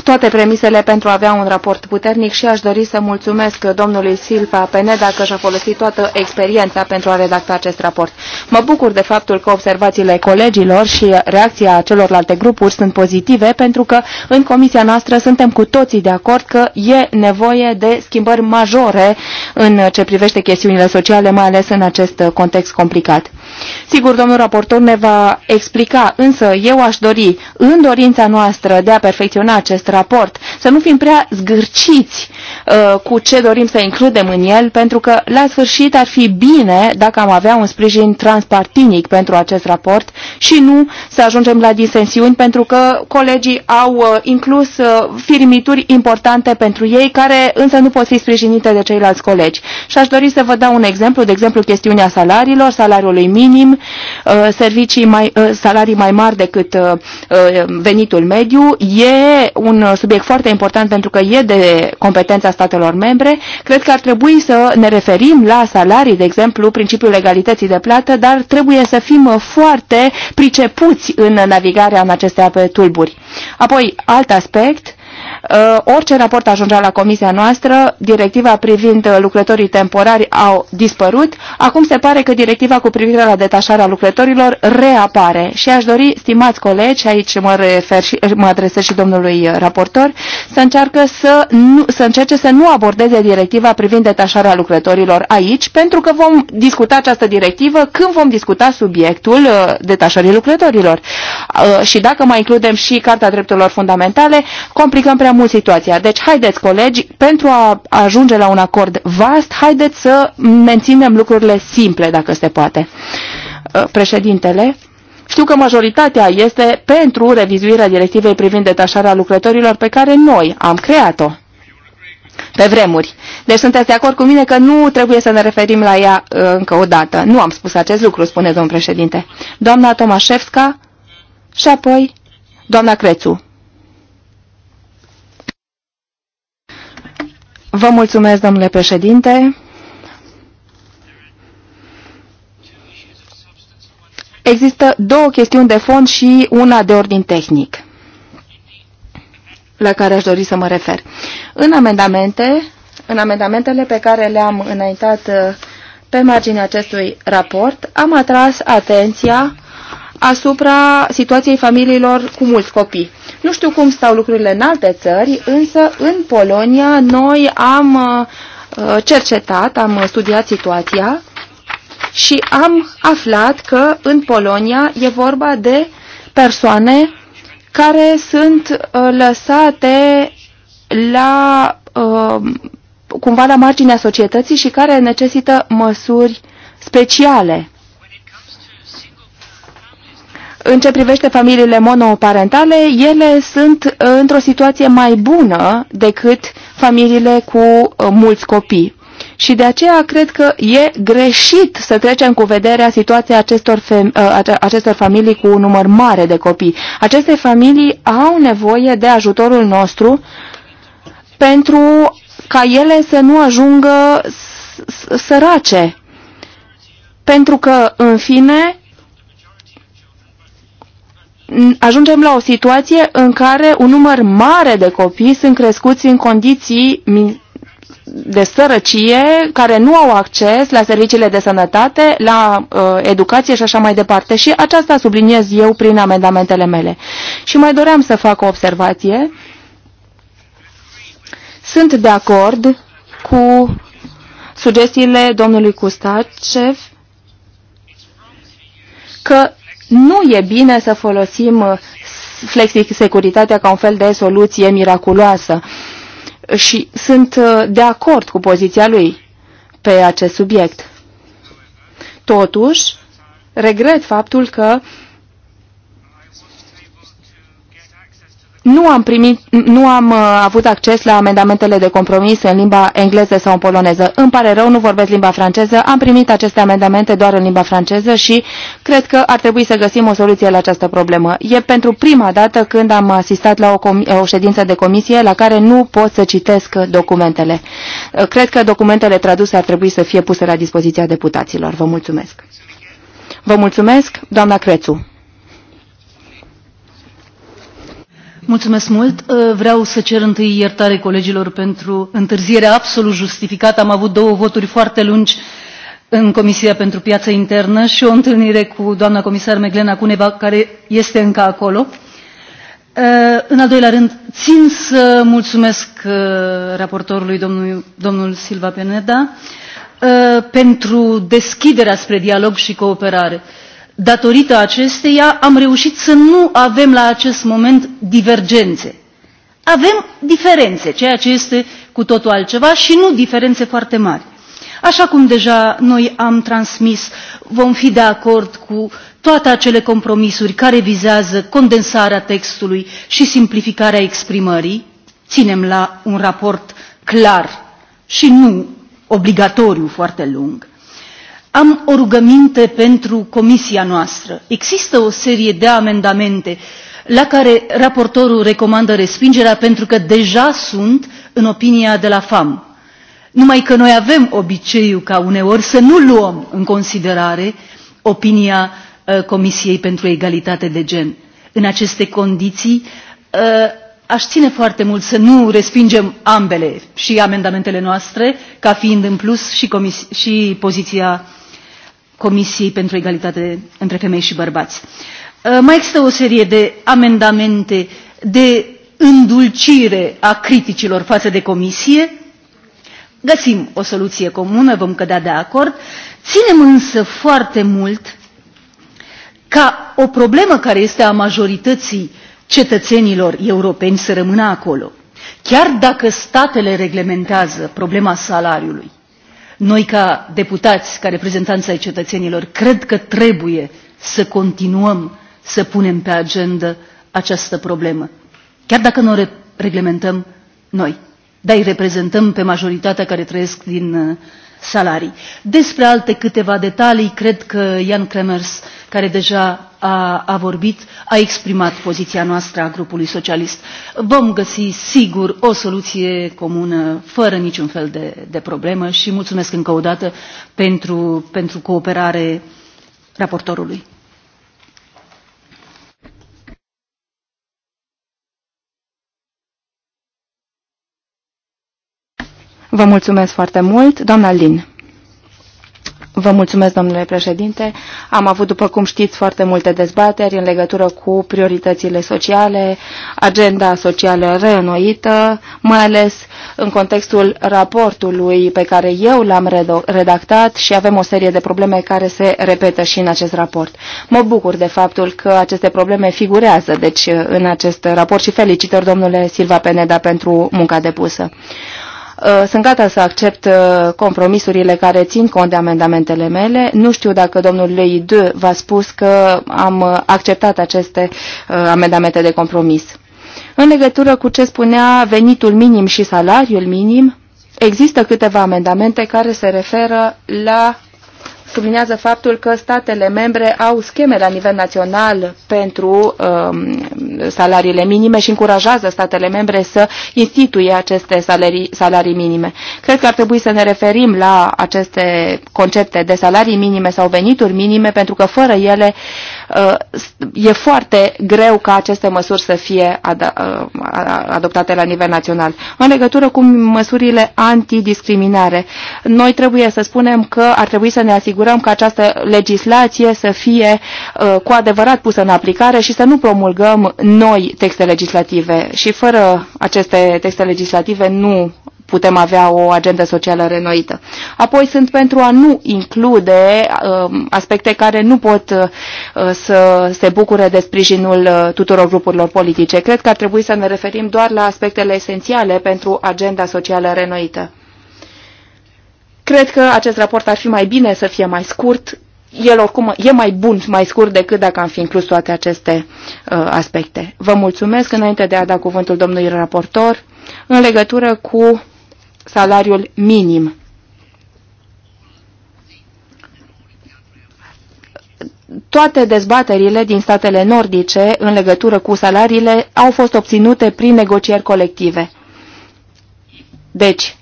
toate premisele pentru a avea un raport puternic și aș dori să mulțumesc domnului Silva Peneda că și-a folosit toată experiența pentru a redacta acest raport. Mă bucur de faptul că observațiile colegilor și reacția celorlalte grupuri sunt pozitive pentru că în comisia noastră suntem cu toții de acord că e nevoie de schimbări majore în ce privește chestiunile sociale, mai ales în acest context complicat. Sigur, domnul raportor ne va explica, însă eu aș dori, în dorința noastră de a perfecționa acest raport, să nu fim prea zgârciți Uh, cu ce dorim să includem în el, pentru că la sfârșit ar fi bine dacă am avea un sprijin transpartinic pentru acest raport și nu să ajungem la disensiuni, pentru că colegii au uh, inclus uh, firmituri importante pentru ei, care însă nu pot fi sprijinite de ceilalți colegi. Și aș dori să vă dau un exemplu, de exemplu chestiunea salariilor, salariului minim, servicii mai, salarii mai mari decât venitul mediu. E un subiect foarte important pentru că e de competență competența statelor membre. Cred că ar trebui să ne referim la salarii, de exemplu, principiul legalității de plată, dar trebuie să fim foarte pricepuți în navigarea în aceste ape tulburi. Apoi, alt aspect, Uh, orice raport ajungea la comisia noastră, directiva privind uh, lucrătorii temporari au dispărut. Acum se pare că directiva cu privire la detașarea lucrătorilor reapare și aș dori, stimați colegi, aici mă, refer și, mă adresez și domnului uh, raportor, să, încearcă să, nu, să încerce să nu abordeze directiva privind detașarea lucrătorilor aici, pentru că vom discuta această directivă când vom discuta subiectul detașării lucrătorilor. Și dacă mai includem și Carta Drepturilor Fundamentale, complicăm prea mult situația. Deci, haideți, colegi, pentru a ajunge la un acord vast, haideți să menținem lucrurile simple, dacă se poate. Uh, președintele, știu că majoritatea este pentru revizuirea directivei privind detașarea lucrătorilor pe care noi am creat-o pe vremuri. Deci sunteți de acord cu mine că nu trebuie să ne referim la ea uh, încă o dată. Nu am spus acest lucru, spune domnul președinte. Doamna Tomașevska și apoi doamna Crețu. Vă mulțumesc, domnule președinte. Există două chestiuni de fond și una de ordin tehnic la care aș dori să mă refer. În amendamente, în amendamentele pe care le-am înaintat uh, pe marginea acestui raport, am atras atenția asupra situației familiilor cu mulți copii. Nu știu cum stau lucrurile în alte țări, însă în Polonia noi am uh, cercetat, am studiat situația și am aflat că în Polonia e vorba de persoane care sunt uh, lăsate la uh, cumva la marginea societății și care necesită măsuri speciale. În ce privește familiile monoparentale, ele sunt într-o situație mai bună decât familiile cu uh, mulți copii. Și de aceea cred că e greșit să trecem cu vederea situația acestor, uh, acestor familii cu un număr mare de copii. Aceste familii au nevoie de ajutorul nostru pentru ca ele să nu ajungă sărace. Pentru că, în fine, ajungem la o situație în care un număr mare de copii sunt crescuți în condiții de sărăcie, care nu au acces la serviciile de sănătate, la uh, educație și așa mai departe. Și aceasta subliniez eu prin amendamentele mele. Și mai doream să fac o observație. Sunt de acord cu sugestiile domnului Custacev că nu e bine să folosim uh, flexi-securitatea ca un fel de soluție miraculoasă. Și sunt uh, de acord cu poziția lui pe acest subiect. Totuși, regret faptul că nu am, primit, nu am uh, avut acces la amendamentele de compromis în limba engleză sau în poloneză. Îmi pare rău, nu vorbesc limba franceză, am primit aceste amendamente doar în limba franceză și cred că ar trebui să găsim o soluție la această problemă. E pentru prima dată când am asistat la o, o ședință de comisie la care nu pot să citesc documentele. Uh, cred că documentele traduse ar trebui să fie puse la dispoziția deputaților. Vă mulțumesc. Vă mulțumesc, doamna Crețu. Mulțumesc mult. Uh, vreau să cer întâi iertare colegilor pentru întârzierea absolut justificată. Am avut două voturi foarte lungi în Comisia pentru Piața Internă și o întâlnire cu doamna comisar Meglena Cuneva, care este încă acolo. Uh, în al doilea rând, țin să mulțumesc uh, raportorului domnul, domnul Silva Peneda pentru deschiderea spre dialog și cooperare Datorită acesteia am reușit să nu avem la acest moment divergențe. Avem diferențe, ceea ce este cu totul altceva și nu diferențe foarte mari. Așa cum deja noi am transmis, vom fi de acord cu toate acele compromisuri care vizează condensarea textului și simplificarea exprimării. Ținem la un raport clar și nu obligatoriu foarte lung. Am o rugăminte pentru comisia noastră. Există o serie de amendamente la care raportorul recomandă respingerea pentru că deja sunt în opinia de la FAM. Numai că noi avem obiceiul ca uneori să nu luăm în considerare opinia uh, Comisiei pentru Egalitate de Gen. În aceste condiții uh, aș ține foarte mult să nu respingem ambele și amendamentele noastre ca fiind în plus și, și poziția Comisiei pentru Egalitate între Femei și Bărbați. Uh, mai există o serie de amendamente de îndulcire a criticilor față de Comisie. Găsim o soluție comună, vom cădea de acord. Ținem însă foarte mult ca o problemă care este a majorității cetățenilor europeni să rămână acolo. Chiar dacă statele reglementează problema salariului, noi, ca deputați, ca reprezentanți ai cetățenilor, cred că trebuie să continuăm să punem pe agendă această problemă, chiar dacă nu o reglementăm noi, dar îi reprezentăm pe majoritatea care trăiesc din uh, salarii. Despre alte câteva detalii, cred că Ian Kremers, care deja a, a vorbit, a exprimat poziția noastră a grupului socialist. Vom găsi sigur o soluție comună, fără niciun fel de, de problemă și mulțumesc încă o dată pentru, pentru cooperare raportorului. Vă mulțumesc foarte mult, doamna Lin. Vă mulțumesc, domnule președinte. Am avut, după cum știți, foarte multe dezbateri în legătură cu prioritățile sociale, agenda socială reînnoită, mai ales în contextul raportului pe care eu l-am redactat și avem o serie de probleme care se repetă și în acest raport. Mă bucur de faptul că aceste probleme figurează deci, în acest raport și felicitări, domnule Silva Peneda, pentru munca depusă. Uh, sunt gata să accept uh, compromisurile care țin cont de amendamentele mele. Nu știu dacă domnul Leid v-a spus că am uh, acceptat aceste amendamente de compromis. În legătură cu ce spunea venitul minim și salariul minim, există câteva amendamente care se referă la subliniază faptul că statele membre au scheme la nivel național pentru um, salariile minime și încurajează statele membre să instituie aceste salarii, salarii minime. Cred că ar trebui să ne referim la aceste concepte de salarii minime sau venituri minime, pentru că fără ele uh, Uh, e foarte greu ca aceste măsuri să fie ad uh, adoptate la nivel național. În legătură cu măsurile antidiscriminare, noi trebuie să spunem că ar trebui să ne asigurăm că această legislație să fie uh, cu adevărat pusă în aplicare și să nu promulgăm noi texte legislative și fără aceste texte legislative nu putem avea o agendă socială renoită. Apoi sunt pentru a nu include um, aspecte care nu pot uh, să se bucure de sprijinul uh, tuturor grupurilor politice. Cred că ar trebui să ne referim doar la aspectele esențiale pentru agenda socială renoită. Cred că acest raport ar fi mai bine să fie mai scurt. El oricum e mai bun, mai scurt decât dacă am fi inclus toate aceste uh, aspecte. Vă mulțumesc înainte de a da cuvântul domnului raportor în legătură cu salariul minim. Toate dezbaterile din statele nordice în legătură cu salariile au fost obținute prin negocieri colective. Deci,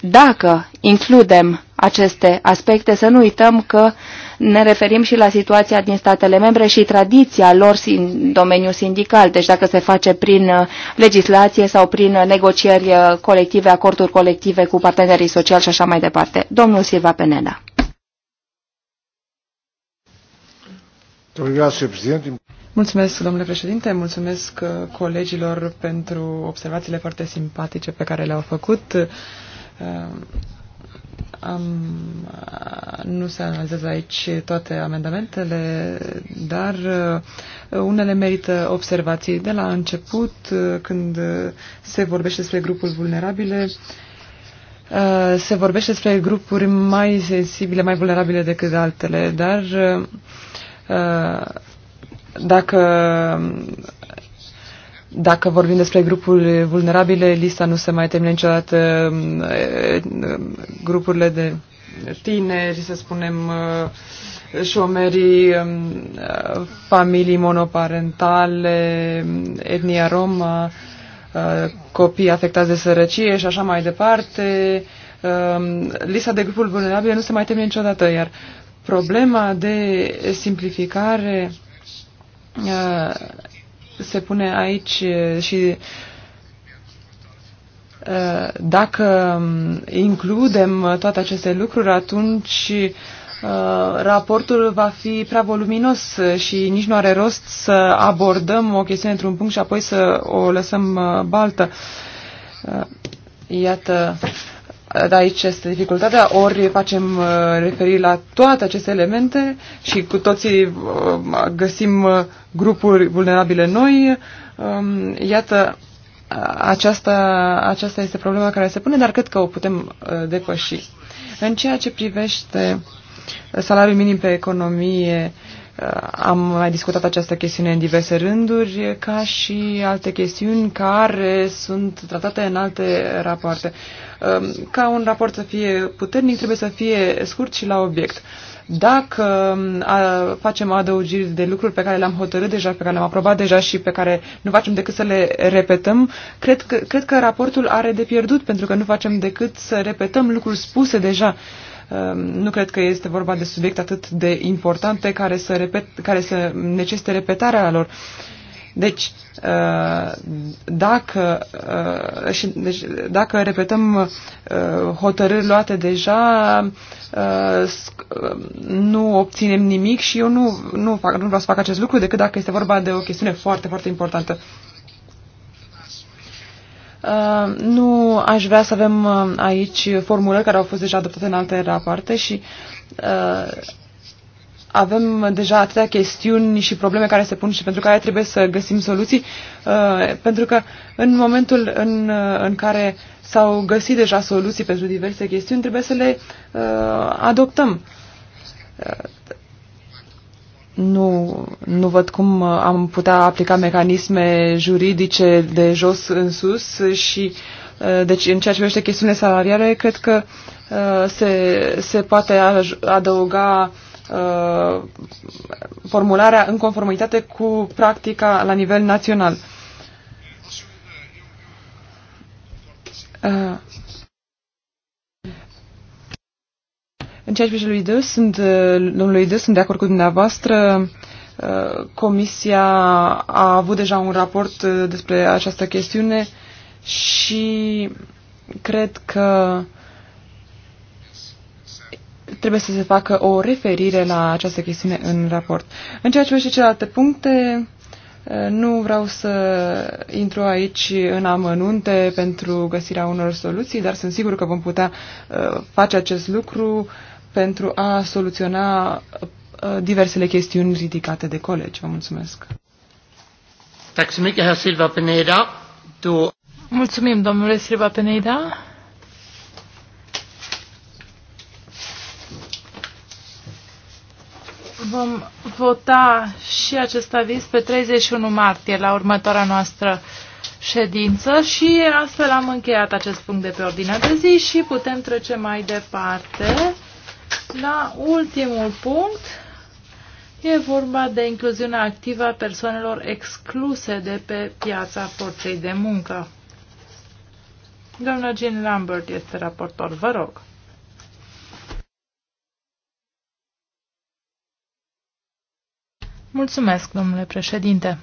dacă includem aceste aspecte, să nu uităm că ne referim și la situația din statele membre și tradiția lor în domeniul sindical, deci dacă se face prin uh, legislație sau prin uh, negocieri uh, colective, acorduri colective cu partenerii sociali și așa mai departe. Domnul Silva Peneda. Mulțumesc, domnule președinte, mulțumesc colegilor pentru observațiile foarte simpatice pe care le-au făcut am, nu se analizează aici toate amendamentele, dar uh, unele merită observații. De la început, uh, când se vorbește despre grupul vulnerabile, uh, se vorbește despre grupuri mai sensibile, mai vulnerabile decât altele, dar dacă dacă vorbim despre grupuri vulnerabile, lista nu se mai termină niciodată. Mm, mm, grupurile de tineri, să spunem, mm, șomerii, familii monoparentale, etnia romă, copii afectați de sărăcie și așa mai departe. Lista de grupuri vulnerabile nu se mai termină niciodată, iar problema de simplificare se pune aici și dacă includem toate aceste lucruri, atunci raportul va fi prea voluminos și nici nu are rost să abordăm o chestiune într-un punct și apoi să o lăsăm baltă. Iată, de aici este dificultatea, ori facem uh, referire la toate aceste elemente și cu toții uh, găsim uh, grupuri vulnerabile noi. Um, iată, aceasta, aceasta este problema care se pune, dar cred că o putem depăși. În ceea ce privește salariul minim pe economie, Uh, am mai discutat această chestiune în diverse rânduri, ca și alte chestiuni care sunt tratate în alte rapoarte. Uh, ca un raport să fie puternic, trebuie să fie scurt și la obiect. Dacă uh, facem adăugiri de lucruri pe care le-am hotărât deja, pe care le-am aprobat deja și pe care nu facem decât să le repetăm, cred că, cred că raportul are de pierdut, pentru că nu facem decât să repetăm lucruri spuse deja. Ehm, nu cred că este vorba de subiecte atât de importante care să, repet, care să necesite repetarea lor. Deci, eh, dacă, eh, și, deci, dacă repetăm eh, hotărâri luate deja, nu obținem nimic și eu nu, nu, fac, nu vreau să fac acest lucru decât dacă este vorba de o chestiune foarte, foarte importantă. Uh, nu aș vrea să avem uh, aici formulări care au fost deja adoptate în alte rapoarte și uh, avem deja atâtea chestiuni și probleme care se pun și pentru care trebuie să găsim soluții, pentru că în momentul în, în care s-au găsit deja soluții pentru diverse chestiuni, trebuie să le adoptăm nu, nu văd cum uh, am putea aplica mecanisme juridice de jos în sus și uh, deci în ceea ce privește chestiunile salariale, cred că uh, se, se poate adăuga formularea în conformitate cu practica la nivel național. În ceea ce privește lui Dă, sunt, uh, domnului Dă, sunt de acord cu dumneavoastră. Uh, Comisia a avut deja un raport uh, despre această chestiune și cred că trebuie să se facă o referire la această chestiune în raport. În ceea ce privește celelalte puncte, nu vreau să intru aici în amănunte pentru găsirea unor soluții, dar sunt sigur că vom putea face acest lucru pentru a soluționa uh, diversele chestiuni ridicate de colegi. Vă mulțumesc. Mulțumim, domnule Silva Peneida. Vom vota și acest aviz pe 31 martie la următoarea noastră ședință și astfel am încheiat acest punct de pe ordinea de zi și putem trece mai departe. La ultimul punct e vorba de incluziunea activă a persoanelor excluse de pe piața forței de muncă. Doamna Jean Lambert este raportor, vă rog. Mulțumesc, domnule președinte.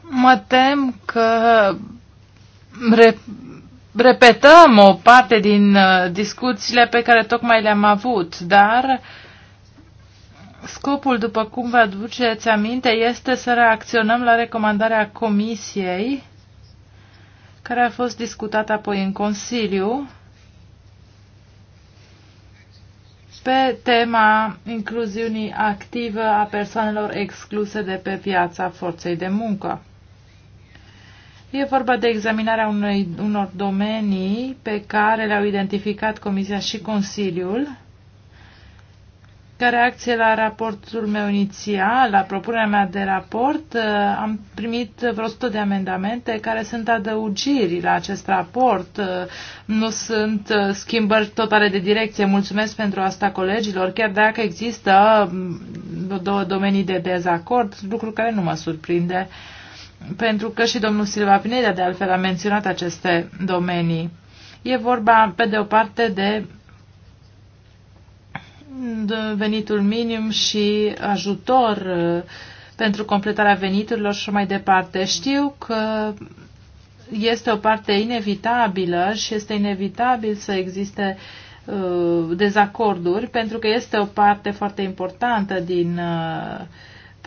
Mă tem că re, repetăm o parte din uh, discuțiile pe care tocmai le-am avut, dar scopul, după cum vă aduceți aminte, este să reacționăm la recomandarea Comisiei, care a fost discutată apoi în Consiliu, pe tema incluziunii active a persoanelor excluse de pe piața forței de muncă. E vorba de examinarea unui, unor domenii pe care le-au identificat Comisia și Consiliul, ca reacție la raportul meu inițial, la propunerea mea de raport, uh, am primit vreo 100 de amendamente care sunt adăugiri la acest raport. Uh, nu sunt uh, schimbări totale de direcție. Mulțumesc pentru asta colegilor, chiar dacă există mm, două domenii de dezacord, lucru care nu mă surprinde pentru că și domnul Silva Pineda de altfel a menționat aceste domenii. E vorba, pe de o parte, de venitul minim și ajutor uh, pentru completarea veniturilor și mai departe. Știu că este o parte inevitabilă și este inevitabil să existe uh, dezacorduri, pentru că este o parte foarte importantă din uh,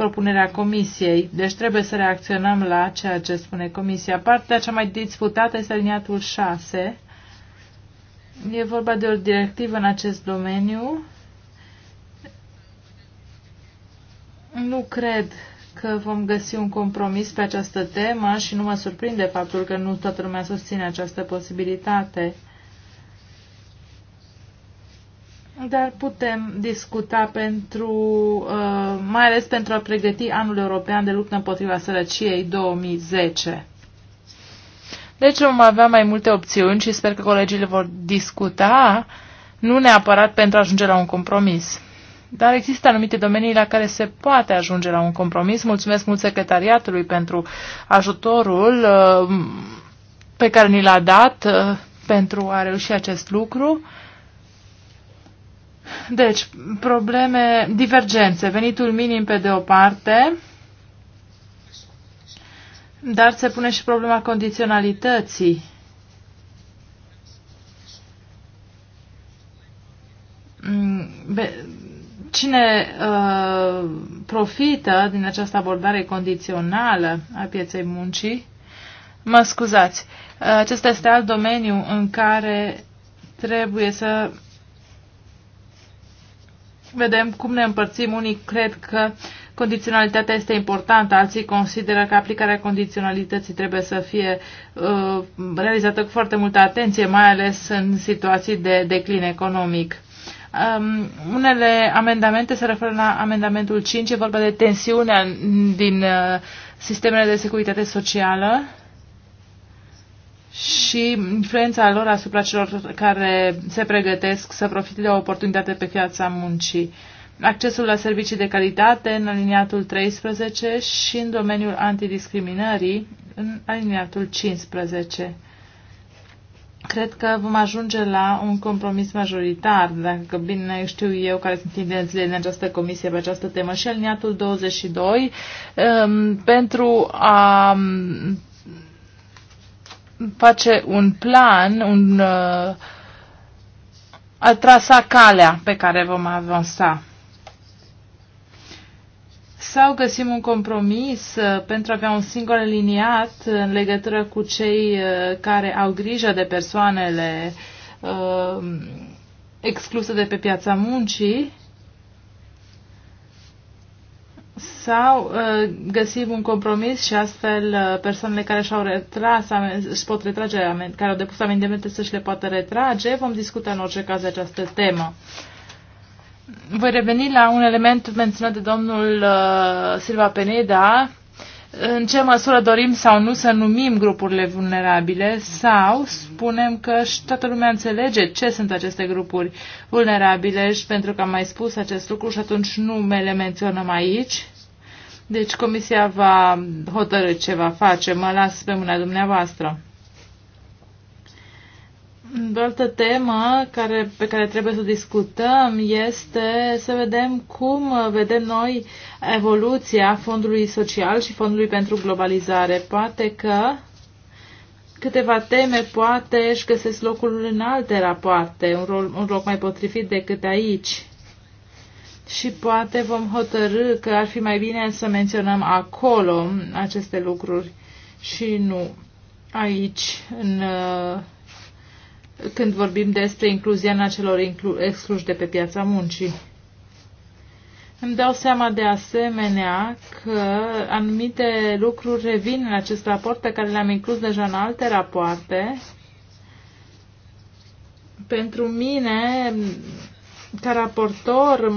propunerea Comisiei. Deci trebuie să reacționăm la ceea ce spune Comisia. Partea cea mai disputată este aliniatul 6. E vorba de o directivă în acest domeniu. Nu cred că vom găsi un compromis pe această temă și nu mă surprinde faptul că nu toată lumea susține această posibilitate. Dar putem discuta pentru, uh, mai ales pentru a pregăti anul european de luptă împotriva sărăciei 2010. Deci vom avea mai multe opțiuni și sper că colegii le vor discuta, nu neapărat pentru a ajunge la un compromis. Dar există anumite domenii la care se poate ajunge la un compromis. Mulțumesc mult secretariatului pentru ajutorul uh, pe care ni l-a dat uh, pentru a reuși acest lucru. Deci, probleme, divergențe, venitul minim pe de o parte, dar se pune și problema condiționalității. Mm, cine uh, profită din această abordare condițională a pieței muncii? Mă scuzați, acesta este alt domeniu în care trebuie să vedem cum ne împărțim. Unii cred că condiționalitatea este importantă, alții consideră că aplicarea condiționalității trebuie să fie uh, realizată cu foarte multă atenție, mai ales în situații de declin economic. Um, unele amendamente se referă la amendamentul 5, e vorba de tensiunea din uh, sistemele de securitate socială și influența lor asupra celor care se pregătesc să profite de o oportunitate pe piața muncii. Accesul la servicii de calitate în aliniatul 13 și în domeniul antidiscriminării în aliniatul 15. Cred că vom ajunge la un compromis majoritar, dacă bine știu eu care sunt intențiile în această comisie pe această temă și aliniatul 22, um, pentru a face un plan, un, uh, a trasa calea pe care vom avansa. Sau găsim un compromis uh, pentru a avea un singur aliniat în legătură cu cei uh, care au grijă de persoanele uh, excluse de pe piața muncii, sau uh, găsim un compromis și astfel uh, persoanele care și-au retras, își pot retrage, care au depus amendamente să-și le poată retrage. Vom discuta în orice caz această temă. Voi reveni la un element menționat de domnul uh, Silva Peneda, în ce măsură dorim sau nu să numim grupurile vulnerabile sau spunem că și toată lumea înțelege ce sunt aceste grupuri vulnerabile și pentru că am mai spus acest lucru și atunci numele menționăm aici. Deci comisia va hotărâ ce va face, mă las pe mâna dumneavoastră. O altă temă care, pe care trebuie să discutăm este să vedem cum vedem noi evoluția fondului social și fondului pentru globalizare. Poate că câteva teme poate își găsesc locul în alte rapoarte, un, rol, un loc mai potrivit decât aici. Și poate vom hotărâ că ar fi mai bine să menționăm acolo aceste lucruri și nu aici, în uh, când vorbim despre incluzia acelor inclu excluși de pe piața muncii. Îmi dau seama de asemenea că anumite lucruri revin în acest raport pe care le-am inclus deja în alte rapoarte. Pentru mine, ca raportor,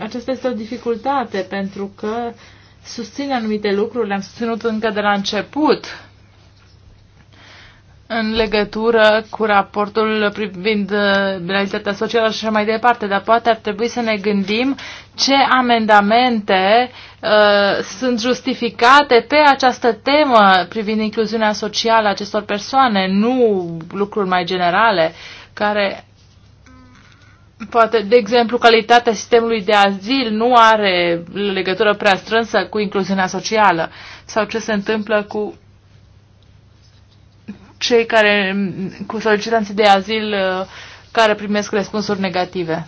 aceasta este o dificultate pentru că susțin anumite lucruri, le-am susținut încă de la început în legătură cu raportul privind realitatea uh, socială și așa mai departe, dar poate ar trebui să ne gândim ce amendamente uh, sunt justificate pe această temă privind incluziunea socială a acestor persoane, nu lucruri mai generale care poate, de exemplu, calitatea sistemului de azil nu are legătură prea strânsă cu incluziunea socială sau ce se întâmplă cu cei care, cu solicitanții de azil uh, care primesc răspunsuri negative.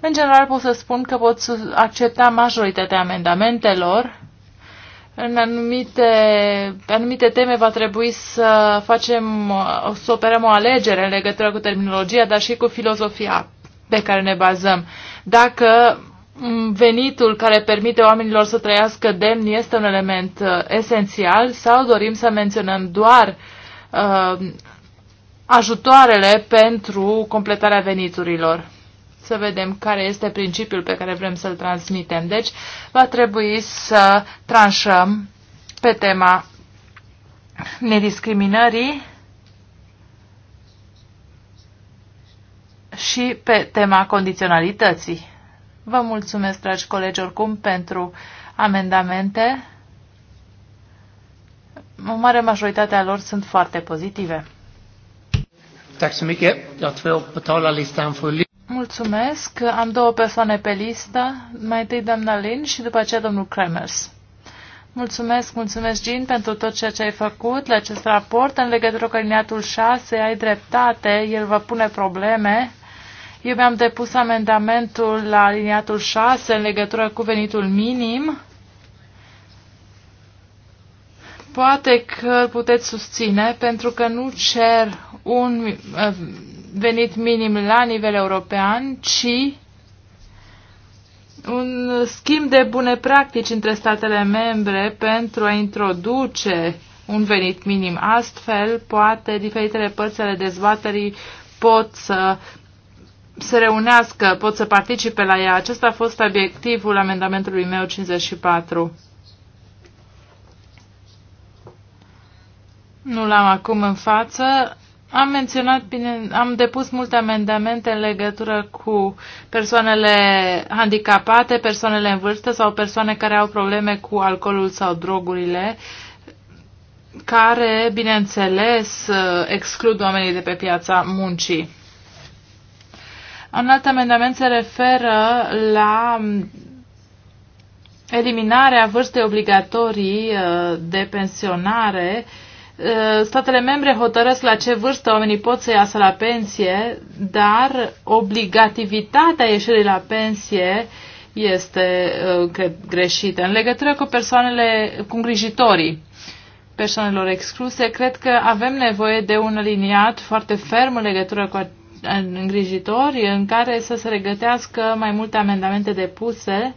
În general pot să spun că pot accepta majoritatea amendamentelor. În anumite, pe anumite teme va trebui să facem, să operăm o alegere în legătură cu terminologia, dar și cu filozofia pe care ne bazăm. Dacă Mm, venitul care permite oamenilor să trăiască demn este un element uh, esențial sau dorim să menționăm doar uh, ajutoarele pentru completarea veniturilor? Să vedem care este principiul pe care vrem să-l transmitem. Deci, va trebui să tranșăm pe tema nediscriminării și pe tema condiționalității. Vă mulțumesc, dragi colegi, oricum, pentru amendamente. O mare majoritate a lor sunt foarte pozitive. Mulțumesc. Am două persoane pe listă. Mai întâi doamna Lin și după aceea domnul Kremers. Mulțumesc, mulțumesc, Jean, pentru tot ceea ce ai făcut la acest raport. În legătură cu alineatul 6, ai dreptate, el va pune probleme eu mi-am depus amendamentul la aliniatul 6 în legătură cu venitul minim. Poate că îl puteți susține pentru că nu cer un eh, venit minim la nivel european, ci un schimb de bune practici între statele membre pentru a introduce un venit minim. Astfel, poate diferitele părți ale dezbaterii pot să se reunească, pot să participe la ea. Acesta a fost obiectivul amendamentului meu 54. Nu l-am acum în față. Am menționat, bine, am depus multe amendamente în legătură cu persoanele handicapate, persoanele în vârstă sau persoane care au probleme cu alcoolul sau drogurile, care, bineînțeles, exclud oamenii de pe piața muncii. Un alt amendament se referă la eliminarea vârstei obligatorii uh, de pensionare. Uh, statele membre hotărăsc la ce vârstă oamenii pot să iasă la pensie, dar obligativitatea ieșirii la pensie este, uh, cred, greșită. În legătură cu persoanele, cu îngrijitorii persoanelor excluse, cred că avem nevoie de un aliniat foarte ferm în legătură cu îngrijitori în care să se regătească mai multe amendamente depuse,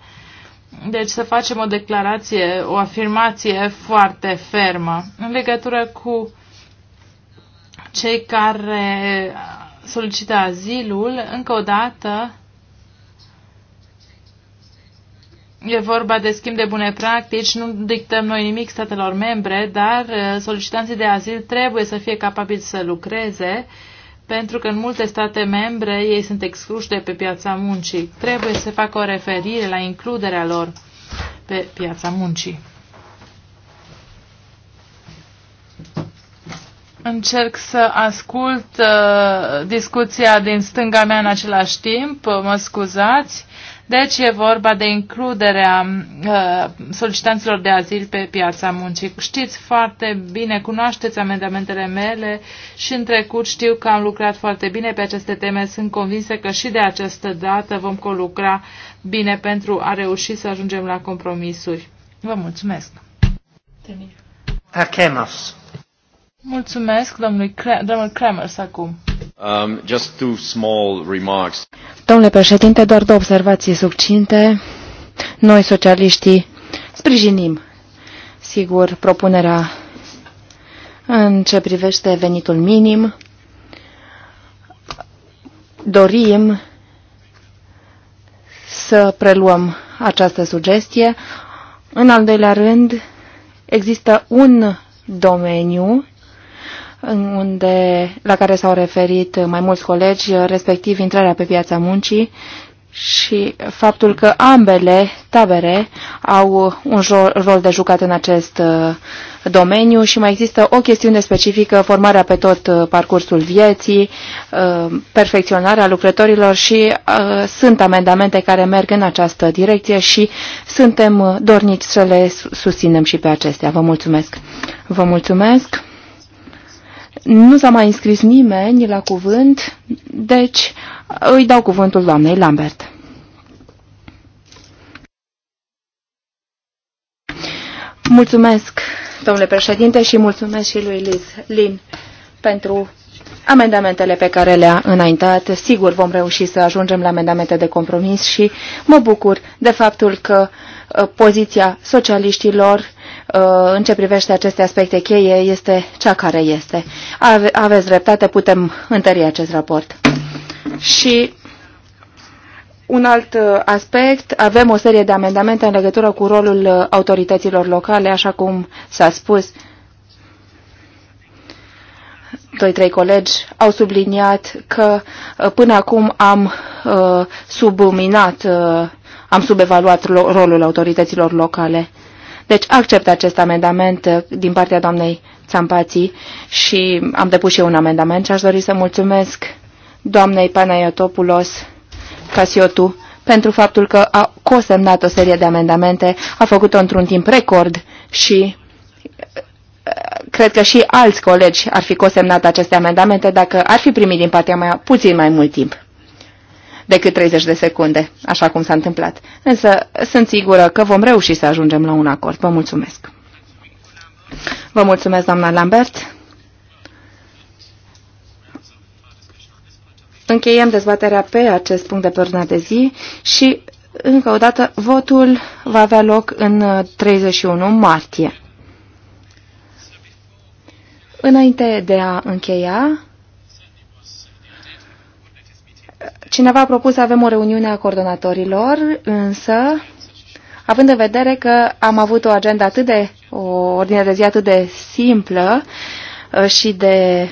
deci să facem o declarație, o afirmație foarte fermă în legătură cu cei care solicită azilul, încă o dată E vorba de schimb de bune practici, nu dictăm noi nimic statelor membre, dar uh, solicitanții de azil trebuie să fie capabili să lucreze pentru că în multe state membre ei sunt excluși de pe piața muncii. Trebuie să facă o referire la includerea lor pe piața muncii. Încerc să ascult uh, discuția din stânga mea în același timp, mă scuzați, deci e vorba de includerea uh, solicitanților de azil pe piața muncii. Știți foarte bine, cunoașteți amendamentele mele și în trecut știu că am lucrat foarte bine pe aceste teme. Sunt convinsă că și de această dată vom colucra bine pentru a reuși să ajungem la compromisuri. Vă mulțumesc! Termin. Achemas. Mulțumesc, domnului domnul Kremers, acum. Um, just two small remarks. Domnule președinte, doar două observații succinte. Noi, socialiștii, sprijinim, sigur, propunerea în ce privește venitul minim. Dorim să preluăm această sugestie. În al doilea rând, există un domeniu unde, la care s-au referit mai mulți colegi, respectiv intrarea pe piața muncii și faptul că ambele tabere au un rol de jucat în acest uh, domeniu și mai există o chestiune specifică, formarea pe tot uh, parcursul vieții, uh, perfecționarea lucrătorilor și sunt amendamente care merg în această direcție și suntem dornici să le susținem și pe acestea. Vă mulțumesc! Vă mulțumesc! Nu s-a mai înscris nimeni la cuvânt, deci uh, îi dau cuvântul doamnei Lambert. Mulțumesc, domnule președinte, și mulțumesc și lui Liz Lin pentru amendamentele pe care le-a înaintat. Sigur vom reuși să ajungem la amendamente de compromis și mă bucur de faptul că uh, poziția socialiștilor Uh, în ce privește aceste aspecte cheie este cea care este. Ave, aveți dreptate, putem întări acest raport. Și un alt uh, aspect, avem o serie de amendamente în legătură cu rolul uh, autorităților locale, așa cum s-a spus. Doi, trei colegi au subliniat că până acum am subminat, am subevaluat rolul autorităților locale. Deci accept acest amendament uh, din partea doamnei Țampații și am depus și eu un amendament și aș dori să mulțumesc doamnei Panayotopoulos Casiotu pentru faptul că a cosemnat o serie de amendamente, a făcut-o într-un timp record și uh, cred că și alți colegi ar fi cosemnat aceste amendamente dacă ar fi primit din partea mea puțin mai mult timp decât 30 de secunde, așa cum s-a întâmplat. Însă sunt sigură că vom reuși să ajungem la un acord. Vă mulțumesc! Vă mulțumesc, doamna Lambert! Încheiem dezbaterea pe acest punct de pe ordinea de zi și, încă o dată, votul va avea loc în 31 uh, martie. Înainte de a încheia, Cineva a propus să avem o reuniune a coordonatorilor, însă, având în vedere că am avut o agenda atât de, o ordine de zi atât de simplă uh, și de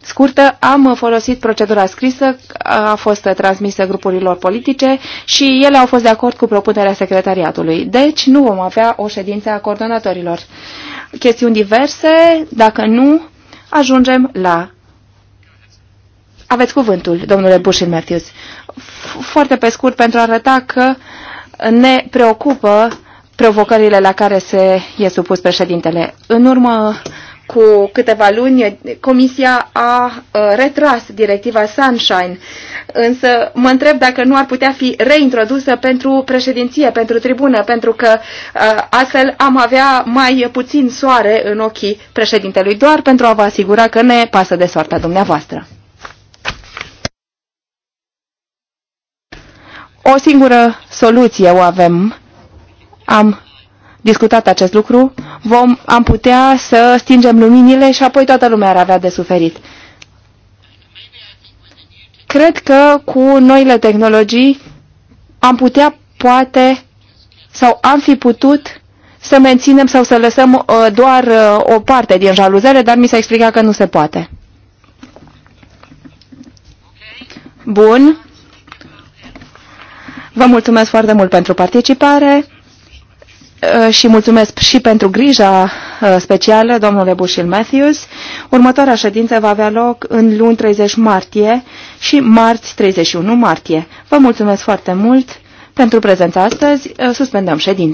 scurtă, am folosit procedura scrisă, uh, a fost transmisă grupurilor politice și ele au fost de acord cu propunerea secretariatului. Deci nu vom avea o ședință a coordonatorilor. Chestiuni diverse, dacă nu, ajungem la aveți cuvântul, domnule Bushin Matthews. Foarte pe scurt, pentru a arăta că ne preocupă provocările la care se e supus președintele. În urmă cu câteva luni, Comisia a uh, retras directiva Sunshine, însă mă întreb dacă nu ar putea fi reintrodusă pentru președinție, pentru tribună, pentru că uh, astfel am avea mai puțin soare în ochii președintelui, doar pentru a vă asigura că ne pasă de soarta dumneavoastră. O singură soluție o avem. Am discutat acest lucru. Vom, am putea să stingem luminile și apoi toată lumea ar avea de suferit. Cred că cu noile tehnologii am putea, poate, sau am fi putut să menținem sau să lăsăm uh, doar uh, o parte din jaluzele, dar mi s-a explicat că nu se poate. Bun. Vă mulțumesc foarte mult pentru participare uh, și mulțumesc și pentru grija uh, specială, domnule Bushil Matthews. Următoarea ședință va avea loc în luni 30 martie și marți 31 martie. Vă mulțumesc foarte mult pentru prezența astăzi. Uh, suspendăm ședința.